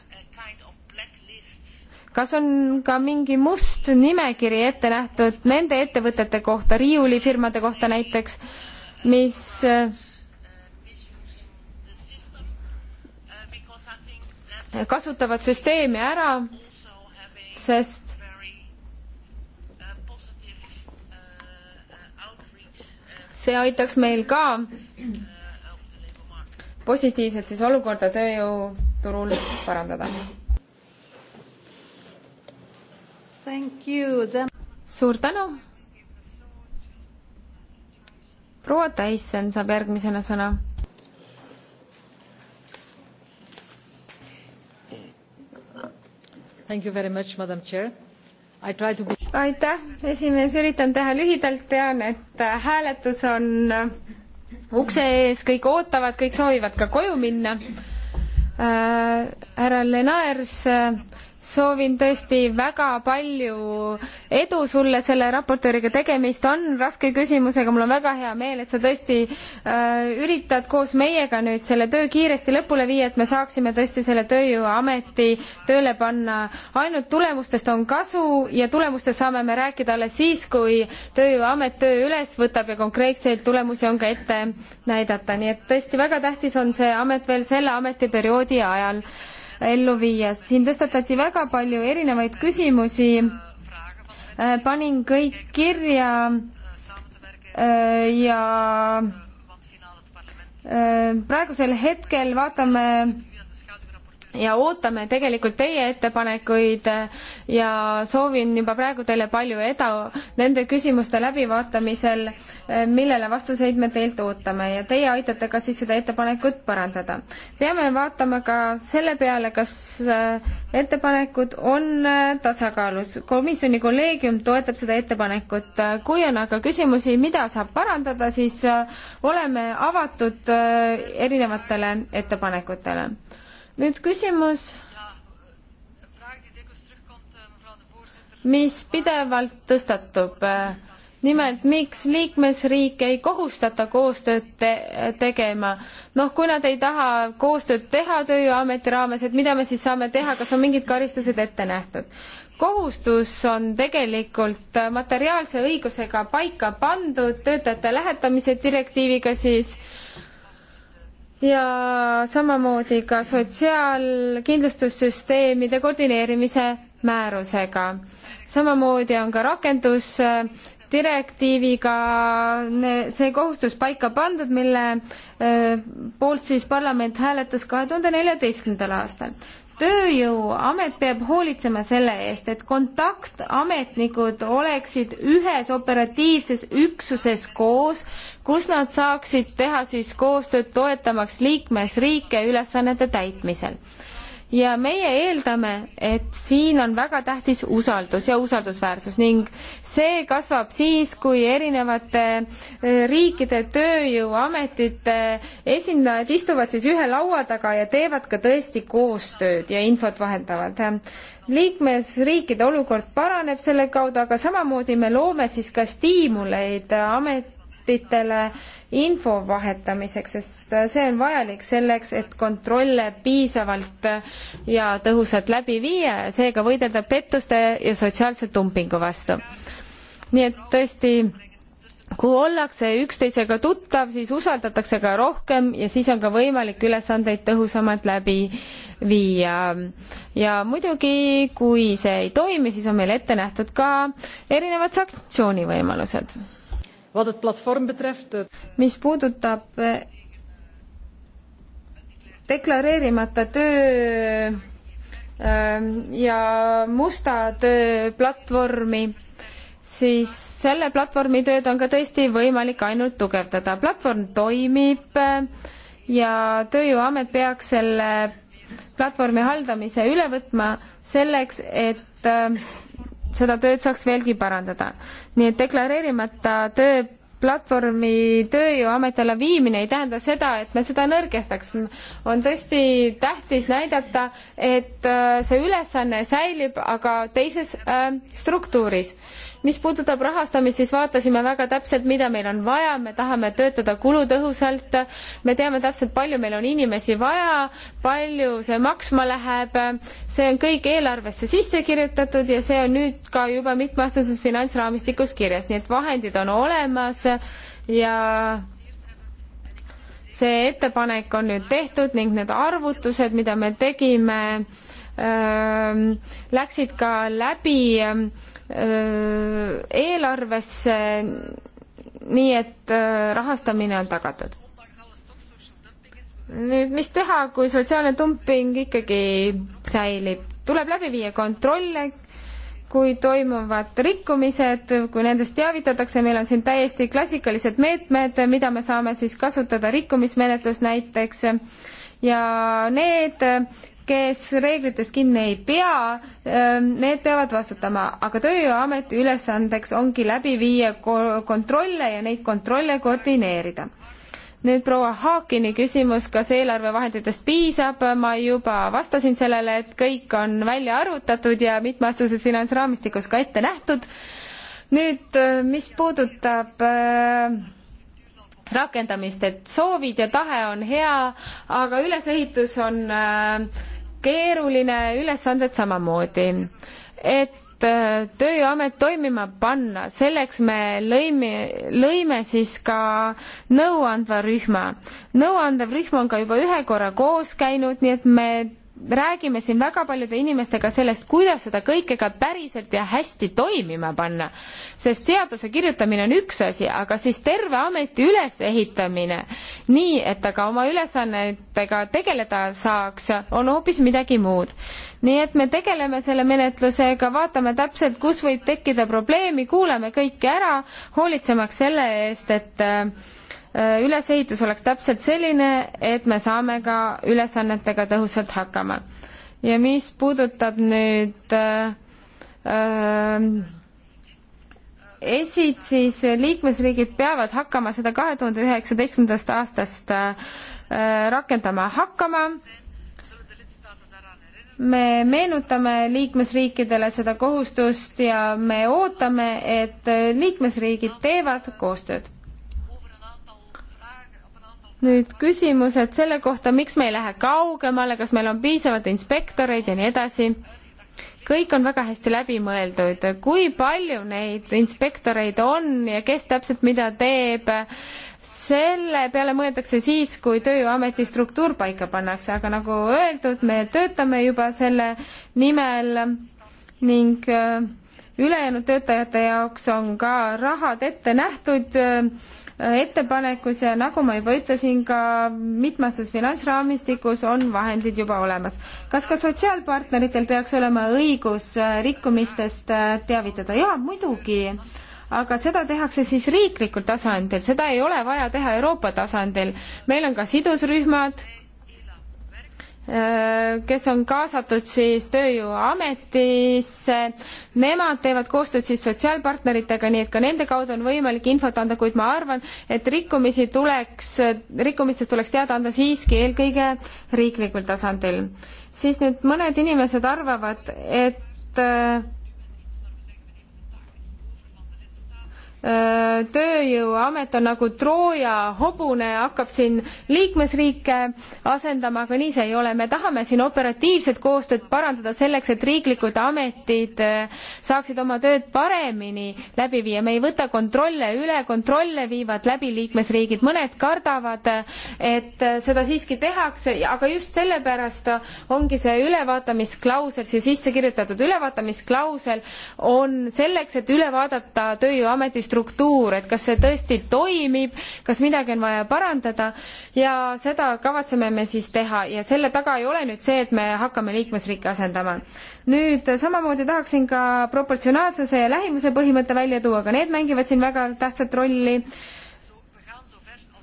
kas on ka mingi must nimekiri ette nähtud nende ettevõtete kohta, riiulifirmade kohta näiteks, mis äh, kasutavad süsteemi ära, sest see aitaks meil ka positiivselt siis olukorda tööjõuturul parandada. suur tänu. proua Tyson saab järgmisena sõna Thank you very much, madam chair. I try to be aitäh, esimees, üritan teha lühidalt, tean, et äh, hääletus on äh, ukse ees, kõik ootavad, kõik soovivad ka koju minna äh,. härra Lenaers äh,, soovin tõesti väga palju edu sulle selle raportööriga, tegemist on raske küsimusega, mul on väga hea meel, et sa tõesti äh, üritad koos meiega nüüd selle töö kiiresti lõpule viia, et me saaksime tõesti selle Tööjõuameti tööle panna. ainult tulemustest on kasu ja tulemustest saame me rääkida alles siis, kui Tööjõuamet töö üles võtab ja konkreetseid tulemusi on ka ette näidata, nii et tõesti väga tähtis on see amet veel selle ametiperioodi ajal ellu viia. siin tõstatati väga palju erinevaid küsimusi, äh, panin kõik kirja äh, ja äh, praegusel hetkel vaatame ja ootame tegelikult teie ettepanekuid äh, ja soovin juba praegu teile palju edu nende küsimuste läbivaatamisel, äh, millele vastuseid me teilt ootame ja teie aitate ka siis seda ettepanekut parandada. peame vaatama ka selle peale, kas äh, ettepanekud on tasakaalus. komisjoni kolleegium toetab seda ettepanekut. kui on aga küsimusi, mida saab parandada, siis oleme avatud erinevatele ettepanekutele nüüd küsimus, mis pidevalt tõstatub. nimelt, miks liikmesriike ei kohustata koostööd te tegema? noh, kui nad ei taha koostööd teha Tööameti raames, et mida me siis saame teha, kas on mingid karistused ette nähtud? kohustus on tegelikult materiaalse õigusega paika pandud töötajate lähetamise direktiiviga siis äh, ja samamoodi ka sotsiaalkindlustussüsteemide koordineerimise määrusega. samamoodi on ka rakendusdirektiiviga see kohustus paika pandud, mille äh, poolt siis parlament hääletas kahe tuhande neljateistkümnendal aastal tööjõuamet peab hoolitsema selle eest, et kontaktametnikud oleksid ühes operatiivses üksuses koos, kus nad saaksid teha siis koostööd toetamaks liikmesriike ülesannete täitmisel ja meie eeldame, et siin on väga tähtis usaldus ja usaldusväärsus ning see kasvab siis, kui erinevate eh, riikide tööjõuametite esindajad istuvad siis ühe laua taga ja teevad ka tõesti koostööd ja infot vahendavad. liikmesriikide olukord paraneb selle kaudu, aga samamoodi me loome siis ka stiimuleid amet, ametitele info vahetamiseks, sest see on vajalik selleks, et kontrolle piisavalt ja tõhusalt läbi viia ja seega võidelda pettuste ja sotsiaalse dumpingu vastu. nii et tõesti kui ollakse üksteisega tuttav, siis usaldatakse ka rohkem ja siis on ka võimalik ülesandeid tõhusamalt läbi viia. ja muidugi, kui see ei toimi, siis on meil ette nähtud ka erinevad sanktsioonivõimalused mis puudutab eh, deklareerimata töö ähm, ja musta töö platvormi, siis selle platvormi tööd on ka tõesti võimalik ainult tugevdada. platvorm toimib äh, ja Tööjõuamet peaks selle platvormi haldamise üle võtma selleks, et äh, seda tööd saaks veelgi parandada. nii et deklareerimata töö platvormi tööjõuameti alla viimine ei tähenda seda, et me seda nõrgestaks. on tõesti tähtis näidata, et äh, see ülesanne säilib, aga teises äh, struktuuris mis puudutab rahastamist, siis vaatasime väga täpselt, mida meil on vaja, me tahame töötada kulutõhusalt, me teame täpselt, palju meil on inimesi vaja, palju see maksma läheb, see on kõik eelarvesse sisse kirjutatud ja see on nüüd ka juba mitmeaastases finantsraamistikus kirjas, nii et vahendid on olemas ja see ettepanek on nüüd tehtud ning need arvutused, mida me tegime, Ehm, läksid ka läbi ehm, ehm, eelarvesse, nii et rahastamine on tagatud. nüüd, mis teha, kui sotsiaalne dumping ikkagi säilib? tuleb läbi viia kontrolle, kui toimuvad rikkumised, kui nendest teavitatakse, meil on siin täiesti klassikalised meetmed, mida me saame siis kasutada, rikkumismenetlus näiteks, ja need kes reeglitest kinni ei pea, ähm, need peavad vastutama, aga Tööameti ülesandeks ongi läbi viia kontrolle ja neid kontrolle koordineerida. nüüd proua Haakini küsimus, kas eelarvevahenditest piisab, ma juba vastasin sellele, et kõik on välja arvutatud ja mitmeaastases finantsraamistikus ka ette nähtud. nüüd, äh, mis puudutab äh, rakendamist, et soovid ja tahe on hea, aga ülesehitus on äh, keeruline ülesanded samamoodi. et äh, Tööamet toimima panna, selleks me lõime, lõime siis ka nõuandva rühma. nõuandev rühm on ka juba ühe korra koos käinud, nii et me räägime siin väga paljude inimestega sellest, kuidas seda kõike ka päriselt ja hästi toimima panna. sest seaduse kirjutamine on üks asi, aga siis terve ameti ülesehitamine, nii et ta ka oma ülesannetega tegeleda saaks, on hoopis midagi muud. nii et me tegeleme selle menetlusega, vaatame täpselt, kus võib tekkida probleemi, kuulame kõike ära, hoolitsemaks selle eest, et äh, Äh, ülesehitus oleks täpselt selline, et me saame ka ülesannetega tõhusalt hakkama. ja mis puudutab nüüd äh, äh, esid, siis liikmesriigid peavad hakkama seda kahe tuhande üheksateistkümnendast aastast äh, rakendama hakkama me meenutame liikmesriikidele seda kohustust ja me ootame, et liikmesriigid teevad koostööd nüüd küsimused selle kohta, miks me ei lähe kaugemale, kas meil on piisavalt inspektoreid ja nii edasi. kõik on väga hästi läbimõeldud, kui palju neid inspektoreid on ja kes täpselt mida teeb, selle peale mõeldakse siis, kui Tööameti struktuur paika pannakse, aga nagu öeldud, me töötame juba selle nimel ning äh, ülejäänud töötajate jaoks on ka rahad ette nähtud äh, ettepanekus ja nagu ma juba ütlesin, ka mitmestes finantsraamistikus on vahendid juba olemas. kas ka sotsiaalpartneritel peaks olema õigus äh, rikkumistest äh, teavitada? jaa, muidugi aga seda tehakse siis riiklikul tasandil, seda ei ole vaja teha Euroopa tasandil. meil on ka sidusrühmad, Äh, kes on kaasatud siis Tööjõuametisse, nemad teevad koostööd siis sotsiaalpartneritega, nii et ka nende kaudu on võimalik infot anda, kuid ma arvan, et rikkumisi tuleks, rikkumistest tuleks teada anda siiski eelkõige riiklikul tasandil. siis nüüd mõned inimesed arvavad, et äh, Äh, tööjõuamet on nagu Trooja hobune, hakkab siin liikmesriike asendama, aga nii see ei ole. me tahame siin operatiivset koostööd parandada selleks, et riiklikud ametid äh, saaksid oma tööd paremini läbi viia. me ei võta kontrolle üle, kontrolle viivad läbi liikmesriigid, mõned kardavad, et äh, seda siiski tehakse, aga just sellepärast ongi see ülevaatamisklausel siia sisse kirjutatud. ülevaatamisklausel on selleks, et üle vaadata tööjõuametist struktuur, et kas see tõesti toimib, kas midagi on vaja parandada ja seda kavatseme me siis teha ja selle taga ei ole nüüd see, et me hakkame liikmesriike asendama. nüüd samamoodi tahaksin ka proportsionaalsuse ja lähimuse põhimõtte välja tuua, ka need mängivad siin väga tähtsat rolli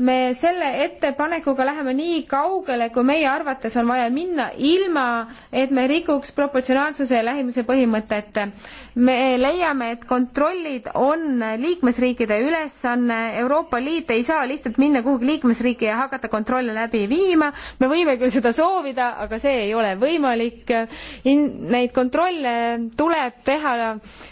me selle ettepanekuga läheme nii kaugele, kui meie arvates on vaja minna, ilma et me rikuks proportsionaalsuse ja lähimuse põhimõtet. me leiame, et kontrollid on liikmesriikide ülesanne, Euroopa Liit ei saa lihtsalt minna kuhugi liikmesriiki ja hakata kontrolle läbi viima, me võime küll seda soovida, aga see ei ole võimalik. Neid kontrolle tuleb teha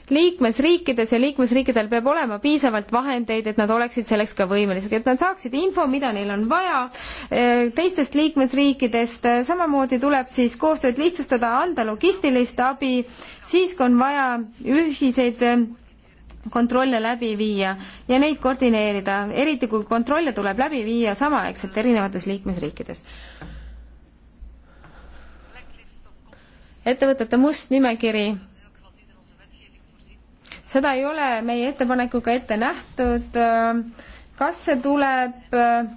liikmesriikides ja liikmesriikidel peab olema piisavalt vahendeid, et nad oleksid selleks ka võimelised, et nad saaksid info, mida neil on vaja eh, teistest liikmesriikidest, samamoodi tuleb siis koostööd lihtsustada, anda logistilist abi, siis kui on vaja ühiseid eh, kontrolle läbi viia ja neid koordineerida, eriti kui kontrolle tuleb läbi viia samaaegselt erinevates liikmesriikides. ettevõtete must nimekiri seda ei ole meie ettepanekuga ette nähtud äh, kas see tuleb, äh,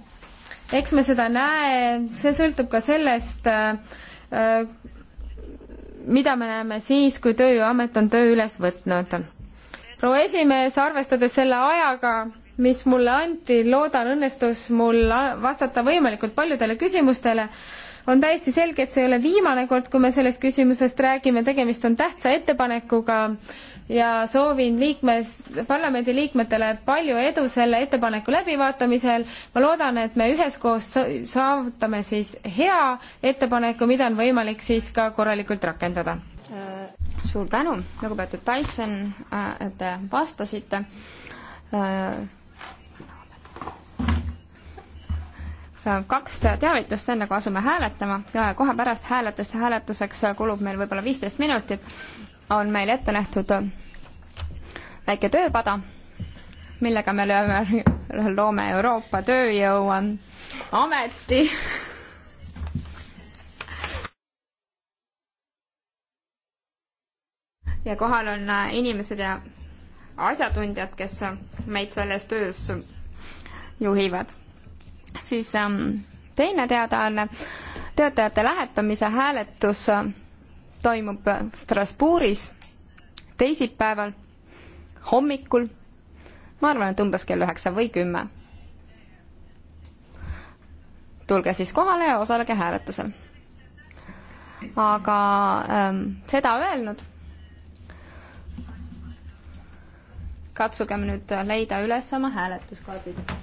eks me seda näe, see sõltub ka sellest, äh, äh, mida me näeme siis, kui Tööjõuamet on töö üles võtnud. proua esimees, arvestades selle ajaga, mis mulle anti, loodan õnnestus mul vastata võimalikult paljudele küsimustele, on täiesti selge, et see ei ole viimane kord, kui me sellest küsimusest räägime, tegemist on tähtsa ettepanekuga äh, ja soovin liikmes, parlamendi liikmetele palju edu selle ettepaneku läbivaatamisel. ma loodan, et me üheskoos saavutame siis hea ettepaneku, mida on võimalik siis ka korralikult rakendada.
suur tänu, lugupeetud Tyson, äh, et te vastasite äh, kaks teavitust, enne kui asume hääletama. kohe pärast hääletust ja hääletuseks kulub meil võib-olla viisteist minutit on meil ette nähtud väike tööpada, millega me lööme, loome Euroopa Tööjõuameti. ja kohal on inimesed ja asjatundjad, kes meid selles töös juhivad. siis ähm, teine teadaanne, töötajate lähetamise hääletus toimub Strasbourgis teisipäeval hommikul, ma arvan, et umbes kell üheksa või kümme. tulge siis kohale ja osalege hääletusel. aga ähm, seda öelnud, katsugem nüüd leida üles oma hääletuskaardid.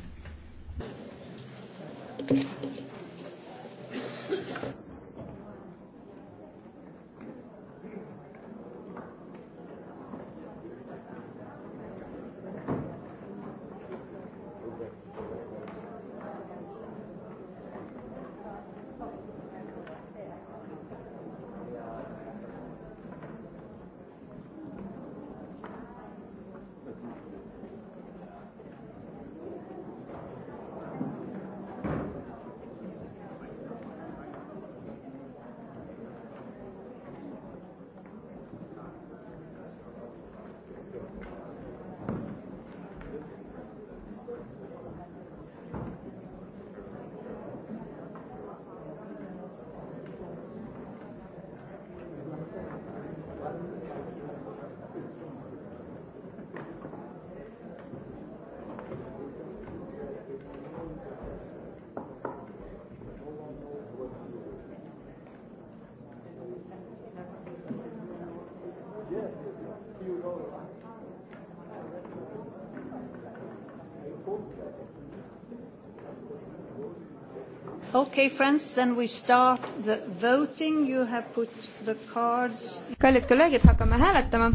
Okay, friends, then we start the voting. You have put the cards. kallid kolleegid, hakkame hääletama.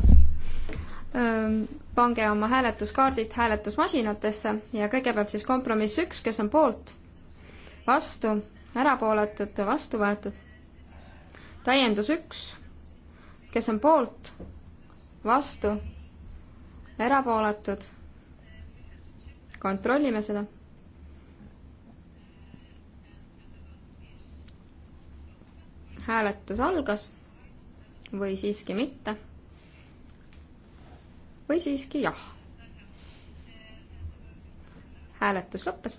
pange oma hääletuskaardid
hääletusmasinatesse ja kõigepealt siis kompromiss üks, kes on poolt, vastu, erapooletud, vastu võetud. täiendus üks, kes on poolt, vastu, erapooletud. kontrollime seda hääletus algas või siiski mitte. või siiski jah. hääletus lõppes.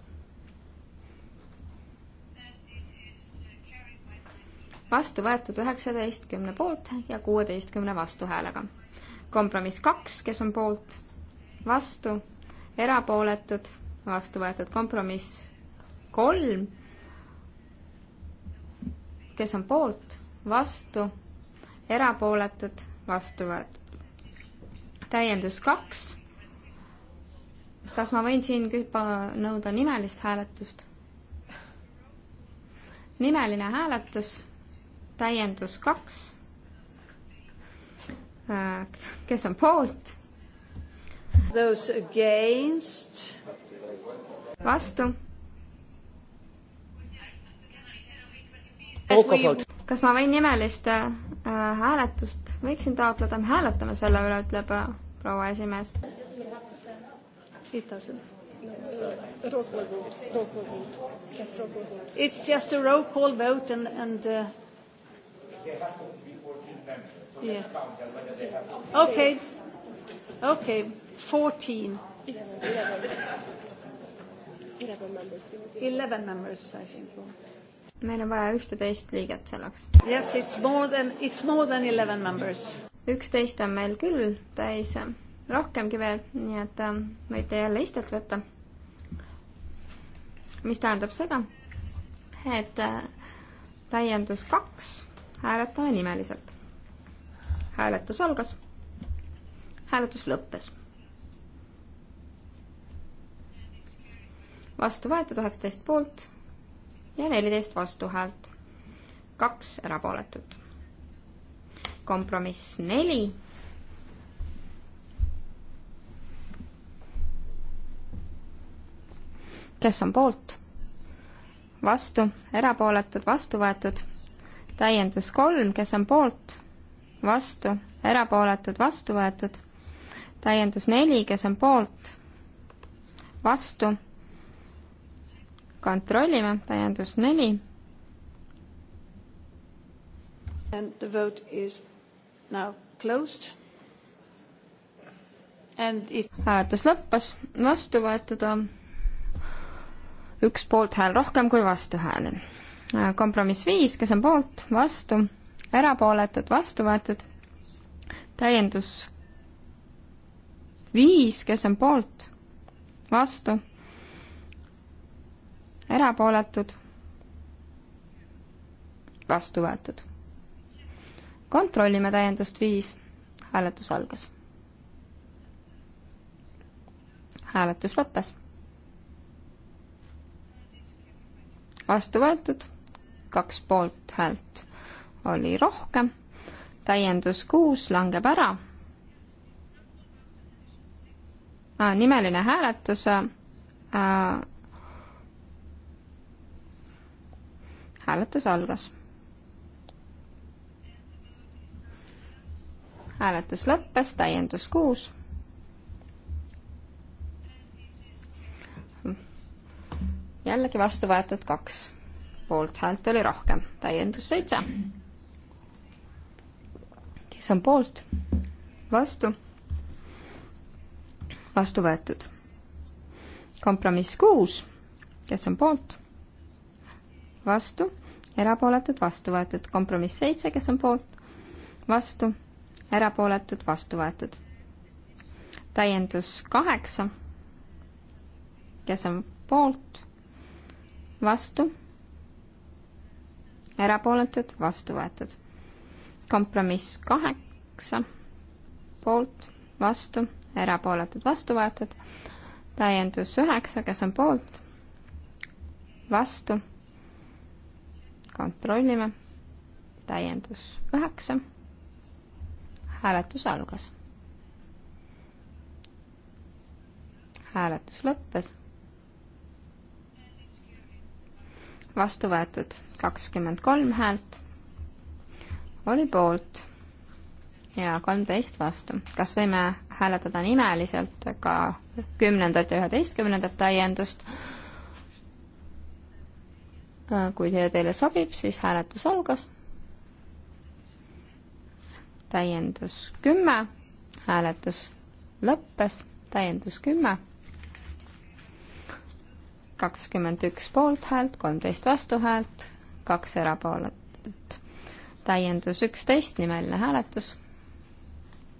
vastu võetud üheksateistkümne poolt ja kuueteistkümne vastuhäälega. kompromiss kaks, kes on poolt, vastu, erapooletud, vastu võetud kompromiss kolm kes on poolt, vastu, erapooletud, vastu võetud. täiendus kaks. kas ma võin siin nõuda nimelist hääletust? nimeline hääletus, täiendus kaks. Äh, kes on poolt?
Those against.
vastu kas ma võin nimelist äh, hääletust äh,, võiksin taotleda, me hääletame selle üle, ütleb äh, proua esimees.
It's just a roll call vote and, and uh, yeah. Okay, okay, fourteen. Eleven members, I think
meil on vaja ühteteist liiget selleks.
Yes, it's more than, it's more than eleven
members. üksteist on meil küll täis, rohkemgi veel, nii et ähm, võite jälle istet võtta. mis tähendab seda, et äh, täiendus kaks, hääletame nimeliselt. hääletus algas, hääletus lõppes. vastu võetud üheksateist poolt ja neliteist vastuhäält, kaks erapooletut. kompromiss neli. kes on poolt? vastu, erapooletud, vastu võetud. täiendus kolm, kes on poolt? vastu, erapooletud, vastu võetud. täiendus neli, kes on poolt? vastu kontrollime, täiendus
neli. And the vote is now closed. And it hääletus lõppes,
vastu võetud on üks poolthääl rohkem kui vastuhääli. kompromiss viis, kes on poolt, vastu, erapooletud, vastu võetud, täiendus viis, kes on poolt, vastu erapooletud, vastu võetud. kontrollime täiendust viis, hääletus algas. hääletus lõppes. vastu võetud, kaks poolthäält oli rohkem, täiendus kuus langeb ära ah,. nimeline hääletus äh, hääletus algas. hääletus lõppes, täiendus kuus. jällegi vastu võetud kaks, poolthäält oli rohkem, täiendus seitse. kes on poolt? vastu? vastu võetud. kompromiss kuus, kes on poolt? vastu, erapooletud, vastu võetud. kompromiss seitse, kes on poolt, vastu, erapooletud, vastu võetud. täiendus kaheksa, kes on poolt, vastu, erapooletud, vastu võetud. kompromiss kaheksa, poolt, vastu, erapooletud, vastu võetud. täiendus üheksa, kes on poolt, vastu kontrollime. täiendus üheksa. hääletus algas. hääletus lõppes. vastu võetud kakskümmend kolm häält oli poolt ja kolmteist vastu. kas võime hääletada nimeliselt ka kümnendat ja üheteistkümnendat täiendust? Äh, kui see teile sobib, siis hääletus algas. täiendus kümme, hääletus lõppes, täiendus kümme. kakskümmend üks poolthäält, kolmteist vastuhäält, kaks erapooletut. täiendus üksteist, nimeline hääletus.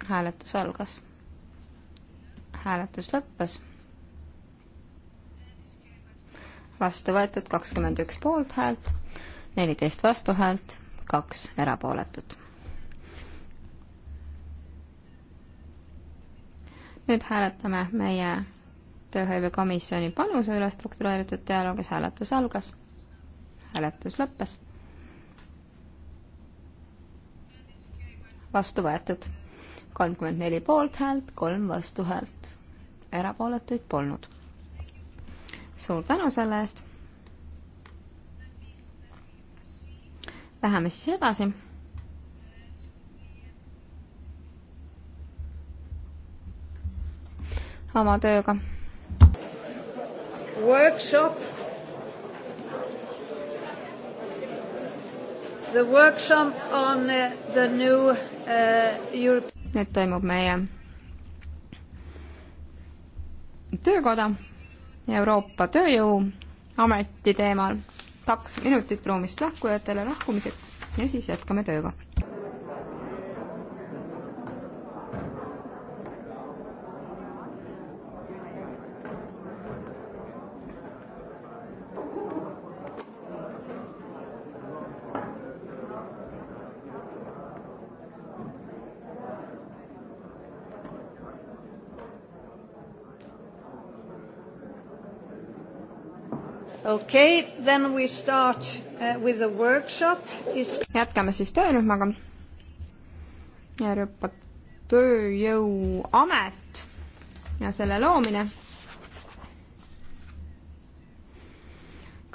hääletus algas. hääletus lõppes vastu võetud kakskümmend üks poolthäält, neliteist vastuhäält, kaks erapooletut. nüüd hääletame meie tööhõivekomisjoni panuse üle struktureeritud dialoogis, hääletus algas, hääletus lõppes. vastu võetud kolmkümmend neli poolthäält, kolm vastuhäält, erapooletuid polnud suur tänu selle eest. Läheme siis edasi. oma tööga.
Workshop. The workshop on uh, the new uh, Europe. nüüd toimub meie
töökoda Euroopa Tööjõuameti teemal. kaks minutit ruumist lahkujatele lahkumiseks ja siis jätkame tööga.
okei okay,, then we start uh, with the workshop is....
jätkame siis töörühmaga. Euroopa Tööjõuamet ja selle loomine.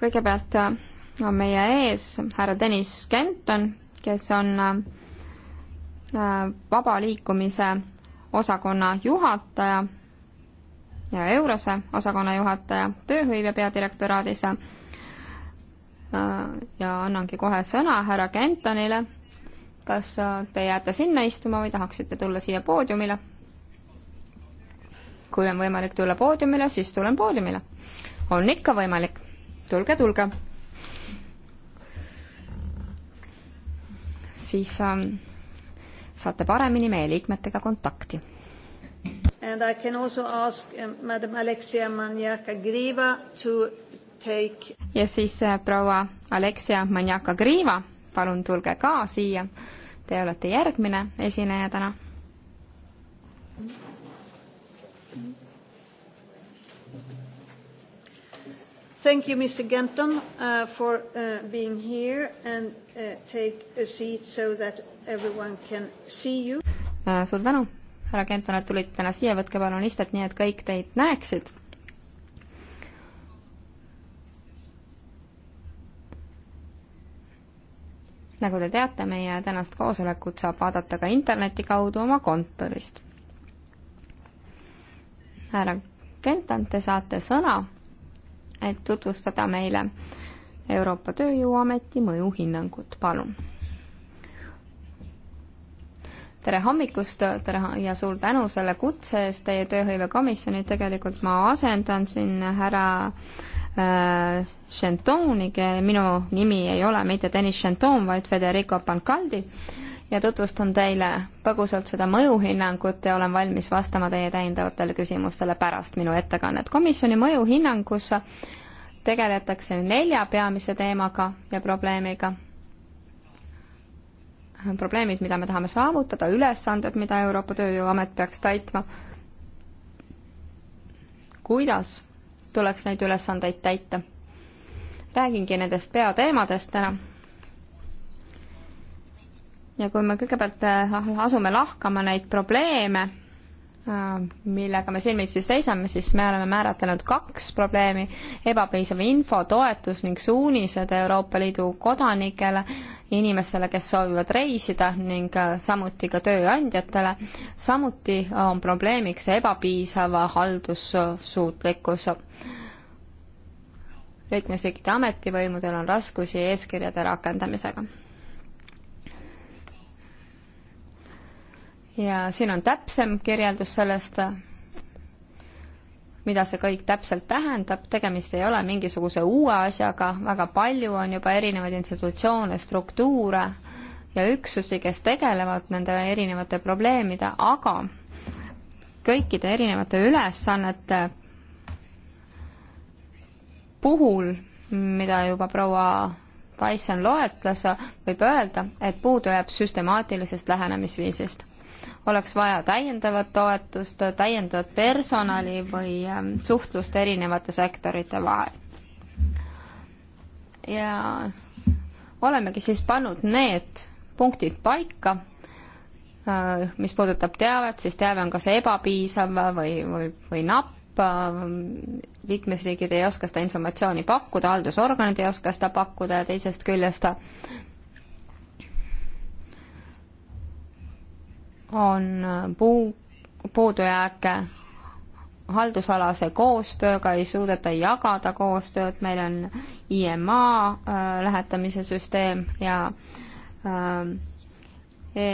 kõigepealt äh, on meie ees härra Tõnis Kenton, kes on äh, äh, vaba liikumise osakonna juhataja ja Eurose osakonna juhataja tööhõive peadirektoraadis. ja annangi kohe sõna härra Kentonile. kas te jääte sinna istuma või tahaksite tulla siia poodiumile? kui on võimalik tulla poodiumile, siis tulen poodiumile. on ikka võimalik. tulge, tulge. siis ähm, saate paremini meie liikmetega kontakti.
And I can also ask um, Madam Alexia Maniaka-Griiva to take...
ja siis äh, proua Alexia Maniaka-Griiva, palun tulge ka siia. Te olete järgmine
esineja täna. Thank you, Mr. Genton, uh, for uh, being here and uh, take a seat so that everyone can see you.
Äh, suur tänu härra Kenton, et tulite täna siia, võtke palun istet, nii et kõik teid näeksid. nagu te teate, meie tänast koosolekut saab vaadata ka interneti kaudu oma kontorist. härra Kenton, te saate sõna, et tutvustada meile Euroopa Tööjõuameti mõjuhinnangut, palun tere hommikust tere ja suur tänu selle kutse eest teie tööhõivekomisjoni, tegelikult ma asendan siin härra äh, Chantoni, minu nimi ei ole mitte Deniss Chanton, vaid Federico Pancaldi ja tutvustan teile põgusalt seda mõjuhinnangut ja olen valmis vastama teie täiendavatele küsimustele pärast minu ettekannet. komisjoni mõjuhinnangus tegeletakse nelja peamise teemaga ja probleemiga probleemid, mida me tahame saavutada, ülesanded, mida Euroopa Tööjõuamet peaks täitma. kuidas tuleks neid ülesandeid täita? räägingi nendest peateemadest täna. ja kui me kõigepealt äh, asume lahkama neid probleeme Äh, millega me silmitsi seisame, siis me oleme määratlenud kaks probleemi, ebapiisav info, toetus ning suunised Euroopa Liidu kodanikele, inimestele, kes soovivad reisida ning äh, samuti ka tööandjatele. samuti on probleemiks ebapiisava haldussuutlikkus liikmesriikide ametivõimudel on raskusi eeskirjade rakendamisega. ja siin on täpsem kirjeldus sellest, mida see kõik täpselt tähendab, tegemist ei ole mingisuguse uue asjaga, väga palju on juba erinevaid institutsioone, struktuure ja üksusi, kes tegelevad nende erinevate probleemide, aga kõikide erinevate ülesannete puhul, mida juba proua Tyson loetles, võib öelda, et puudu jääb süstemaatilisest lähenemisviisist oleks vaja täiendavat toetust, täiendavat personali või ähm, suhtlust erinevate sektorite vahel. ja olemegi siis pannud need punktid paika, äh, mis puudutab teavet, siis teave on kas ebapiisav või, või, või napp, äh, liikmesriigid ei oska seda informatsiooni pakkuda, haldusorganid ei oska seda pakkuda ja teisest küljest on puu, puudujääke haldusalase koostööga, ei suudeta jagada koostööd, meil on IMA äh, lähetamise süsteem ja äh, e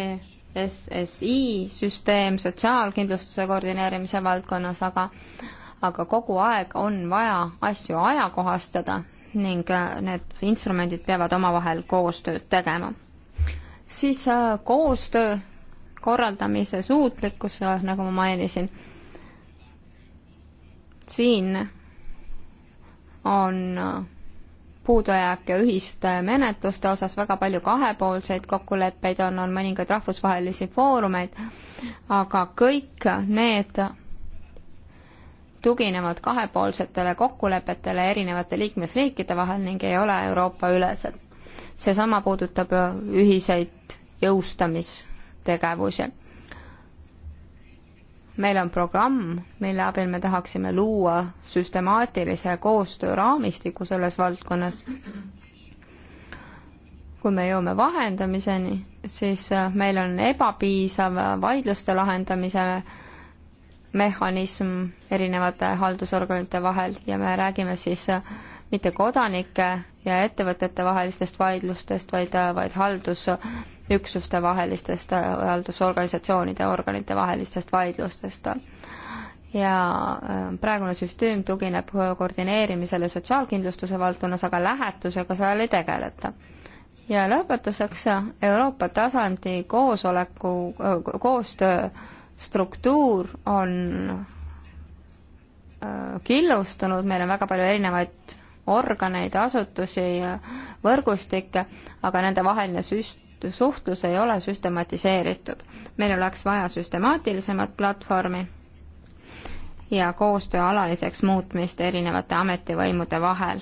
SSI süsteem sotsiaalkindlustuse koordineerimise valdkonnas, aga aga kogu aeg on vaja asju ajakohastada ning äh, need instrumendid peavad omavahel koostööd tegema. siis äh, koostöö korraldamise suutlikkus, nagu ma mainisin. siin on puudujääk ja ühiste menetluste osas väga palju kahepoolseid kokkuleppeid on, on mõningaid rahvusvahelisi foorumeid, aga kõik need tuginevad kahepoolsetele kokkulepetele erinevate liikmesriikide vahel ning ei ole Euroopa ülesed. seesama puudutab ühiseid jõustamis- tegevusi. meil on programm, mille abil me tahaksime luua süstemaatilise koostööraamistiku selles valdkonnas. kui me jõuame vahendamiseni, siis meil on ebapiisav vaidluste lahendamise mehhanism erinevate haldusorganite vahel ja me räägime siis mitte kodanike ja ettevõtete vahelistest vaidlustest, vaid, vaid haldus- üksuste vahelistest äh, haldusorganisatsioonide organite vahelistest vaidlustest. ja äh, praegune süsteem tugineb koordineerimisele sotsiaalkindlustuse valdkonnas, aga lähetusega seal ei tegeleta ja lõpetuseks äh, Euroopa tasandi koosoleku, koostöö struktuur on killustunud, meil on väga palju erinevaid organeid, asutusi, võrgustikke, aga nende vaheline süst-, suhtlus ei ole süstematiseeritud. meil oleks vaja süstemaatilisemat platvormi ja koostöö alaliseks muutmist erinevate ametivõimude vahel,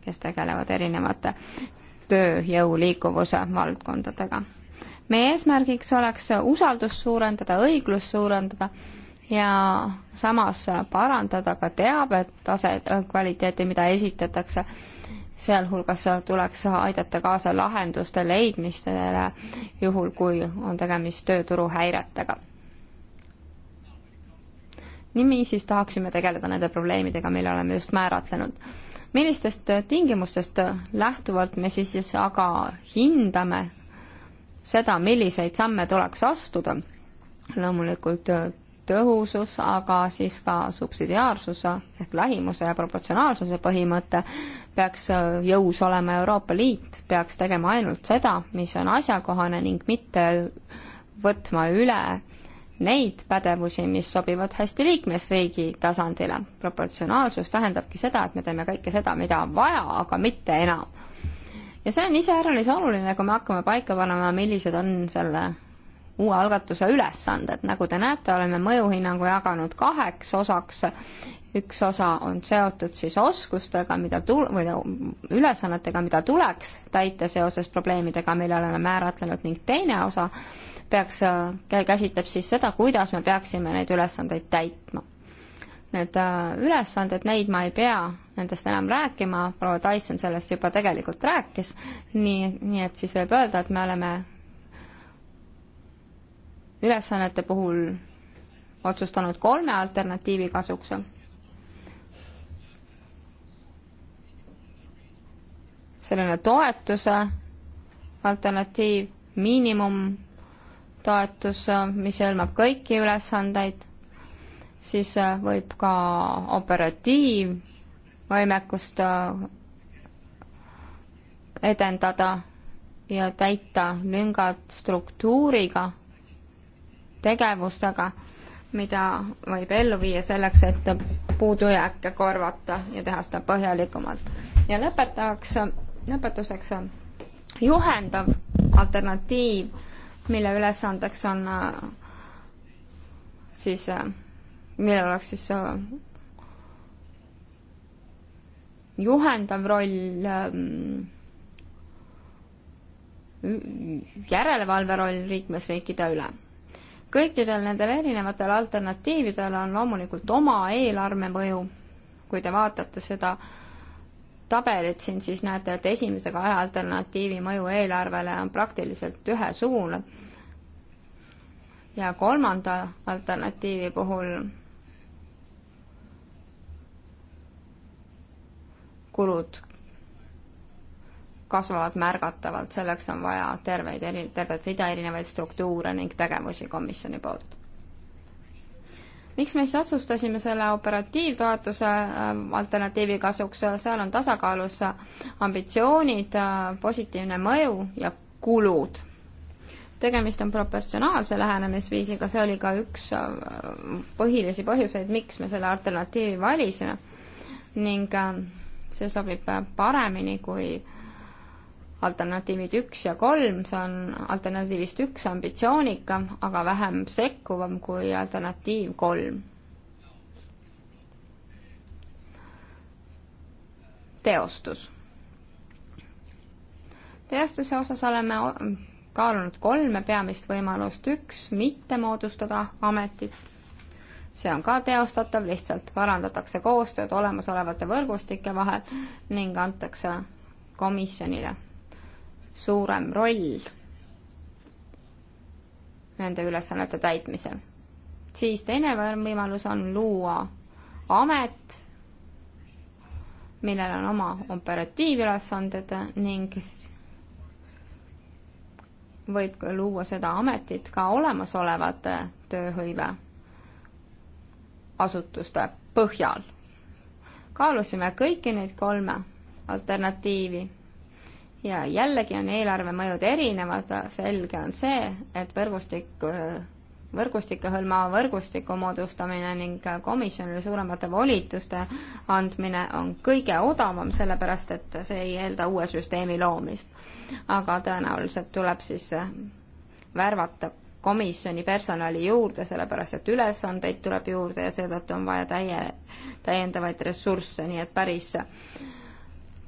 kes tegelevad erinevate tööjõu liikuvuse valdkondadega. meie eesmärgiks oleks usaldust suurendada, õiglust suurendada ja samas parandada ka teabetaset, kvaliteeti, mida esitatakse sealhulgas tuleks aidata kaasa lahenduste leidmistele, juhul kui on tegemist tööturu häiretega. niisiis tahaksime tegeleda nende probleemidega, mille oleme just määratlenud. millistest tingimustest lähtuvalt me siis, siis aga hindame seda, milliseid samme tuleks astuda? loomulikult tõhusus, aga siis ka subsidiaarsuse ehk lähimuse ja proportsionaalsuse põhimõte peaks äh, jõus olema, Euroopa Liit peaks tegema ainult seda, mis on asjakohane ning mitte võtma üle neid pädevusi, mis sobivad hästi liikmesriigi tasandile. proportsionaalsus tähendabki seda, et me teeme kõike seda, mida on vaja, aga mitte enam. ja see on iseäranis oluline, kui me hakkame paika panema, millised on selle uue algatuse ülesanded. nagu te näete, oleme mõjuhinnangu jaganud kaheks osaks. üks osa on seotud siis oskustega, mida tul-, või ülesannetega, mida tuleks täita seoses probleemidega, mille oleme määratlenud, ning teine osa peaks, käsitleb siis seda, kuidas me peaksime neid ülesandeid täitma. Need äh, ülesanded, neid ma ei pea nendest enam rääkima, proua Tyson sellest juba tegelikult rääkis, nii, nii et siis võib öelda, et me oleme ülesannete puhul otsustanud kolme alternatiivi kasuks. selline toetuse alternatiiv, miinimumtoetus, mis hõlmab kõiki ülesandeid, siis võib ka operatiivvõimekust edendada ja täita lüngad struktuuriga tegevustega, mida võib ellu viia selleks, et puudujääke korvata ja teha seda põhjalikumalt. ja lõpetaks, lõpetuseks juhendav alternatiiv, mille ülesandeks on siis, millel oleks siis juhendav roll, järelevalve roll liikmesriikide üle kõikidel nendel erinevatel alternatiividel on loomulikult oma eelarve mõju. kui te vaatate seda tabelit siin, siis näete, et esimese kahe alternatiivi mõju eelarvele on praktiliselt ühesugune. ja kolmanda alternatiivi puhul kulud kasvavad märgatavalt, selleks on vaja terveid eri, tervet rida erinevaid struktuure ning tegevusi komisjoni poolt. miks me siis otsustasime selle operatiivtoetuse äh, alternatiivi kasuks, seal on tasakaalus ambitsioonid, äh, positiivne mõju ja kulud tegemist on proportsionaalse lähenemisviisiga, see oli ka üks äh, põhilisi põhjuseid, miks me selle alternatiivi valisime. ning see sobib paremini kui äh, alternatiivid üks ja kolm, see on alternatiivist üks ambitsioonikam, aga vähem sekkuvam kui alternatiiv kolm. teostus. teostuse osas oleme kaalunud kolme peamist võimalust, üks, mitte moodustada ametit, see on ka teostatav, lihtsalt parandatakse koostööd olemasolevate võrgustike vahel ning antakse komisjonile suurem roll nende ülesannete täitmisel. siis teine võimalus on luua amet, millel on oma operatiivülesanded ning võib ka luua seda ametit ka olemasolevate tööhõive asutuste põhjal. kaalusime kõiki neid kolme alternatiivi ja jällegi on eelarvemõjud erinevad, selge on see, et võrgustik, võrgustike hõlmava võrgustiku moodustamine ning komisjonile suuremate volituste andmine on kõige odavam, sellepärast et see ei eelda uue süsteemi loomist. aga tõenäoliselt tuleb siis värvata komisjoni personali juurde, sellepärast et ülesandeid tuleb juurde ja seetõttu on vaja täie, täiendavaid ressursse, nii et päris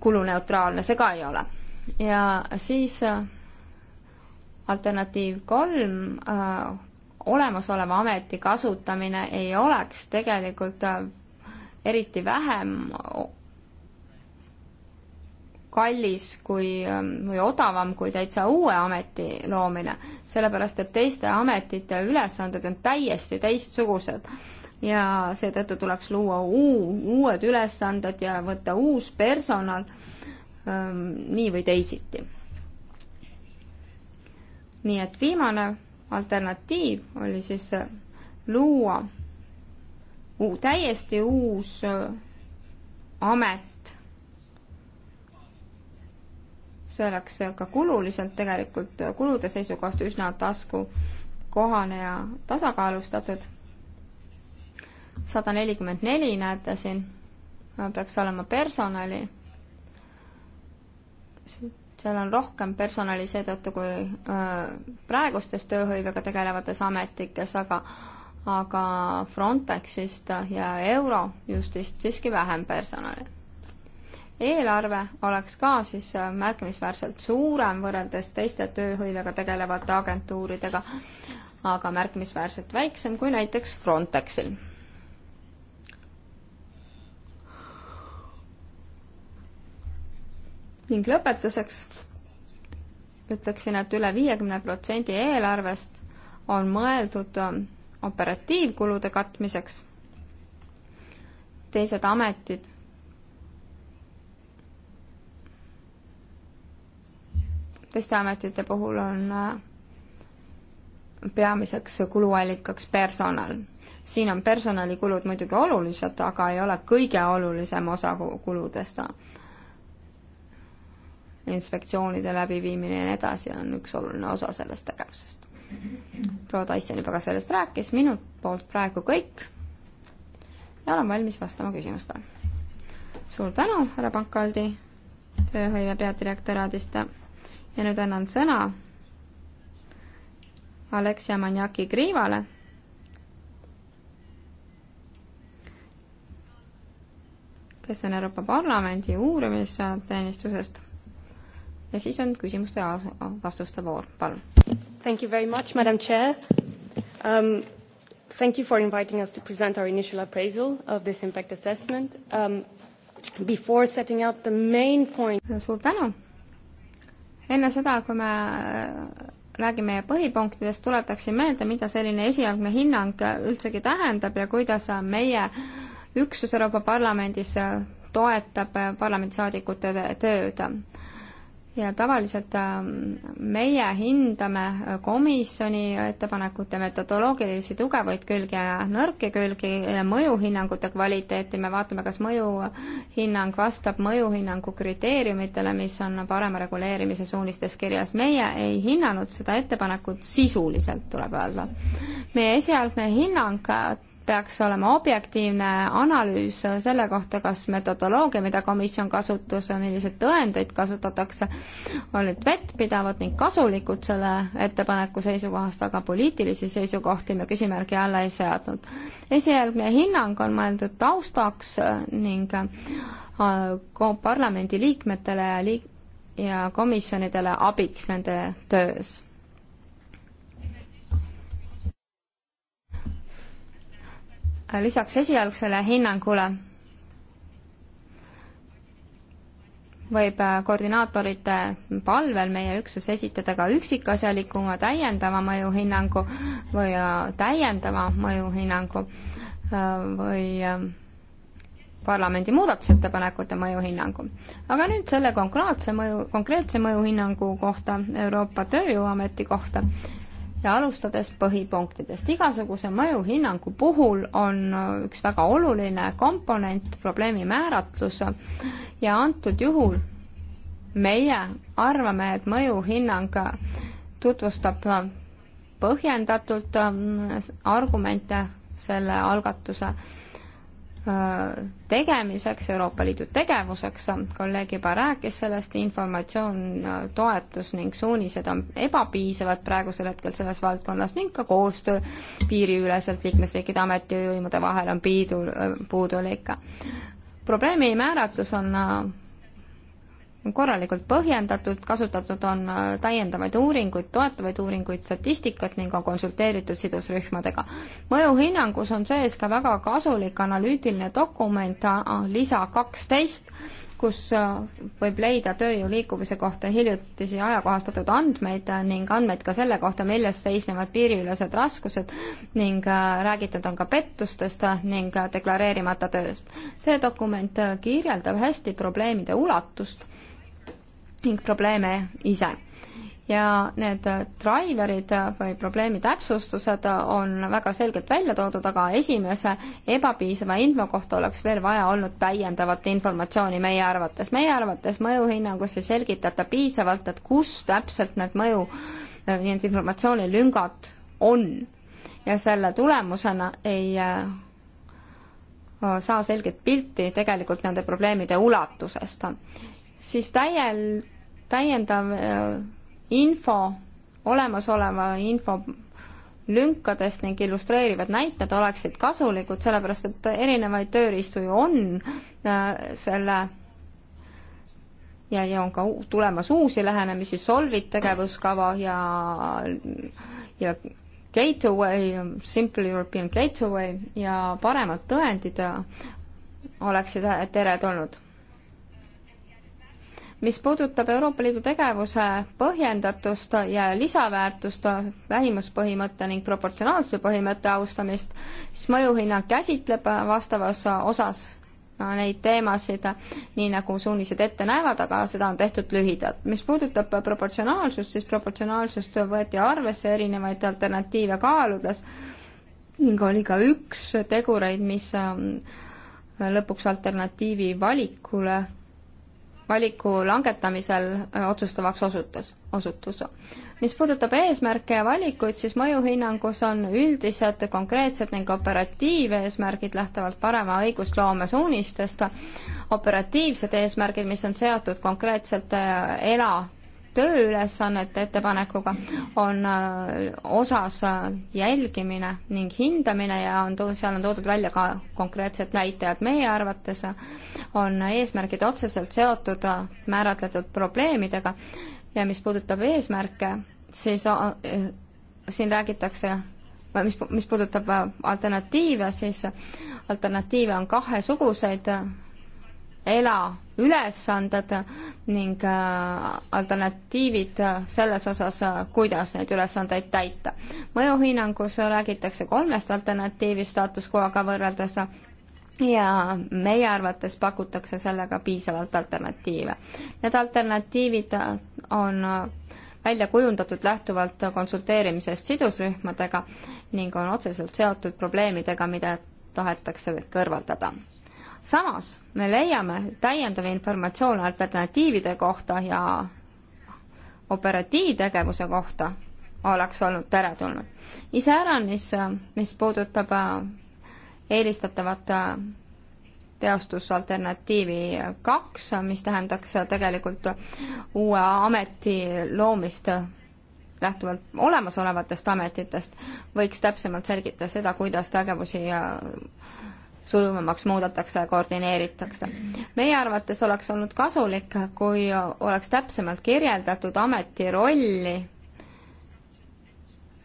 kuluneutraalne see ka ei ole ja siis äh, alternatiiv kolm, äh, olemasoleva ameti kasutamine ei oleks tegelikult äh, eriti vähem kallis kui, või odavam kui täitsa uue ameti loomine, sellepärast et teiste ametite ülesanded on täiesti teistsugused ja seetõttu tuleks luua uu-, uued ülesanded ja võtta uus personal Ähm, nii või teisiti. nii et viimane alternatiiv oli siis äh, luua uu, täiesti uus äh, amet. see oleks äh, ka kululiselt tegelikult kulude seisukohast üsna taskukohane ja tasakaalustatud. sada nelikümmend neli, näete siin, peaks olema personali seal on rohkem personali seetõttu kui praegustes tööhõivega tegelevates ametlikes, aga aga Frontexist ja Eurojustist siiski vähem personali. eelarve oleks ka siis märkimisväärselt suurem võrreldes teiste tööhõivega tegelevate agentuuridega, aga märkimisväärselt väiksem kui näiteks Frontexil ning lõpetuseks ütleksin, et üle viiekümne protsendi eelarvest on mõeldud ähm, operatiivkulude katmiseks. teised ametid teiste ametite puhul on äh, peamiseks kuluallikaks personal. siin on personalikulud muidugi olulised, aga ei ole kõige olulisem osa kuludest inspektsioonide läbiviimine ja nii edasi on üks oluline osa sellest tegevusest. proua Tyson juba ka sellest rääkis, minu poolt praegu kõik ja olen valmis vastama küsimustele. suur tänu, härra Pankaldi, tööhõive peadirektoraadist ja nüüd annan sõna Aleksia Manjaki Kriivale kes on Euroopa Parlamendi uurimisteenistusest ja siis on küsimuste ja vastuste voor, palun.
Thank you very much, madam chair um,. Thank you for inviting us to present our initial appraisal of this impact assessment um,. Before setting out the main point. suur tänu.
enne seda, kui me äh, räägime põhipunktidest, tuletaksin meelde, mida selline esialgne hinnang äh, üldsegi tähendab ja kuidas äh, meie üksus Euroopa Parlamendis toetab parlamendisaadikute tööd ja tavaliselt ähm, meie hindame äh, komisjoni ettepanekute metodoloogilisi tugevaid külgi ja nõrki külgi, mõjuhinnangute kvaliteeti, me vaatame, kas mõjuhinnang vastab mõjuhinnangu kriteeriumitele, mis on parema reguleerimise suunistes kirjas. meie ei hinnanud seda ettepanekut sisuliselt, tuleb öelda. meie esialgne hinnang peaks olema objektiivne analüüs selle kohta, kas metodoloogia, mida komisjon kasutas, milliseid tõendeid kasutatakse, olid vettpidavad ning kasulikud selle ettepaneku seisukohast, aga poliitilisi seisukohti me küsimärgi alla ei seadnud. esialgne hinnang on mõeldud taustaks ning äh, parlamendi liikmetele ja liik- ja komisjonidele abiks nende töös Äh, lisaks esialgsele hinnangule võib äh, koordinaatorite palvel meie üksus esitada ka üksikasjalikuma täiendava mõjuhinnangu või äh, täiendava mõjuhinnangu või parlamendi muudatusettepanekute mõjuhinnangu. aga nüüd selle konkreetse mõju, konkreetse mõjuhinnangu kohta, Euroopa Tööjõuameti kohta ja alustades põhipunktidest. igasuguse mõjuhinnangu puhul on äh, üks väga oluline komponent probleemi määratlus ja antud juhul meie arvame, et mõjuhinnang tutvustab põhjendatult äh, argumente selle algatuse Äh, tegemiseks, Euroopa Liidu tegevuseks, kolleeg juba rääkis sellest, informatsioon, äh, toetus ning suunised on ebapiisavad praegusel hetkel selles valdkonnas ning ka koostöö piiriüleselt liikmesriikide ametivõimude vahel on piidu, puudulik. probleemi määratlus on äh, korralikult põhjendatult, kasutatud on äh, täiendavaid uuringuid, toetavaid uuringuid, statistikat ning on konsulteeritud sidusrühmadega. mõjuhinnangus on sees ka väga kasulik analüütiline dokument äh, lisa kaksteist, kus äh, võib leida tööjõu liikumise kohta hiljutisi ajakohastatud andmeid ning andmeid ka selle kohta, milles seisnevad piiriülesed raskused ning räägitud on ka pettustest ning deklareerimata tööst. see dokument kirjeldab hästi probleemide ulatust ning probleeme ise. ja need driver'id või probleemi täpsustused on väga selgelt välja toodud, aga esimese ebapiisava info kohta oleks veel vaja olnud täiendavat informatsiooni meie arvates. meie arvates mõjuhinnangus ei selgitata piisavalt, et kus täpselt need mõju, need informatsioonilüngad on. ja selle tulemusena ei äh, saa selget pilti tegelikult nende probleemide ulatusest siis täiel, täiendav äh, info, olemasoleva info lünkadest ning illustreerivad näited oleksid kasulikud, sellepärast et erinevaid tööriistu ju on äh, selle ja, ja on ka tulemas uusi lähenemisi, Solvit tegevuskava ja, ja Gateway, Simple European Gateway ja paremad tõendid äh, oleksid teretulnud mis puudutab Euroopa Liidu tegevuse põhjendatust ja lisaväärtust, vähimuspõhimõtte ning proportsionaalsuse põhimõtte austamist, siis mõjuhinnang käsitleb vastavas osas neid teemasid, nii nagu suunised ette näevad, aga seda on tehtud lühidalt. mis puudutab proportsionaalsust, siis proportsionaalsust võeti arvesse erinevaid alternatiive kaaludes ning oli ka üks tegureid, mis ähm, lõpuks alternatiivi valikule valiku langetamisel otsustavaks osutus, osutus. mis puudutab eesmärke ja valikuid, siis mõjuhinnangus on üldised, konkreetsed ning operatiiveesmärgid lähtuvalt parema õigusloome suunistest, operatiivsed eesmärgid, mis on seotud konkreetselt ELA tööülesannete ettepanekuga on äh, osas äh, jälgimine ning hindamine ja on, seal on toodud välja ka konkreetsed näitajad. meie arvates on eesmärgid otseselt seotud äh, määratletud probleemidega ja mis puudutab eesmärke, siis siin räägitakse mis, mis puudutab alternatiive, siis alternatiive on kahesuguseid ELA ülesanded ning äh, alternatiivid selles osas, äh, kuidas neid ülesandeid täita. mõjuhinnangus räägitakse kolmest alternatiivi staatus quo'ga võrreldes ja meie arvates pakutakse sellega piisavalt alternatiive. Need alternatiivid on välja kujundatud lähtuvalt konsulteerimisest sidusrühmadega ning on otseselt seotud probleemidega, mida tahetakse kõrvaldada samas me leiame täiendav informatsioon alternatiivide kohta ja operatiivtegevuse kohta oleks olnud teretulnud. iseäranis, mis puudutab äh, eelistatavat äh, teostusalternatiivi kaks, mis tähendaks tegelikult uue ameti loomist lähtuvalt olemasolevatest ametitest, võiks täpsemalt selgitada seda, kuidas tegevusi äh, sujuvamaks muudetakse ja koordineeritakse. meie arvates oleks olnud kasulik, kui oleks täpsemalt kirjeldatud ameti rolli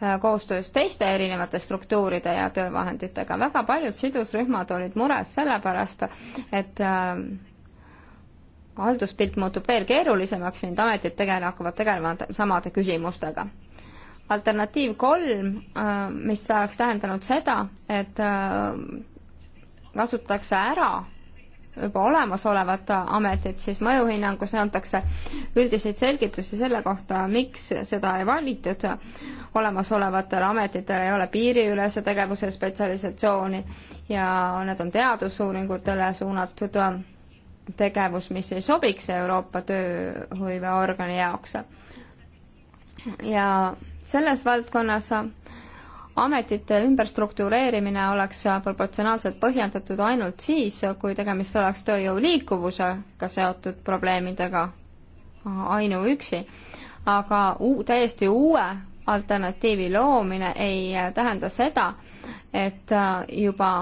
äh, koostöös teiste erinevate struktuuride ja töövahenditega. väga paljud sidusrühmad olid mures sellepärast, et äh, halduspilt muutub veel keerulisemaks ning ametid tegele-, hakkavad tegelema samade küsimustega alternatiiv kolm, äh, mis oleks tähendanud seda, et kasutatakse ära juba olemasolevat ametit, siis mõjuhinnangus antakse üldiseid selgitusi selle kohta, miks seda ei valitud. olemasolevatel ametitel ei ole piiriülese tegevuse spetsialisatsiooni ja need on teadusuuringutele suunatud tegevus, mis ei sobiks Euroopa tööhõiveorgani jaoks. ja selles valdkonnas ametite ümberstruktureerimine oleks proportsionaalselt põhjendatud ainult siis, kui tegemist oleks tööjõu liikuvusega seotud probleemidega ainuüksi, aga uu-, täiesti uue alternatiivi loomine ei tähenda seda, et juba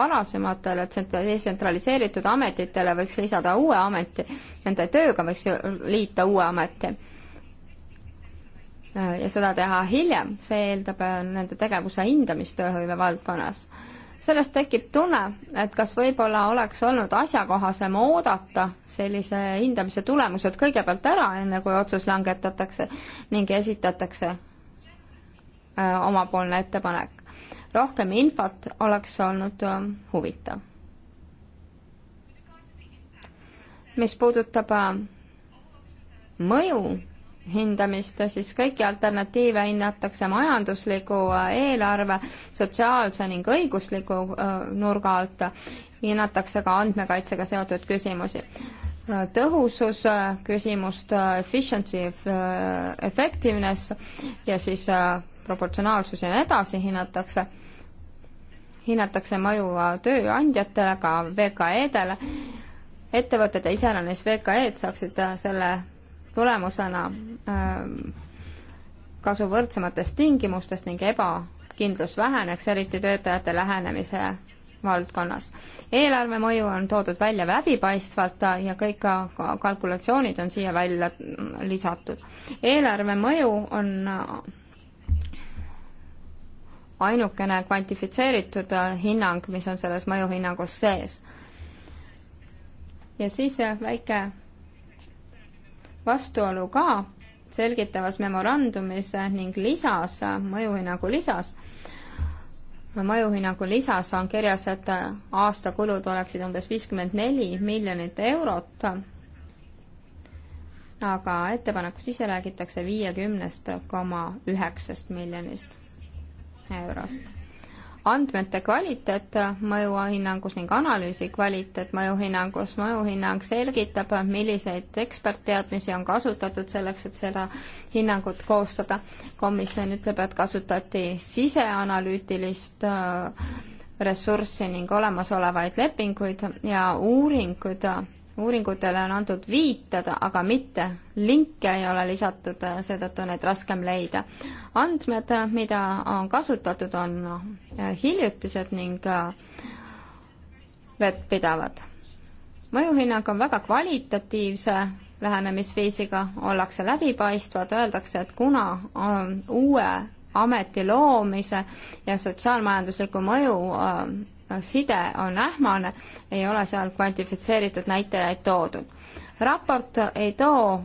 varasematele tsentraliseeritud ametitele võiks lisada uue ameti, nende tööga võiks liita uue ameti Äh, ja seda teha hiljem, see eeldab äh, nende tegevuse hindamist tööhõive valdkonnas. sellest tekib tunne, et kas võib-olla oleks olnud asjakohasem oodata sellise hindamise tulemused kõigepealt ära, enne kui otsus langetatakse ning esitatakse äh, omapoolne ettepanek. rohkem infot oleks olnud huvitav. mis puudutab mõju hindamist, siis kõiki alternatiive hinnatakse majandusliku, äh, eelarve, sotsiaalse ning õigusliku äh, nurga alt, hinnatakse ka andmekaitsega seotud küsimusi. Äh, tõhusus küsimust, efficiency, effectiveness ja siis proportsionaalsus ja nii edasi hinnatakse, hinnatakse mõju tööandjatele, ka VKE-dele, ettevõtted ja iseäranis VKE-d saaksid selle tulemusena ähm, kasu võrdsematest tingimustest ning ebakindlus väheneks, eriti töötajate lähenemise valdkonnas. eelarve mõju on toodud välja läbipaistvalt ja kõik ka kalkulatsioonid on siia välja lisatud. eelarve mõju on ainukene kvantifitseeritud hinnang, mis on selles mõjuhinnangus sees. ja siis väike vastuolu ka selgitavas memorandumis ning lisas, mõjuhinnangu lisas, mõjuhinnangu lisas on kirjas, et aastakulud oleksid umbes viiskümmend neli miljonit eurot, aga ettepanekus ise räägitakse viiekümnest koma üheksast miljonist eurost andmete kvaliteet mõjuhinnangus ning analüüsi kvaliteet mõjuhinnangus. mõjuhinnang selgitab, milliseid ekspertteadmisi on kasutatud selleks, et seda hinnangut koostada. komisjon ütleb, et kasutati siseanalüütilist äh, ressurssi ning olemasolevaid lepinguid ja uuringuid uuringutele on antud viited, aga mitte linke ei ole lisatud, seetõttu on neid raskem leida. andmed, mida on kasutatud, on äh, hiljutised ning äh, vettpidavad. mõjuhinnang on väga kvalitatiivse lähenemisviisiga, ollakse läbipaistvad, öeldakse, et kuna uue ameti loomise ja sotsiaalmajandusliku mõju äh, side on ähmane, ei ole seal kvantifitseeritud näitajaid toodud. raport ei too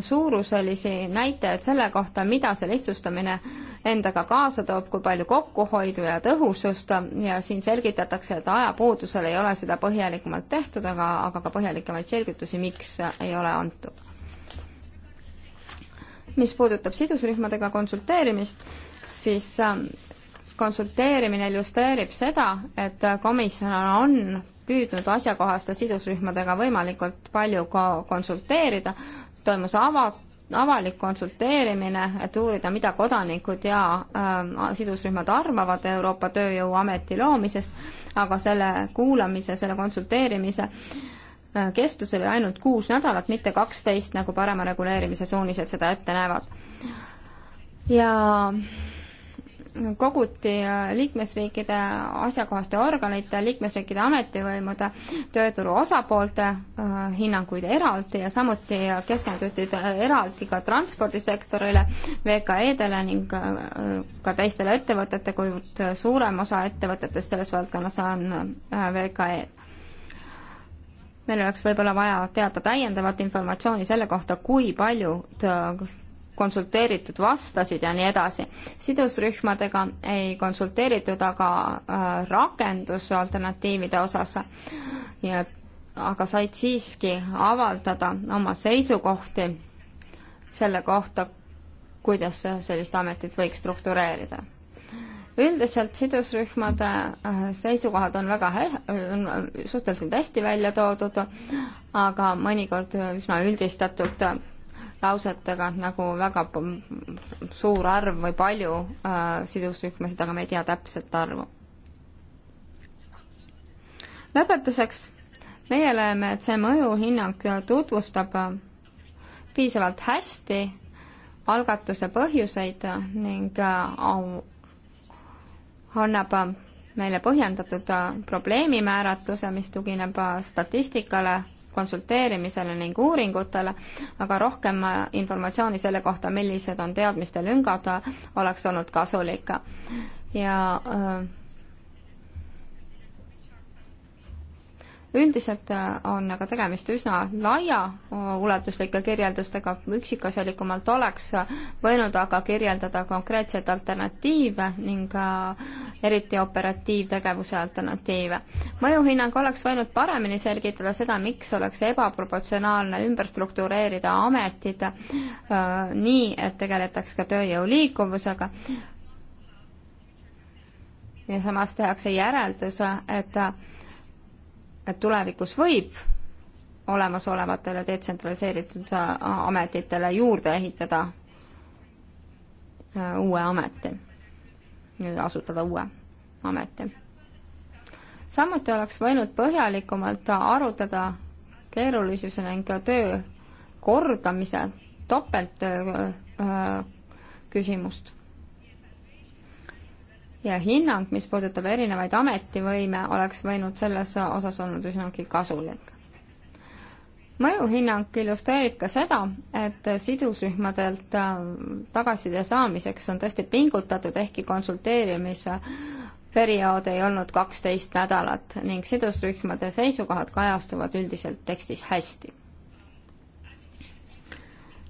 suuruselisi näitajaid selle kohta, mida see lihtsustamine endaga kaasa toob, kui palju kokkuhoidu ja tõhusust ja siin selgitatakse, et ajapuudusel ei ole seda põhjalikumalt tehtud, aga, aga ka põhjalikemaid selgitusi, miks ei ole antud. mis puudutab sidusrühmadega konsulteerimist, siis ähm, konsulteerimine illustreerib seda, et komisjon on püüdnud asjakohaste sidusrühmadega võimalikult palju ka konsulteerida, toimus ava-, avalik konsulteerimine, et uurida, mida kodanikud ja äh, sidusrühmad arvavad Euroopa Tööjõuameti loomisest, aga selle kuulamise, selle konsulteerimise äh, kestus oli ainult kuus nädalat, mitte kaksteist, nagu parema reguleerimise suunised seda ette näevad. ja äh, koguti äh, liikmesriikide asjakohaste organite, liikmesriikide ametivõimude, tööturu osapoolte äh, hinnanguid eraldi ja samuti keskenduti äh, eraldi ka transpordisektorile, VKE-dele ning ka teistele ettevõtete, kuivõrd suurem osa ettevõtetest selles valdkonnas on VKE-d meil oleks võib-olla vaja teada täiendavat informatsiooni selle kohta, kui paljud konsulteeritud vastasid ja nii edasi. sidusrühmadega ei konsulteeritud aga äh, rakendusalternatiivide osas ja aga said siiski avaldada oma seisukohti selle kohta, kuidas sellist ametit võiks struktureerida üldiselt sidusrühmade äh, seisukohad on väga hä-, on suhteliselt hästi välja toodud, aga mõnikord üsna üldistatult lausetega nagu väga suur arv või palju äh, sidusrühmasid, aga me ei tea täpset arvu. lõpetuseks, meie leiame, et see mõjuhinnang tutvustab äh, piisavalt hästi algatuse põhjuseid ning äh, annab äh, meile põhjendatud äh, probleemimääratluse, mis tugineb statistikale konsulteerimisele ning uuringutele, aga rohkem äh, informatsiooni selle kohta, millised on teadmiste lüngad, äh, oleks olnud kasulik. ja öö, äh, üldiselt äh, on aga tegemist üsna laiaulatuslike kirjeldustega, üksikasjalikumalt oleks võinud aga kirjeldada konkreetseid alternatiive ning äh, eriti operatiivtegevuse alternatiive. mõjuhinnang oleks võinud paremini selgitada seda, miks oleks ebaproportsionaalne ümber struktureerida ametid äh, nii, et tegeletaks ka tööjõu liikuvusega ja samas tehakse järelduse, et äh, et tulevikus võib olemasolevatele detsentraliseeritud äh, ametitele juurde ehitada äh, uue ameti, asutada uue ameti. samuti oleks võinud põhjalikumalt arutada keerulisuse ning töö kordamise, topelttöö äh, küsimust ja hinnang, mis puudutab erinevaid ametivõime, oleks võinud selles osas olnud üsnagi kasulik. mõjuhinnang illustreerib ka seda, et sidusrühmadelt äh, tagasiside saamiseks on tõesti pingutatud, ehkki konsulteerimise periood ei olnud kaksteist nädalat ning sidusrühmade seisukohad kajastuvad üldiselt tekstis hästi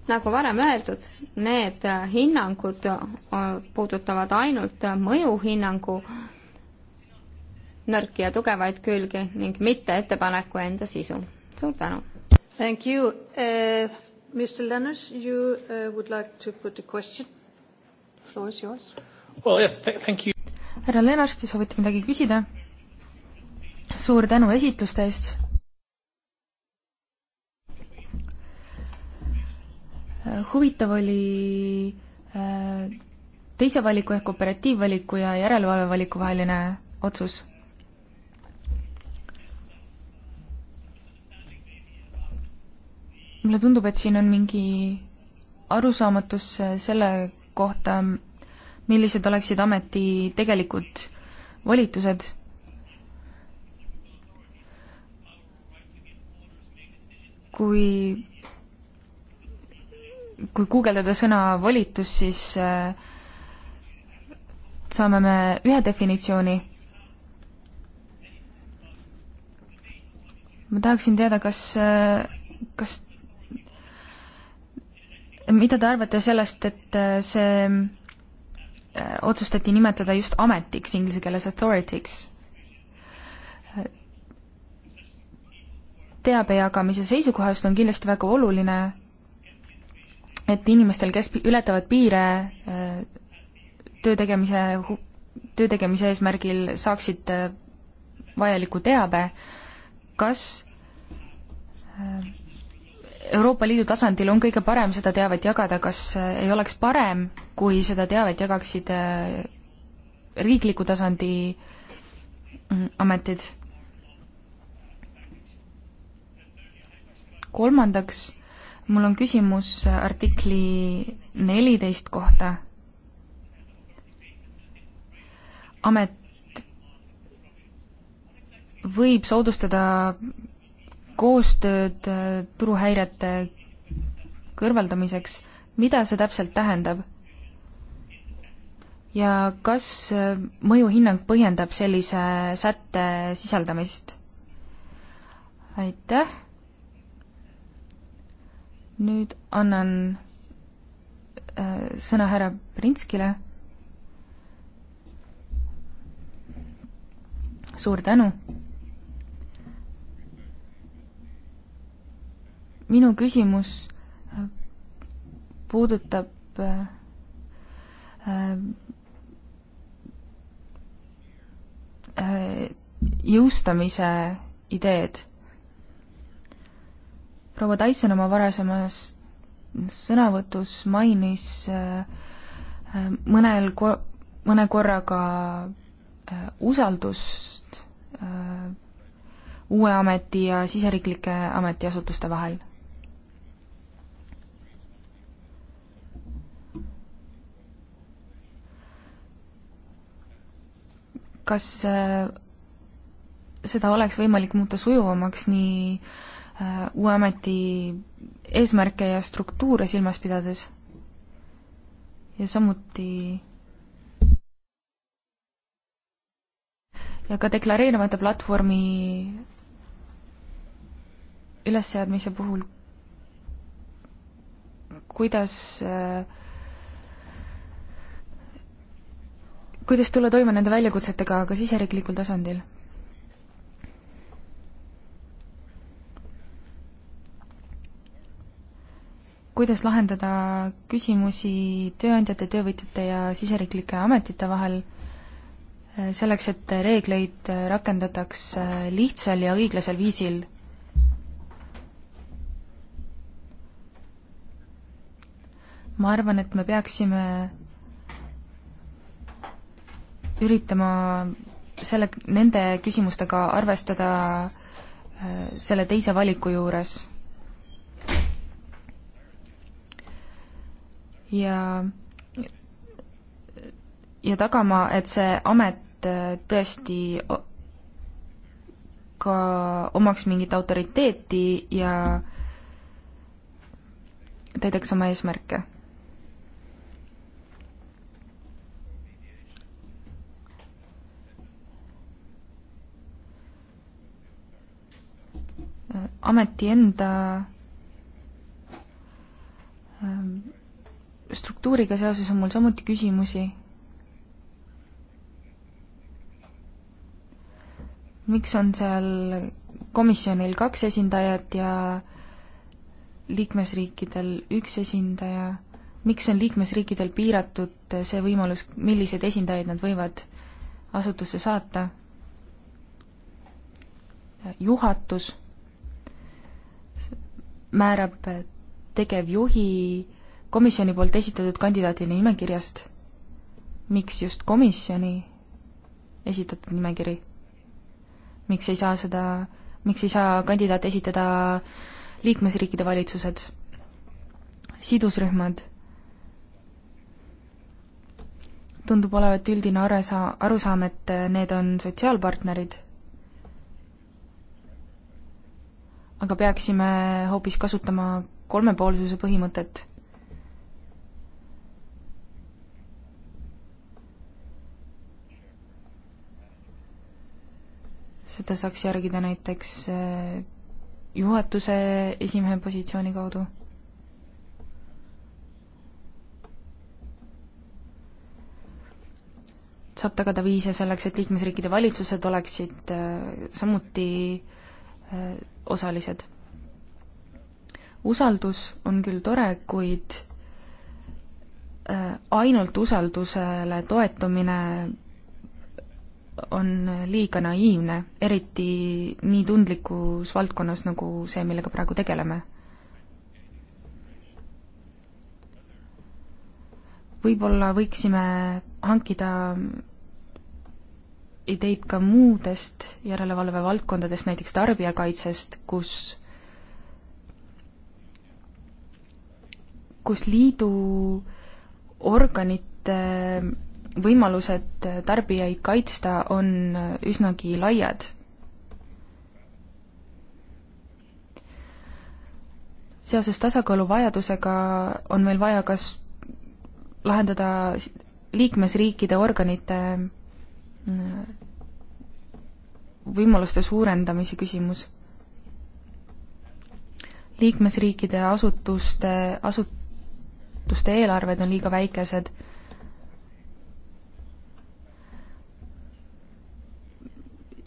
nagu varem öeldud, need hinnangud äh, puudutavad ainult mõjuhinnangu nõrki ja tugevaid külgi ning mitte ettepaneku enda sisu. suur tänu!
Thank you uh,. Mr Lenners, you uh, would like to put a question? Floor is yours. Well yes th, thank you.
härra Lennart, te soovite midagi küsida? suur tänu esitluste eest huvitav oli äh, teise valiku ehk operatiivvaliku ja järelevalve valiku vaheline otsus. mulle tundub, et siin on mingi arusaamatus selle kohta, millised oleksid ameti tegelikud volitused. kui kui guugeldada sõna volitus, siis äh, saame me ühe definitsiooni. ma tahaksin teada, kas, äh, kas, mida te arvate sellest, et äh, see otsustati nimetada just ametiks, inglise keeles authority'ks? teabe jagamise seisukohast on kindlasti väga oluline et inimestel, kes ületavad piire äh, töö tegemise, töö tegemise eesmärgil, saaksid äh, vajaliku teabe, kas äh, Euroopa Liidu tasandil on kõige parem seda teavet jagada, kas ei oleks parem, kui seda teavet jagaksid riikliku tasandi mm, ametid? kolmandaks mul on küsimus artikli neliteist kohta. amet võib soodustada koostööd turuhäirete kõrvaldamiseks, mida see täpselt tähendab? ja kas mõjuhinnang põhjendab sellise sätte sisaldamist? aitäh nüüd annan äh, sõna härra Prinskile. suur tänu. minu küsimus äh, puudutab äh, jõustamise ideed proua Tyson oma varasemas sõnavõtus mainis äh, äh, mõnel ko-, mõne korraga äh, usaldust uue ameti ja siseriiklike ametiasutuste vahel. kas seda oleks võimalik muuta sujuvamaks nii äh, Äh, uue ameti eesmärke ja struktuure silmas pidades ja samuti ja ka deklareerimata platvormi ülesseadmise puhul, kuidas äh, kuidas tulla toime nende väljakutsetega ka siseriiklikul tasandil kuidas lahendada küsimusi tööandjate, töövõtjate ja siseriiklike ametite vahel, eh, selleks, et reegleid eh, rakendataks eh, lihtsal ja õiglasel viisil. ma arvan, et me peaksime üritama selle, nende küsimustega arvestada selle teise valiku juures ja, ja tagama, et see amet äh, tõesti ka omaks mingit autoriteeti ja täidaks oma eesmärke. Äh, ameti enda ähm, struktuuriga seoses on mul samuti küsimusi. miks on seal komisjonil kaks esindajat ja liikmesriikidel üks esindaja, miks on liikmesriikidel piiratud see võimalus, milliseid esindajaid nad võivad asutusse saata? juhatus määrab tegevjuhi komisjoni poolt esitatud kandidaatide nimekirjast. miks just komisjoni esitatud nimekiri? miks ei saa seda, miks ei saa kandidaate esitada liikmesriikide valitsused, sidusrühmad? tundub olevat üldine arusa-, arusaam, et need on sotsiaalpartnerid aga peaksime hoopis kasutama kolmepoolsuse põhimõtet. seda saaks järgida näiteks äh, juhatuse esimehe positsiooni kaudu? saab tagada viise selleks, et liikmesriikide valitsused oleksid äh, samuti äh, osalised. usaldus on küll tore, kuid ainult usaldusele toetumine on liiga naiivne, eriti nii tundlikus valdkonnas, nagu see, millega praegu tegeleme. võib-olla võiksime hankida ideid ka muudest järelevalve valdkondadest, näiteks tarbijakaitsest, kus kus liidu organite võimalused tarbijaid kaitsta on üsnagi laiad. seoses tasakaalu vajadusega on meil vaja kas lahendada liikmesriikide organite mm, võimaluste suurendamise küsimus. liikmesriikide asutuste, asutuste eelarved on liiga väikesed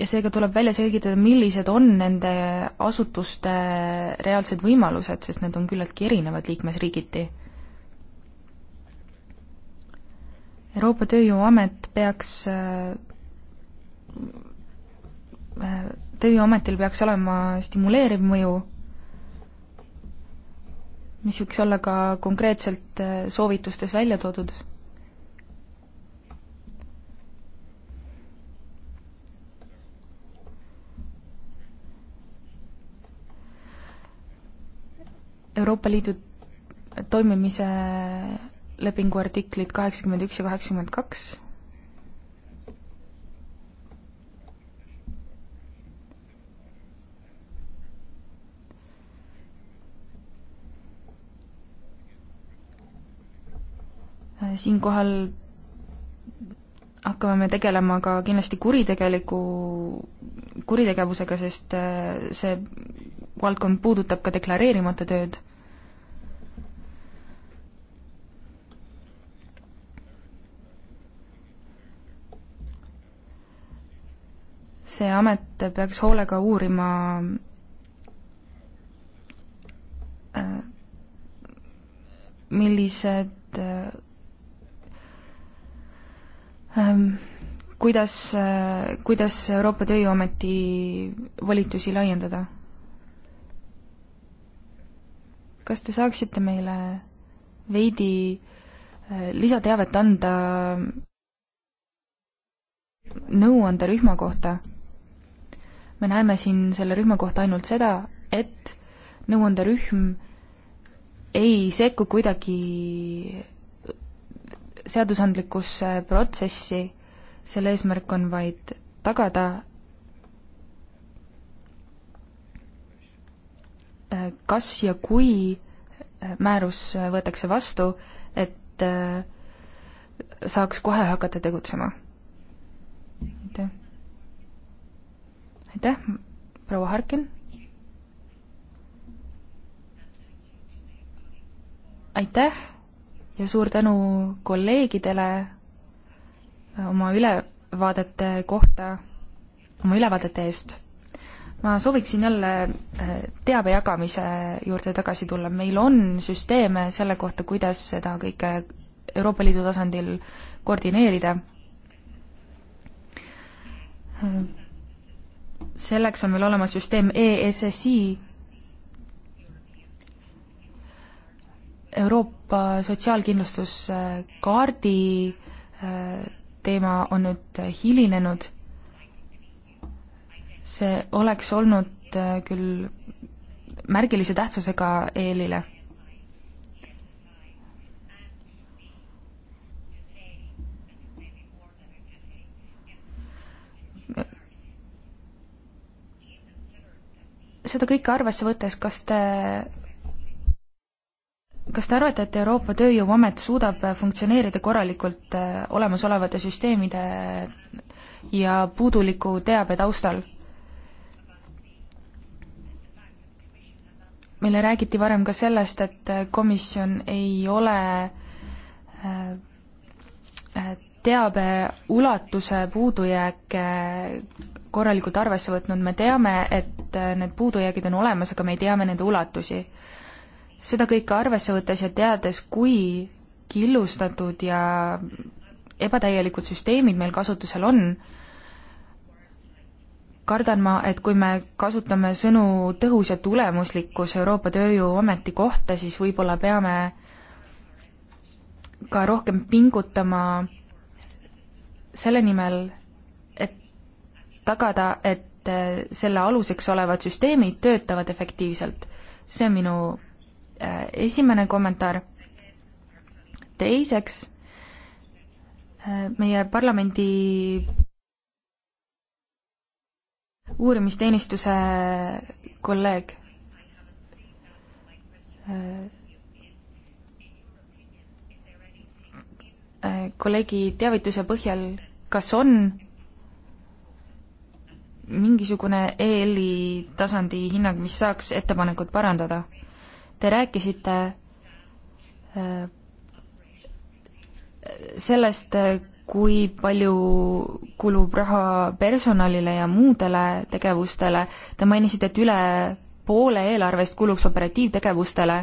ja seega tuleb välja selgitada, millised on nende asutuste reaalsed võimalused, sest need on küllaltki erinevad liikmesriigiti. Euroopa Tööjõuamet peaks, äh, äh, Tööjõuametil peaks olema stimuleeriv mõju, mis võiks olla ka konkreetselt äh, soovitustes välja toodud Euroopa Liidu toimimise lepingu artiklid kaheksakümmend üks ja kaheksakümmend kaks, siinkohal hakkame me tegelema ka kindlasti kuritegeliku, kuritegevusega, sest eh, see valdkond puudutab ka deklareerimata tööd see amet peaks hoolega uurima äh, millised äh, ähm, kuidas, äh, kuidas Euroopa Tööjõuameti volitusi laiendada? kas te saaksite meile veidi lisateavet anda nõuanderühma kohta? me näeme siin selle rühma kohta ainult seda, et nõuanderühm ei sekku kuidagi seadusandlikusse protsessi, selle eesmärk on vaid tagada äh, kas ja kui äh, määrus võetakse vastu, et äh, saaks kohe hakata tegutsema. aitäh aitäh, proua Harkin. aitäh ja suur tänu kolleegidele oma ülevaadete kohta, oma ülevaadete eest. ma sooviksin jälle eh, teabe jagamise juurde tagasi tulla, meil on süsteeme selle kohta, kuidas seda kõike Euroopa Liidu tasandil koordineerida eh, selleks on meil olemas süsteem ESSI, Euroopa sotsiaalkindlustuskaardi äh, teema on nüüd hilinenud, see oleks olnud äh, küll märgilise tähtsusega EL-ile seda kõike arvesse võttes, kas te kas te arvate, et Euroopa Tööjõuamet suudab funktsioneerida korralikult äh, olemasolevate süsteemide ja puuduliku teabe taustal? meile räägiti varem ka sellest, et komisjon ei ole äh, teabe ulatuse puudujääke korralikult arvesse võtnud, me teame, et et äh, need puudujäägid on olemas, aga me ei tea nende ulatusi. seda kõike arvesse võttes ja teades, kui killustatud ja ebatäielikud süsteemid meil kasutusel on, kardan ma, et kui me kasutame sõnu tõhus ja tulemuslikkus Euroopa Tööjõuameti kohta, siis võib-olla peame ka rohkem pingutama selle nimel, et tagada, et et äh, selle aluseks olevad süsteemid töötavad efektiivselt. see on minu äh, esimene kommentaar. teiseks, äh, meie parlamendi uurimisteenistuse kolleeg kolleegi teavituse põhjal, kas on mingisugune EL-i tasandi hinnang, mis saaks ettepanekut parandada. Te rääkisite äh, sellest, kui palju kulub raha personalile ja muudele tegevustele, te mainisite, et üle poole eelarvest kuluks operatiivtegevustele,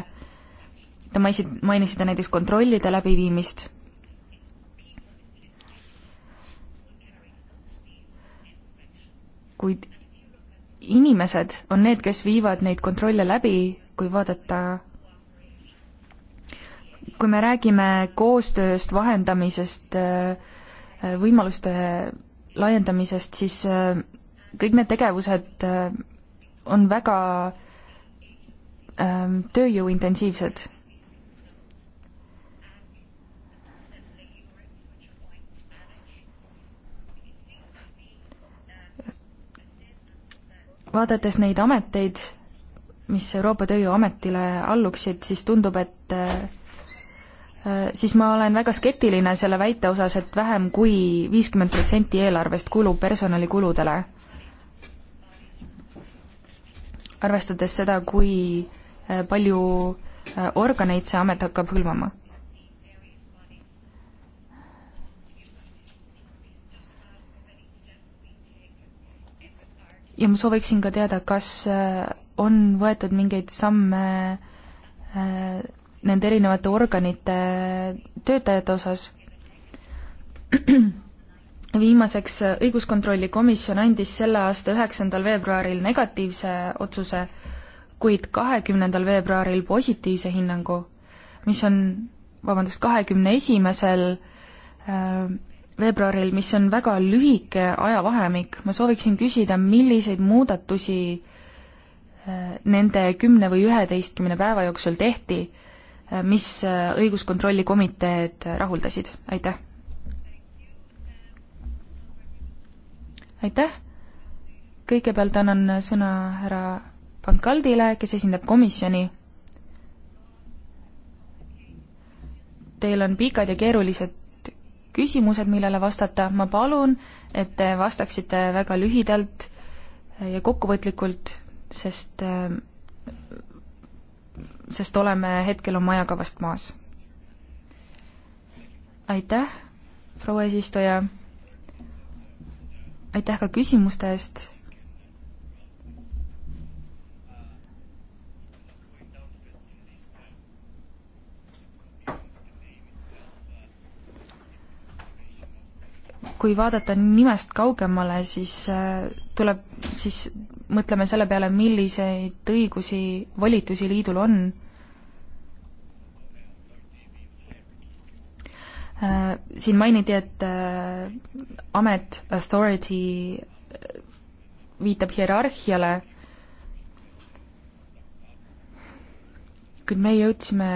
te mainisid, mainisite näiteks kontrollide läbiviimist kuid inimesed on need, kes viivad neid kontrolle läbi, kui vaadata, kui me räägime koostööst, vahendamisest, võimaluste laiendamisest, siis äh, kõik need tegevused äh, on väga ähm, tööjõuintensiivsed vaadates neid ameteid, mis Euroopa Tööjõuametile alluksid, siis tundub, et äh, äh, siis ma olen väga skeptiline selle väite osas, et vähem kui viiskümmend protsenti eelarvest kulub personalikuludele. arvestades seda, kui äh, palju organeid see amet hakkab hõlmama ja ma sooviksin ka teada, kas äh, on võetud mingeid samme äh, nende erinevate organite äh, töötajate osas. viimaseks õiguskontrolli komisjon andis selle aasta üheksandal veebruaril negatiivse otsuse, kuid kahekümnendal veebruaril positiivse hinnangu, mis on, vabandust, kahekümne esimesel veebruaril, mis on väga lühike ajavahemik, ma sooviksin küsida, milliseid muudatusi äh, nende kümne või üheteistkümne päeva jooksul tehti, äh, mis äh, õiguskontrolli komiteed rahuldasid, aitäh! aitäh! kõigepealt annan sõna härra Pankaldile, kes esindab komisjoni. Teil on pikad ja keerulised küsimused, millele vastata, ma palun, et te vastaksite väga lühidalt ja kokkuvõtlikult, sest, äh, sest oleme hetkel oma ajakavast maas. aitäh, proua eesistuja, aitäh ka küsimuste eest kui vaadata nimest kaugemale, siis äh, tuleb, siis mõtleme selle peale, milliseid õigusi, volitusi liidul on. Äh, siin mainiti, et äh, amet, authority, viitab hierarhiale, kuid me jõudsime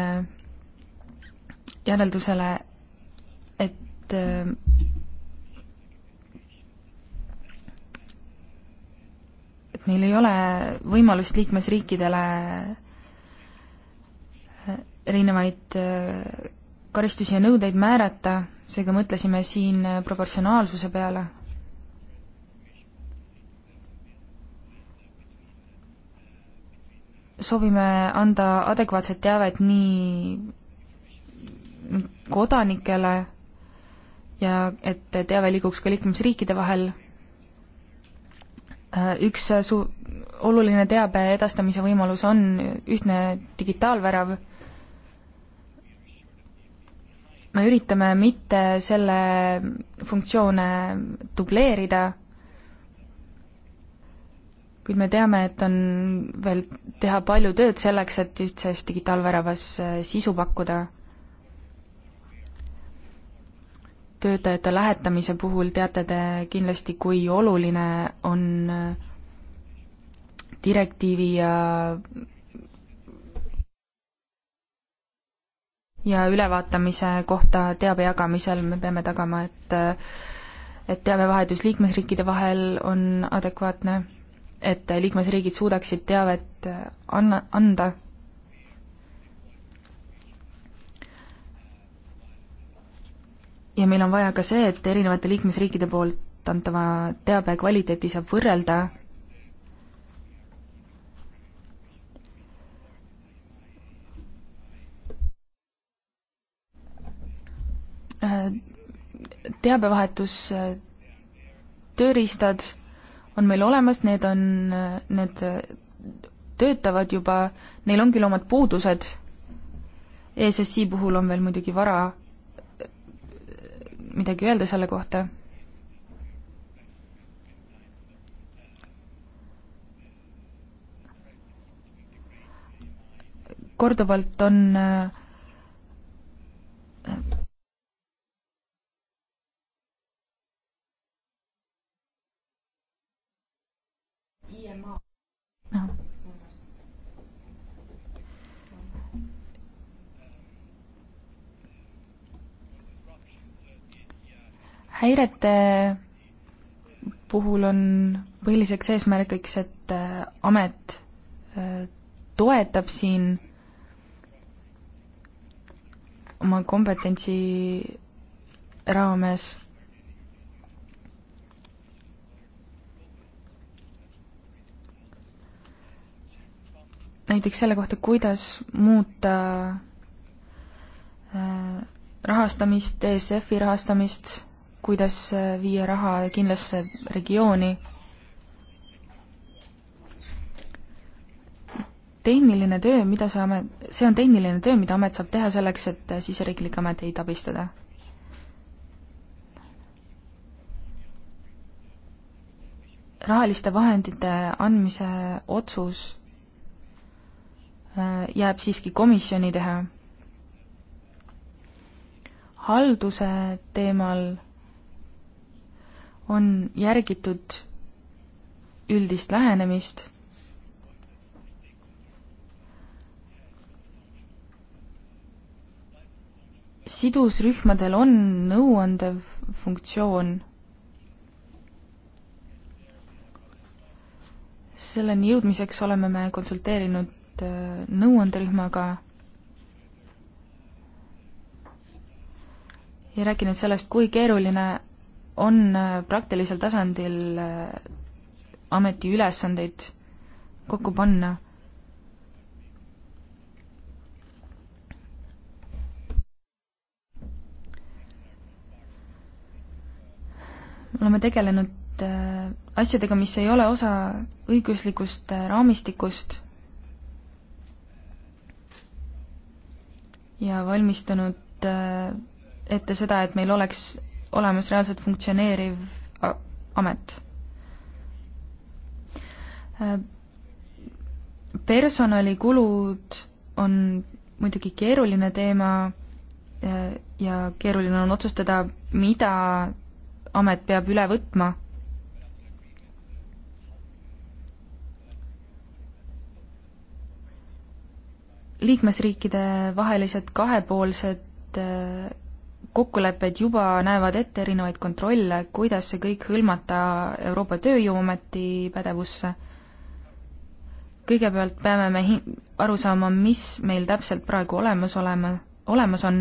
järeldusele, et et meil ei ole võimalust liikmesriikidele äh, erinevaid äh, karistusi ja nõudeid määrata, seega mõtlesime siin äh, proportsionaalsuse peale. soovime anda adekvaatset teavet nii kodanikele ja et teave liiguks ka liikmesriikide vahel Äh, üks äh, su-, oluline teabe edastamise võimalus on ühtne digitaalvärav. me üritame mitte selle funktsioone dubleerida, kuid me teame, et on veel teha palju tööd selleks, et ühtses digitaalväravas äh, sisu pakkuda töötajate lähetamise puhul teate te kindlasti, kui oluline on äh, direktiivi ja ja ülevaatamise kohta teabe jagamisel me peame tagama, et äh, et teabevahetus liikmesriikide vahel on adekvaatne, et liikmesriigid suudaksid teavet äh, anna, anda ja meil on vaja ka see, et erinevate liikmesriikide poolt antava teabe kvaliteeti saab võrrelda teabevahetus tööriistad on meil olemas, need on, need töötavad juba, neil on küll omad puudused, ESSi puhul on veel muidugi vara midagi öelda selle kohta? korduvalt on äh, häirete puhul on põhiliseks eesmärgiks, et äh, amet äh, toetab siin oma kompetentsi raames näiteks selle kohta, kuidas muuta äh, rahastamist, ESF-i rahastamist kuidas äh, viia raha kindlasse regiooni. tehniline töö, mida see amet, see on tehniline töö, mida amet saab teha selleks, et äh, siseriiklikke ameteid abistada rahaliste vahendite andmise otsus äh, jääb siiski komisjoni teha. halduse teemal on järgitud üldist lähenemist sidusrühmadel on nõuandev funktsioon. selleni jõudmiseks oleme me konsulteerinud äh, nõuanderühmaga ja rääkinud sellest, kui keeruline on äh, praktilisel tasandil äh, ametiülesandeid kokku panna. me oleme tegelenud äh, asjadega, mis ei ole osa õiguslikust raamistikust ja valmistunud ette seda, et meil oleks olemas reaalselt funktsioneeriv amet. Äh, personalikulud on muidugi keeruline teema äh, ja keeruline on otsustada, mida amet peab üle võtma liikmesriikide vahelised kahepoolsed äh, kokkulepped juba näevad ette erinevaid kontrolle, kuidas see kõik hõlmata Euroopa Tööjõuameti pädevusse. kõigepealt peame me hin-, aru saama, mis meil täpselt praegu olemas olema, olemas on.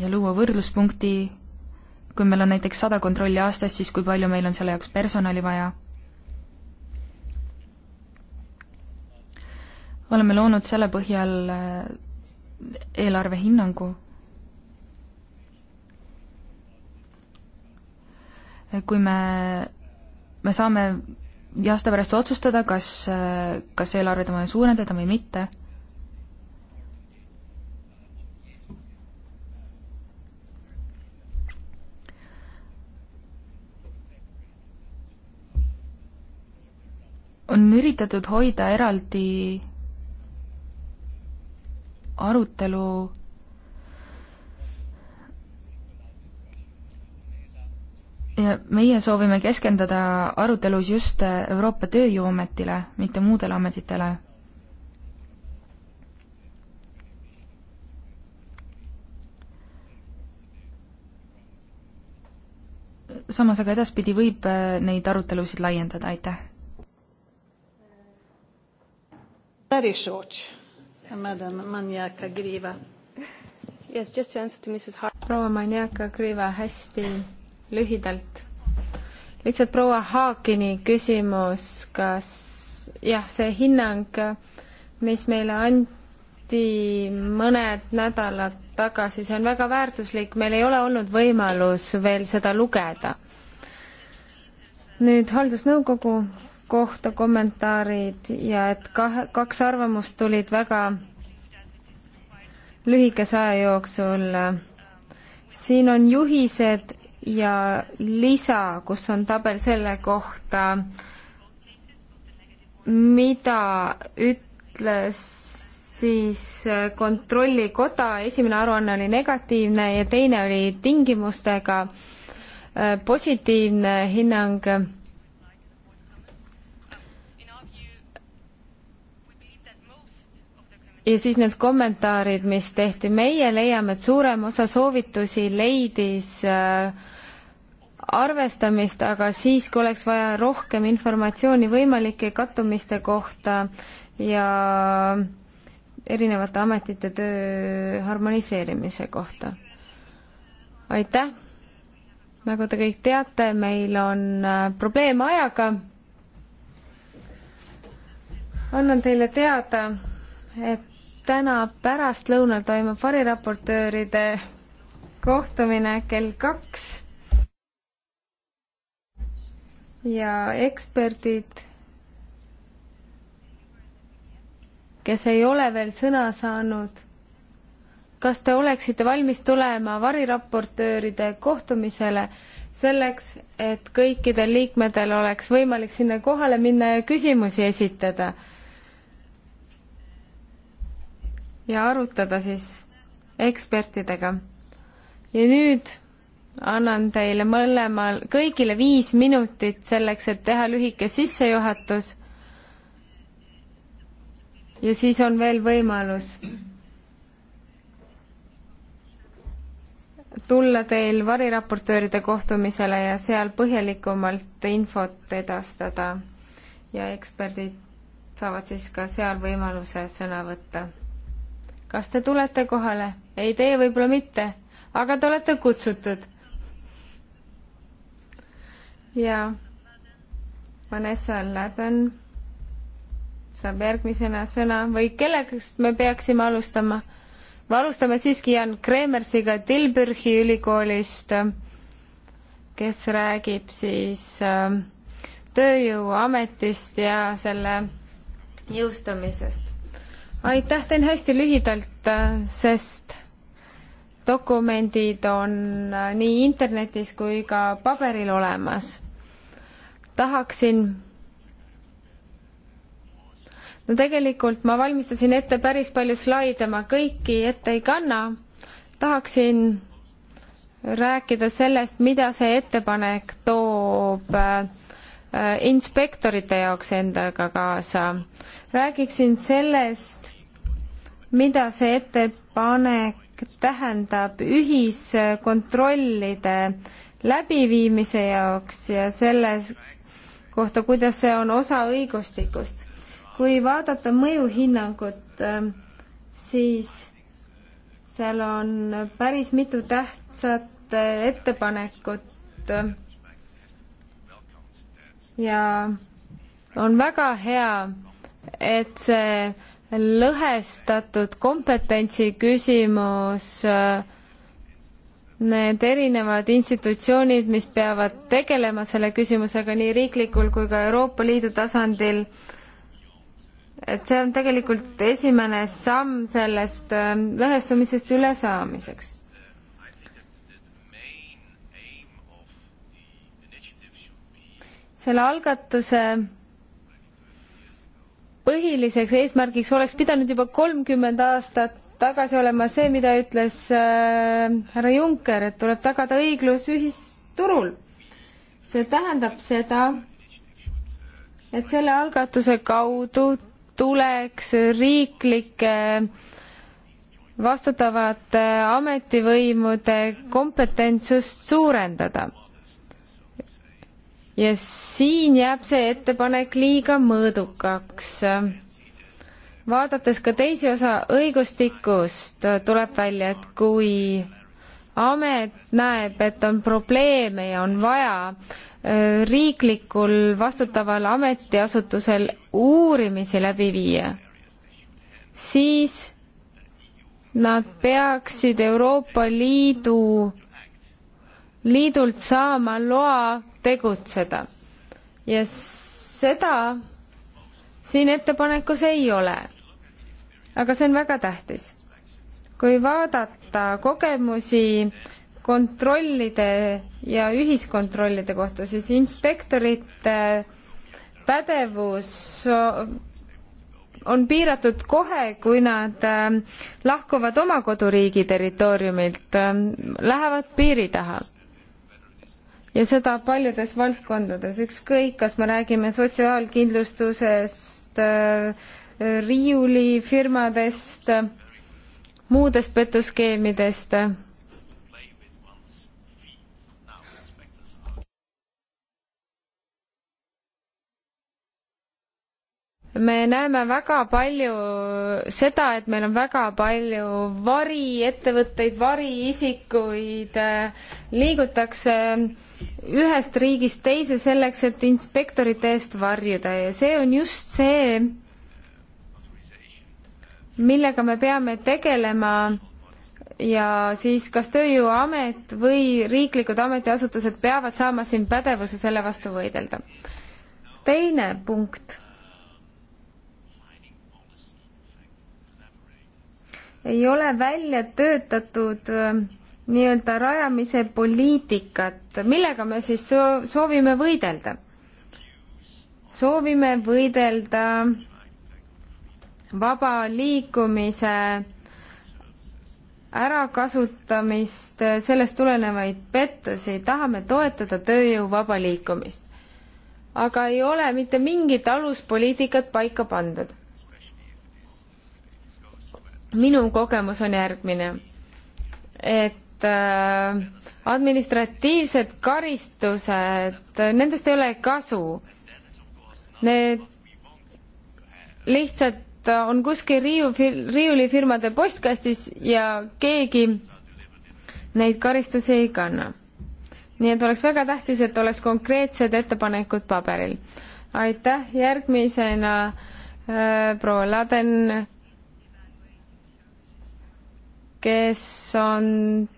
ja luua võrdluspunkti, kui meil on näiteks sada kontrolli aastas, siis kui palju meil on selle jaoks personali vaja oleme loonud selle põhjal äh, eelarve hinnangu. kui me, me saame ja aasta pärast otsustada, kas, äh, kas eelarvet on vaja suurendada või mitte. on üritatud hoida eraldi arutelu ja meie soovime keskenduda arutelus just Euroopa Tööjõuametile, mitte muudele ametitele. samas aga edaspidi võib äh, neid arutelusid laiendada, aitäh.
Very short Uh, Madam Maniaka Griiva. Yes, just to answer to
Mrs Har-. proua Maniaka Griiva, hästi lühidalt. lihtsalt proua Haakini küsimus, kas jah, see hinnang, mis meile anti mõned nädalad tagasi, see on väga väärtuslik, meil ei ole olnud võimalus veel seda lugeda. nüüd haldusnõukogu kohta kommentaarid ja et kahe, kaks arvamust tulid väga lühikese aja jooksul. siin on juhised ja lisa, kus on tabel selle kohta, mida ütles siis kontrollikoda, esimene aruanne oli negatiivne ja teine oli tingimustega positiivne hinnang ja siis need kommentaarid, mis tehti, meie leiame, et suurem osa soovitusi leidis äh, arvestamist, aga siis, kui oleks vaja rohkem informatsiooni võimalike kattumiste kohta ja erinevate ametite töö harmoniseerimise kohta. aitäh! nagu te kõik teate, meil on äh, probleem ajaga. annan teile teada, et täna pärastlõunal toimub variraportööride kohtumine kell kaks. ja eksperdid, kes ei ole veel sõna saanud, kas te oleksite valmis tulema variraportööride kohtumisele selleks, et kõikidel liikmetel oleks võimalik sinna kohale minna ja küsimusi esitada? ja arutada siis ekspertidega. ja nüüd annan teile mõlemal, kõigile viis minutit selleks, et teha lühike sissejuhatus. ja siis on veel võimalus tulla teil variraportööride kohtumisele ja seal põhjalikumalt infot edastada ja eksperdid saavad siis ka seal võimaluse sõna võtta kas te tulete kohale? ei, teie võib-olla mitte, aga te olete kutsutud. ja Vanessa Ladon saab järgmisena sõna või kellegast me peaksime alustama? me alustame siiski Jan Kremersiga Tilburgi ülikoolist, kes räägib siis äh, tööjõuametist ja selle jõustamisest aitäh, teen hästi lühidalt, äh, sest dokumendid on äh, nii internetis kui ka paberil olemas. tahaksin no tegelikult ma valmistasin ette päris palju slaide, ma kõiki ette ei kanna. tahaksin rääkida sellest, mida see ettepanek toob äh, Äh, inspektorite jaoks endaga kaasa. räägiksin sellest, mida see ettepanek tähendab ühiskontrollide läbiviimise jaoks ja selles kohta, kuidas see on osa õigustikust. kui vaadata mõjuhinnangut, äh, siis seal on päris mitu tähtsat äh, ettepanekut ja on väga hea, et see lõhestatud kompetentsi küsimus need erinevad institutsioonid, mis peavad tegelema selle küsimusega nii riiklikul kui ka Euroopa Liidu tasandil, et see on tegelikult esimene samm sellest äh, lõhestumisest ülesaamiseks. selle algatuse põhiliseks eesmärgiks oleks pidanud juba kolmkümmend aastat tagasi olema see, mida ütles äh, härra Juncker, et tuleb tagada õiglus ühisturul. see tähendab seda, et selle algatuse kaudu tuleks riiklike vastutavate ametivõimude kompetentsust suurendada ja siin jääb see ettepanek liiga mõõdukaks. vaadates ka teisi osa õigustikust, tuleb välja, et kui amet näeb, et on probleeme ja on vaja äh, riiklikul vastutaval ametiasutusel uurimisi läbi viia, siis nad peaksid Euroopa Liidu, liidult saama loa tegutseda. ja seda siin ettepanekus ei ole. aga see on väga tähtis. kui vaadata kogemusi kontrollide ja ühiskontrollide kohta, siis inspektorite pädevus on piiratud kohe, kui nad äh, lahkuvad oma koduriigi territooriumilt, äh, lähevad piiri taha ja seda paljudes valdkondades, ükskõik, kas me räägime sotsiaalkindlustusest, riiulifirmadest, muudest petuskeemidest me näeme väga palju seda, et meil on väga palju variettevõtteid, variisikuid, liigutakse ühest riigist teise selleks, et inspektorite eest varjuda ja see on just see, millega me peame tegelema ja siis kas Tööjõuamet või riiklikud ametiasutused peavad saama siin pädevuse selle vastu võidelda. teine punkt ei ole välja töötatud äh, nii-öelda rajamise poliitikat, millega me siis soovime võidelda? soovime võidelda vaba liikumise ärakasutamist, äh, sellest tulenevaid pettusi, tahame toetada tööjõu vaba liikumist. aga ei ole mitte mingit aluspoliitikat paika pandud minu kogemus on järgmine, et äh, administratiivsed karistused, nendest ei ole kasu. Need lihtsalt on kuskil riiu, riiulifirmade postkastis ja keegi neid karistusi ei kanna. nii et oleks väga tähtis, et oleks konkreetsed ettepanekud paberil. aitäh, järgmisena äh, proua Laden kes on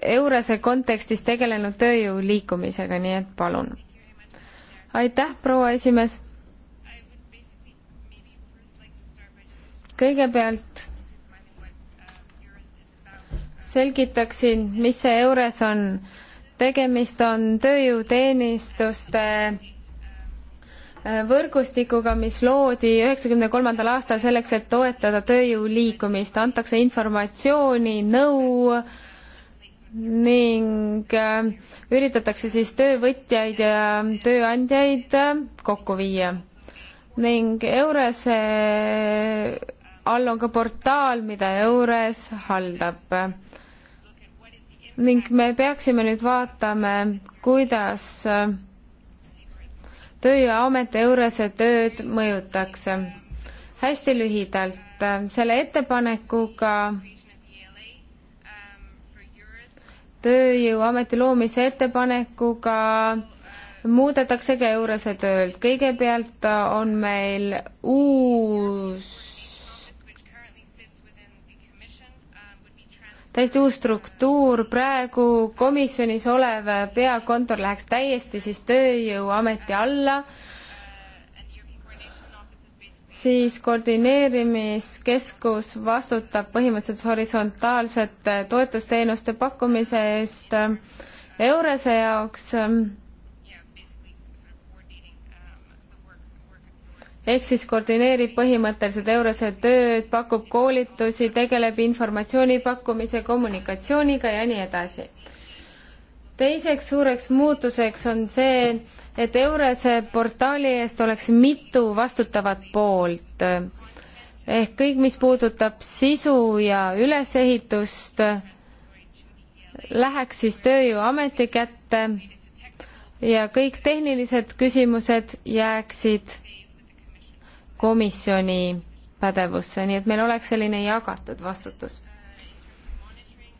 Eurase kontekstis tegelenud tööjõu liikumisega, nii et palun. aitäh, proua esimees. kõigepealt selgitaksin, mis see EURES on. tegemist on tööjõuteenistuste Äh, võrgustikuga, mis loodi üheksakümne kolmandal aastal selleks, et toetada tööjõu liikumist, antakse informatsiooni, nõu ning äh, üritatakse siis töövõtjaid ja tööandjaid äh, kokku viia. ning Eurese all on ka portaal, mida Eures haldab ning me peaksime nüüd vaatama, kuidas tööjõuamet Eurose tööd mõjutaks. hästi lühidalt, selle ettepanekuga tööjõuameti loomise ettepanekuga muudetaksegi Eurose töölt. kõigepealt on meil uus täiesti uus struktuur, praegu komisjonis olev peakontor läheks täiesti siis Tööjõuameti alla, siis koordineerimiskeskus vastutab põhimõtteliselt horisontaalsete toetusteenuste pakkumise eest Eurese jaoks ehk siis koordineerib põhimõtteliselt Eurose tööd, pakub koolitusi, tegeleb informatsiooni pakkumise, kommunikatsiooniga ja nii edasi. teiseks suureks muutuseks on see, et Eurose portaali eest oleks mitu vastutavat poolt. ehk kõik, mis puudutab sisu ja ülesehitust, läheks siis Tööjõuameti kätte ja kõik tehnilised küsimused jääksid komisjoni pädevusse, nii et meil oleks selline jagatud vastutus.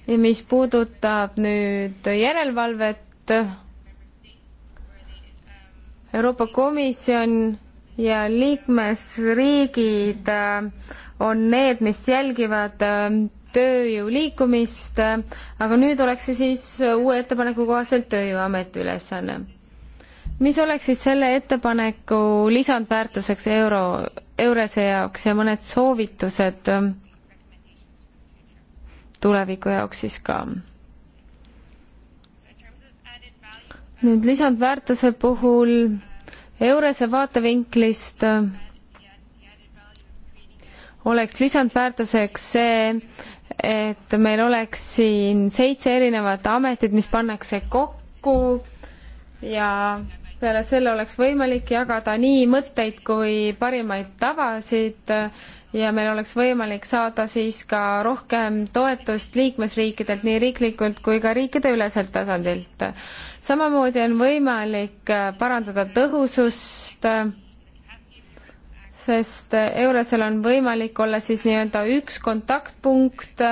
ja mis puudutab nüüd järelevalvet, Euroopa Komisjon ja liikmesriigid äh, on need, mis jälgivad äh, tööjõu liikumist, äh, aga nüüd oleks see siis uue ettepaneku kohaselt Tööjõuameti ülesanne mis oleks siis selle ettepaneku lisandväärtuseks euro, Eurese jaoks ja mõned soovitused ähm, tuleviku jaoks siis ka? nüüd lisandväärtuse puhul Eurese vaatevinklist äh, oleks lisandväärtuseks see, et meil oleks siin seitse erinevat ametit, mis pannakse kokku ja peale selle oleks võimalik jagada nii mõtteid kui parimaid tavasid ja meil oleks võimalik saada siis ka rohkem toetust liikmesriikidelt, nii riiklikult kui ka riikideüleselt tasandilt. samamoodi on võimalik parandada tõhusust, sest Eurosel on võimalik olla siis nii-öelda üks kontaktpunkt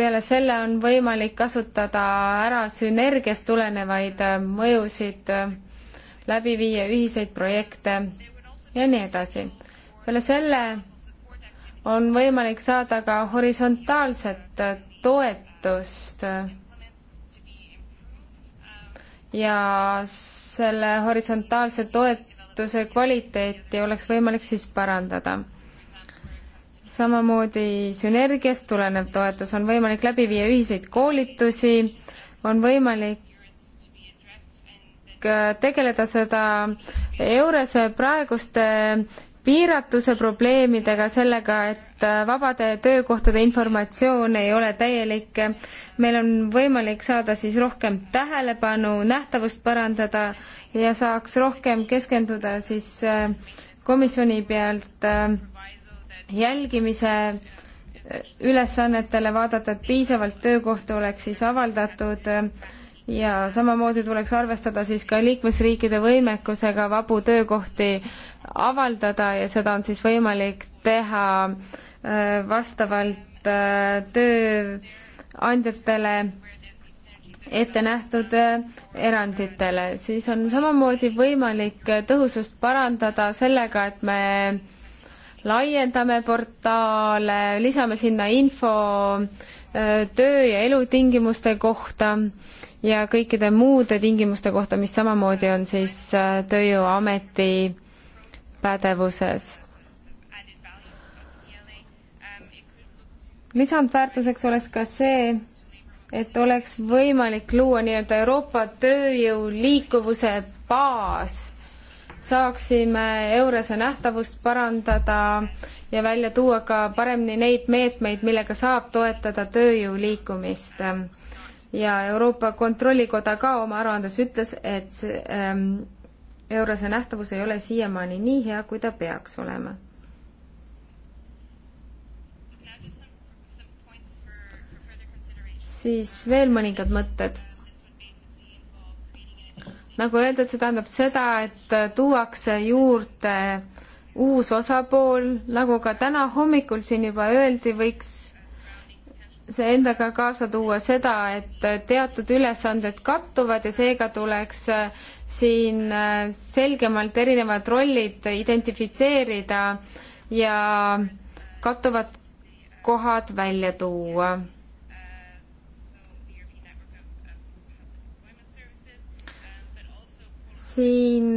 peale selle on võimalik kasutada ära sünergiast tulenevaid äh, mõjusid, äh, läbi viia ühiseid projekte ja nii edasi. peale selle on võimalik saada ka horisontaalset äh, toetust ja selle horisontaalse toetuse kvaliteeti oleks võimalik siis parandada samamoodi sünergiast tulenev toetus, on võimalik läbi viia ühiseid koolitusi, on võimalik äh, tegeleda seda EURES-e praeguste piiratuse probleemidega, sellega, et äh, vabade töökohtade informatsioon ei ole täielik. meil on võimalik saada siis rohkem tähelepanu, nähtavust parandada ja saaks rohkem keskenduda siis äh, komisjoni pealt äh, jälgimise ülesannetele vaadata, et piisavalt töökohti oleks siis avaldatud ja samamoodi tuleks arvestada siis ka liikmesriikide võimekusega vabu töökohti avaldada ja seda on siis võimalik teha äh, vastavalt äh, tööandjatele ette nähtud äh, eranditele, siis on samamoodi võimalik tõhusust parandada sellega, et me laiendame portaale, lisame sinna info töö ja elutingimuste kohta ja kõikide muude tingimuste kohta, mis samamoodi on siis Tööjõuameti pädevuses. lisandväärtuseks oleks ka see, et oleks võimalik luua nii-öelda Euroopa tööjõu liikuvuse baas saaksime Eurese nähtavust parandada ja välja tuua ka paremini neid meetmeid, millega saab toetada tööjõu liikumist. ja Euroopa Kontrollikoda ka oma aruandes ütles, et see ähm, Eurose nähtavus ei ole siiamaani nii hea, kui ta peaks olema. siis veel mõningad mõtted nagu öeldud, see tähendab seda, et äh, tuuakse juurde uus osapool, nagu ka täna hommikul siin juba öeldi, võiks see endaga kaasa tuua seda, et äh, teatud ülesanded kattuvad ja seega tuleks äh, siin selgemalt erinevad rollid identifitseerida ja kattuvad kohad välja tuua siin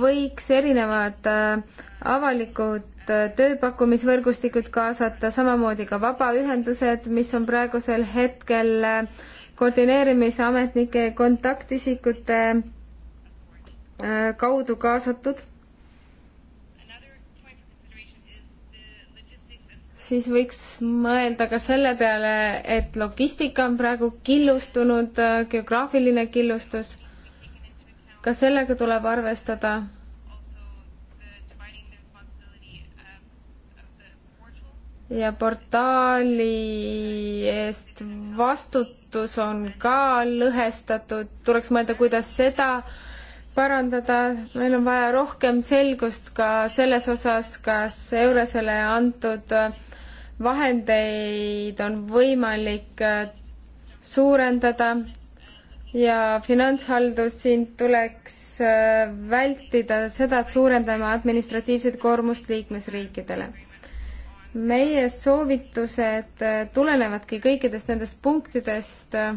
võiks erinevad äh, avalikud äh, tööpakkumisvõrgustikud kaasata, samamoodi ka vabaühendused, mis on praegusel hetkel äh, koordineerimise ametnike kontaktisikute kaudu kaasatud. siis võiks mõelda ka selle peale, et logistika on praegu killustunud, geograafiline killustus ka sellega tuleb arvestada. ja portaali eest vastutus on ka lõhestatud, tuleks mõelda, kuidas seda parandada, meil on vaja rohkem selgust ka selles osas, kas Eurosele antud vahendeid on võimalik suurendada ja finantshaldus, siin tuleks äh, vältida seda, et suurendame administratiivset koormust liikmesriikidele. meie soovitused äh, tulenevadki kõikidest nendest punktidest äh,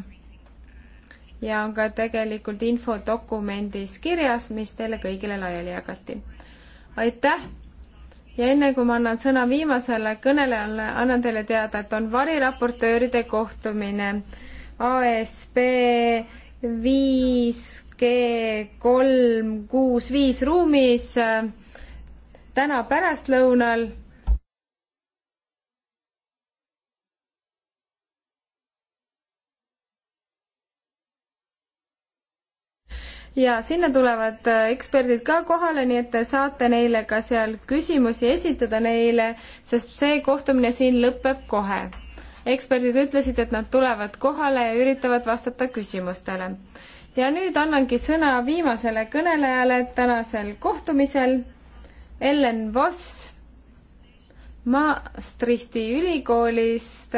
ja on ka tegelikult infodokumendis kirjas, mis teile kõigile laiali jagati. aitäh! ja enne kui ma annan sõna viimasele kõnelejale, annan teile teada, et on variraportööride kohtumine ASB viis G kolm kuus viis ruumis täna pärastlõunal. ja sinna tulevad äh, eksperdid ka kohale, nii et te saate neile ka seal küsimusi esitada neile, sest see kohtumine siin lõpeb kohe eksperdid ütlesid, et nad tulevad kohale ja üritavad vastata küsimustele. ja nüüd annangi sõna viimasele kõnelejale tänasel kohtumisel, Ellen Voss Maastrichti ülikoolist,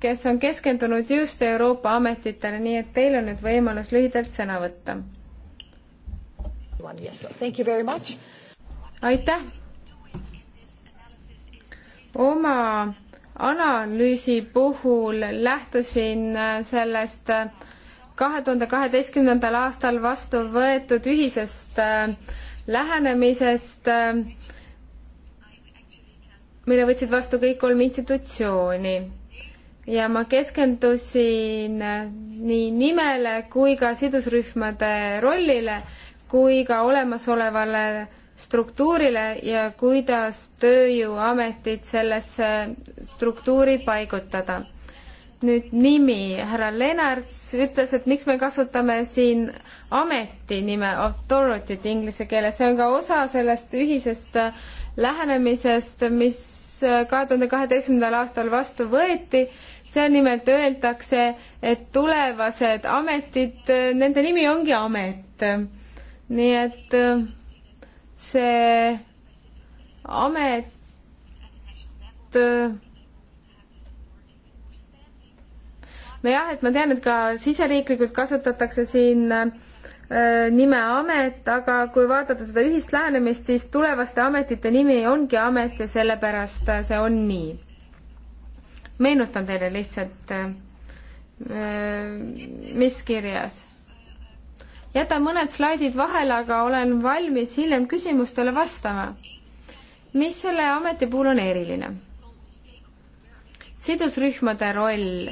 kes on keskendunud just Euroopa ametitele, nii et teil on nüüd võimalus lühidalt sõna võtta. aitäh! oma analüüsi puhul lähtusin äh, sellest äh, kahe tuhande kaheteistkümnendal aastal vastu võetud ühisest äh, lähenemisest, mille võtsid vastu kõik kolm institutsiooni. ja ma keskendusin nii nimele kui ka sidusrühmade rollile kui ka olemasolevale struktuurile ja kuidas Tööjõuametit sellesse struktuuri paigutada. nüüd nimi, härra Lennarts ütles, et miks me kasutame siin ameti nime, authority't inglise keeles, see on ka osa sellest ühisest lähenemisest, mis kahe tuhande kaheteistkümnendal aastal vastu võeti, seal nimelt öeldakse, et tulevased ametid, nende nimi ongi amet. nii et äh, see amet nojah, et ma tean, et ka siseriiklikult kasutatakse siin äh, nime amet, aga kui vaadata seda ühist lähenemist, siis tulevaste ametite nimi ongi amet ja sellepärast äh, see on nii. meenutan teile lihtsalt äh,, mis kirjas jätan mõned slaidid vahele, aga olen valmis hiljem küsimustele vastama. mis selle ameti puhul on eriline? sidusrühmade roll.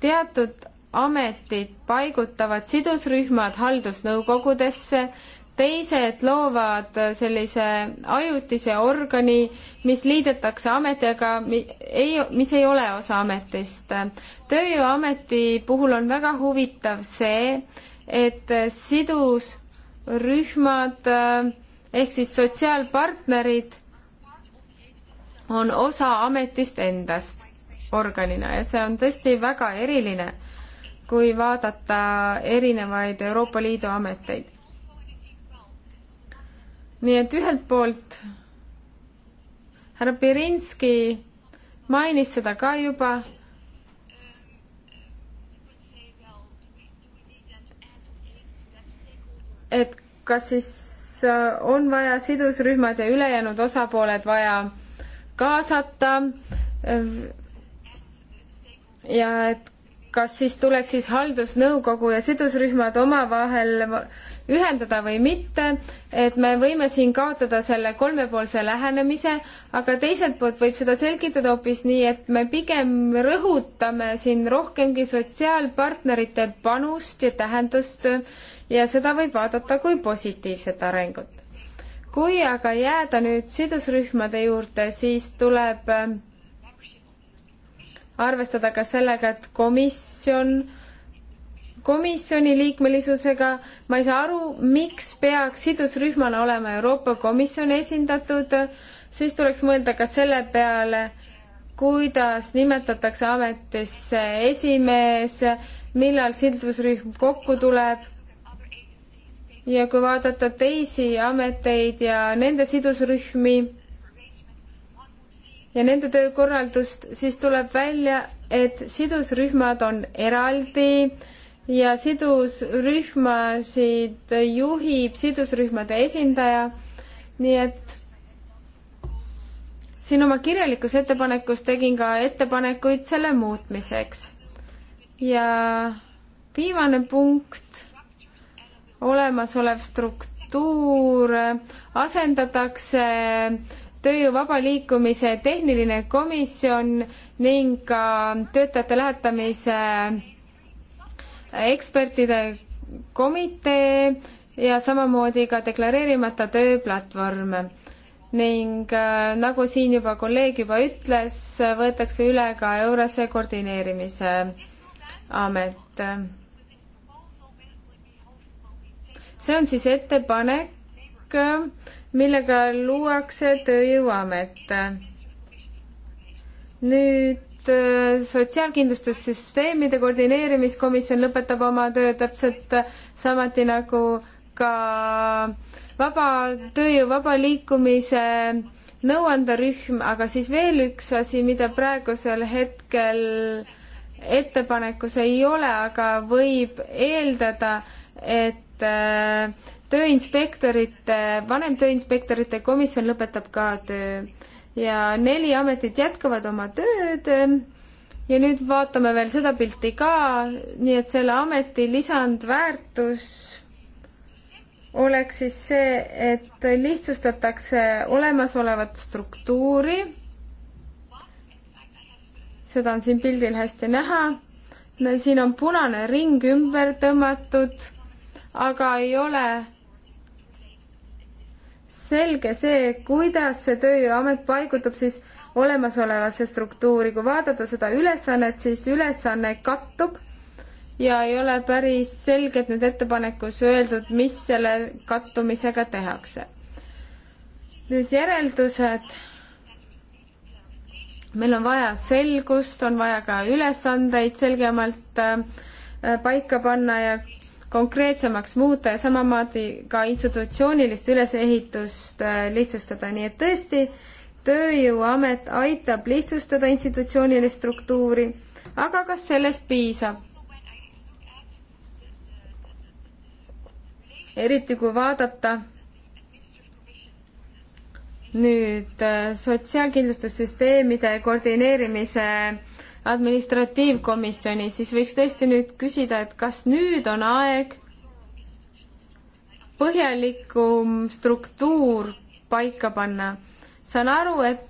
teatud ametid paigutavad sidusrühmad haldusnõukogudesse teised loovad sellise ajutise organi, mis liidetakse ametiga, mis ei ole osa ametist. tööjõuameti puhul on väga huvitav see, et sidusrühmad eh, ehk siis sotsiaalpartnerid on osa ametist endast organina ja see on tõesti väga eriline, kui vaadata erinevaid Euroopa Liidu ameteid nii et ühelt poolt härra Berinski mainis seda ka juba, et kas siis äh, on vaja sidusrühmad ja ülejäänud osapooled vaja kaasata äh, ja et kas siis tuleks siis haldusnõukogu ja sidusrühmad omavahel ühendada või mitte, et me võime siin kaotada selle kolmepoolse lähenemise, aga teiselt poolt võib seda selgitada hoopis nii, et me pigem rõhutame siin rohkemgi sotsiaalpartnerite panust ja tähendust ja seda võib vaadata kui positiivset arengut. kui aga jääda nüüd sidusrühmade juurde, siis tuleb arvestada ka sellega, et komisjon komisjoni liikmelisusega. ma ei saa aru, miks peaks sidusrühmana olema Euroopa Komisjon esindatud, siis tuleks mõelda ka selle peale, kuidas nimetatakse ametisse esimees, millal sidusrühm kokku tuleb ja kui vaadata teisi ameteid ja nende sidusrühmi ja nende töökorraldust, siis tuleb välja, et sidusrühmad on eraldi ja sidusrühmasid juhib sidusrühmade esindaja, nii et siin oma kirjalikus ettepanekus tegin ka ettepanekuid selle muutmiseks. ja viimane punkt, olemasolev struktuur asendatakse tööjõu vaba liikumise tehniline komisjon ning ka töötajate lähetamise ekspertide komitee ja samamoodi ka deklareerimata tööplatvorm ning äh, nagu siin juba kolleeg juba ütles, võetakse üle ka Eurose koordineerimise amet. see on siis ettepanek, millega luuakse Tööjõuamet. nüüd et äh, sotsiaalkindlustussüsteemide koordineerimiskomisjon lõpetab oma töö täpselt samuti nagu ka vaba tööjõu vaba liikumise nõuanderühm, aga siis veel üks asi, mida praegusel hetkel ettepanekus ei ole, aga võib eeldada, et äh, tööinspektorite, vanemtööinspektorite komisjon lõpetab ka töö ja neli ametit jätkavad oma tööd. ja nüüd vaatame veel seda pilti ka, nii et selle ameti lisandväärtus oleks siis see, et lihtsustatakse olemasolevat struktuuri. seda on siin pildil hästi näha no siin on punane ring ümber tõmmatud, aga ei ole selge see, kuidas see Tööjõuamet paigutab siis olemasolevasse struktuuri, kui vaadata seda ülesannet, siis ülesanne kattub ja ei ole päris selgelt nüüd ettepanekus öeldud, mis selle kattumisega tehakse. nüüd järeldused. meil on vaja selgust, on vaja ka ülesandeid selgemalt äh, paika panna ja konkreetsemaks muuta ja samamoodi ka institutsioonilist ülesehitust äh, lihtsustada, nii et tõesti, tööjõuamet aitab lihtsustada institutsioonilist struktuuri, aga kas sellest piisab? eriti kui vaadata nüüd äh, sotsiaalkindlustussüsteemide koordineerimise äh, administratiivkomisjoni, siis võiks tõesti nüüd küsida, et kas nüüd on aeg põhjalikum struktuur paika panna. saan aru, et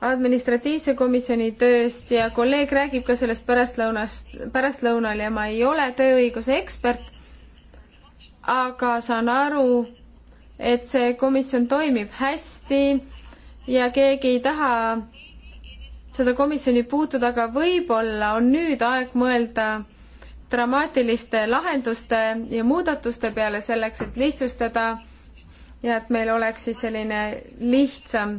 administratiivse komisjoni tööst ja kolleeg räägib ka sellest pärastlõunast, pärastlõunal ja ma ei ole tööõiguse ekspert, aga saan aru, et see komisjon toimib hästi ja keegi ei taha seda komisjoni puutuda, aga võib-olla on nüüd aeg mõelda dramaatiliste lahenduste ja muudatuste peale selleks, et lihtsustada ja et meil oleks siis selline lihtsam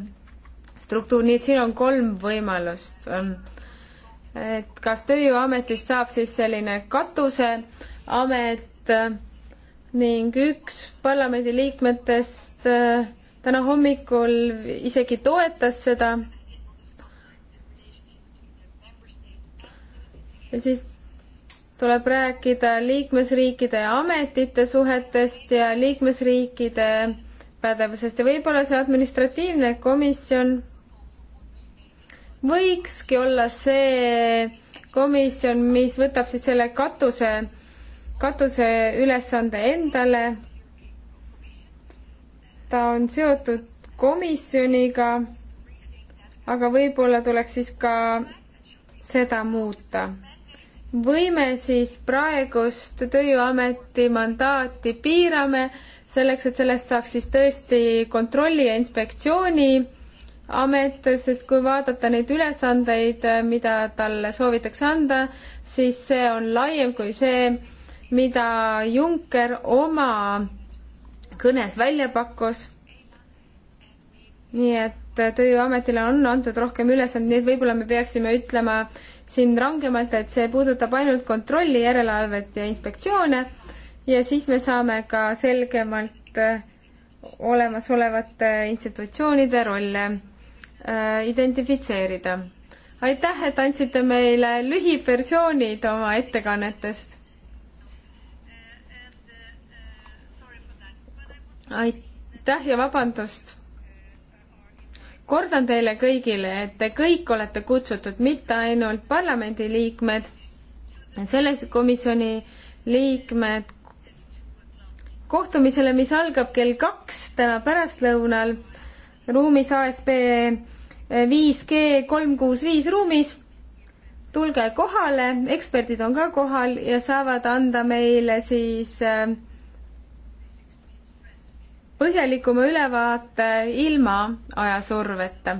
struktuur, nii et siin on kolm võimalust. et kas Tööjõuametist saab siis selline katuseamet ning üks parlamendiliikmetest äh, täna hommikul isegi toetas seda ja siis tuleb rääkida liikmesriikide ja ametite suhetest ja liikmesriikide pädevusest ja võib-olla see administratiivne komisjon võikski olla see komisjon, mis võtab siis selle katuse, katuseülesande endale. ta on seotud komisjoniga, aga võib-olla tuleks siis ka seda muuta võime siis praegust Tööameti mandaati piirame selleks, et sellest saaks siis tõesti kontrolli ja inspektsiooni amet, sest kui vaadata neid ülesandeid, mida talle soovitakse anda, siis see on laiem kui see, mida Juncker oma kõnes välja pakkus. nii et Tööametile on antud rohkem ülesandeid, nii et võib-olla me peaksime ütlema siin rangemalt, et see puudutab ainult kontrolli, järelevalvet ja inspektsioone ja siis me saame ka selgemalt äh, olemasolevate institutsioonide rolle äh, identifitseerida. aitäh, et andsite meile lühiversioonid oma ettekannetest. aitäh ja vabandust kordan teile kõigile, et te kõik olete kutsutud, mitte ainult parlamendiliikmed, selle komisjoni liikmed kohtumisele, mis algab kell kaks täna pärastlõunal ruumis ASB viis G kolm kuus viis ruumis. tulge kohale, eksperdid on ka kohal ja saavad anda meile siis äh, põhjalikuma ülevaate ilma ajasurveta.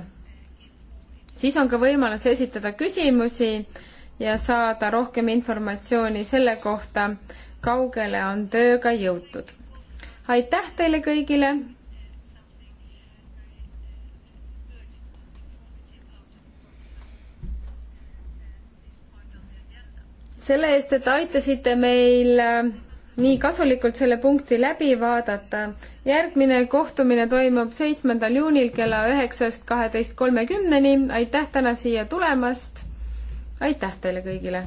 siis on ka võimalus esitada küsimusi ja saada rohkem informatsiooni selle kohta, kaugele on tööga jõutud. aitäh teile kõigile. selle eest, et aitasite meil äh, nii kasulikult selle punkti läbi vaadata. järgmine kohtumine toimub seitsmendal juunil kella üheksast kaheteist kolmekümneni. aitäh täna siia tulemast. aitäh teile kõigile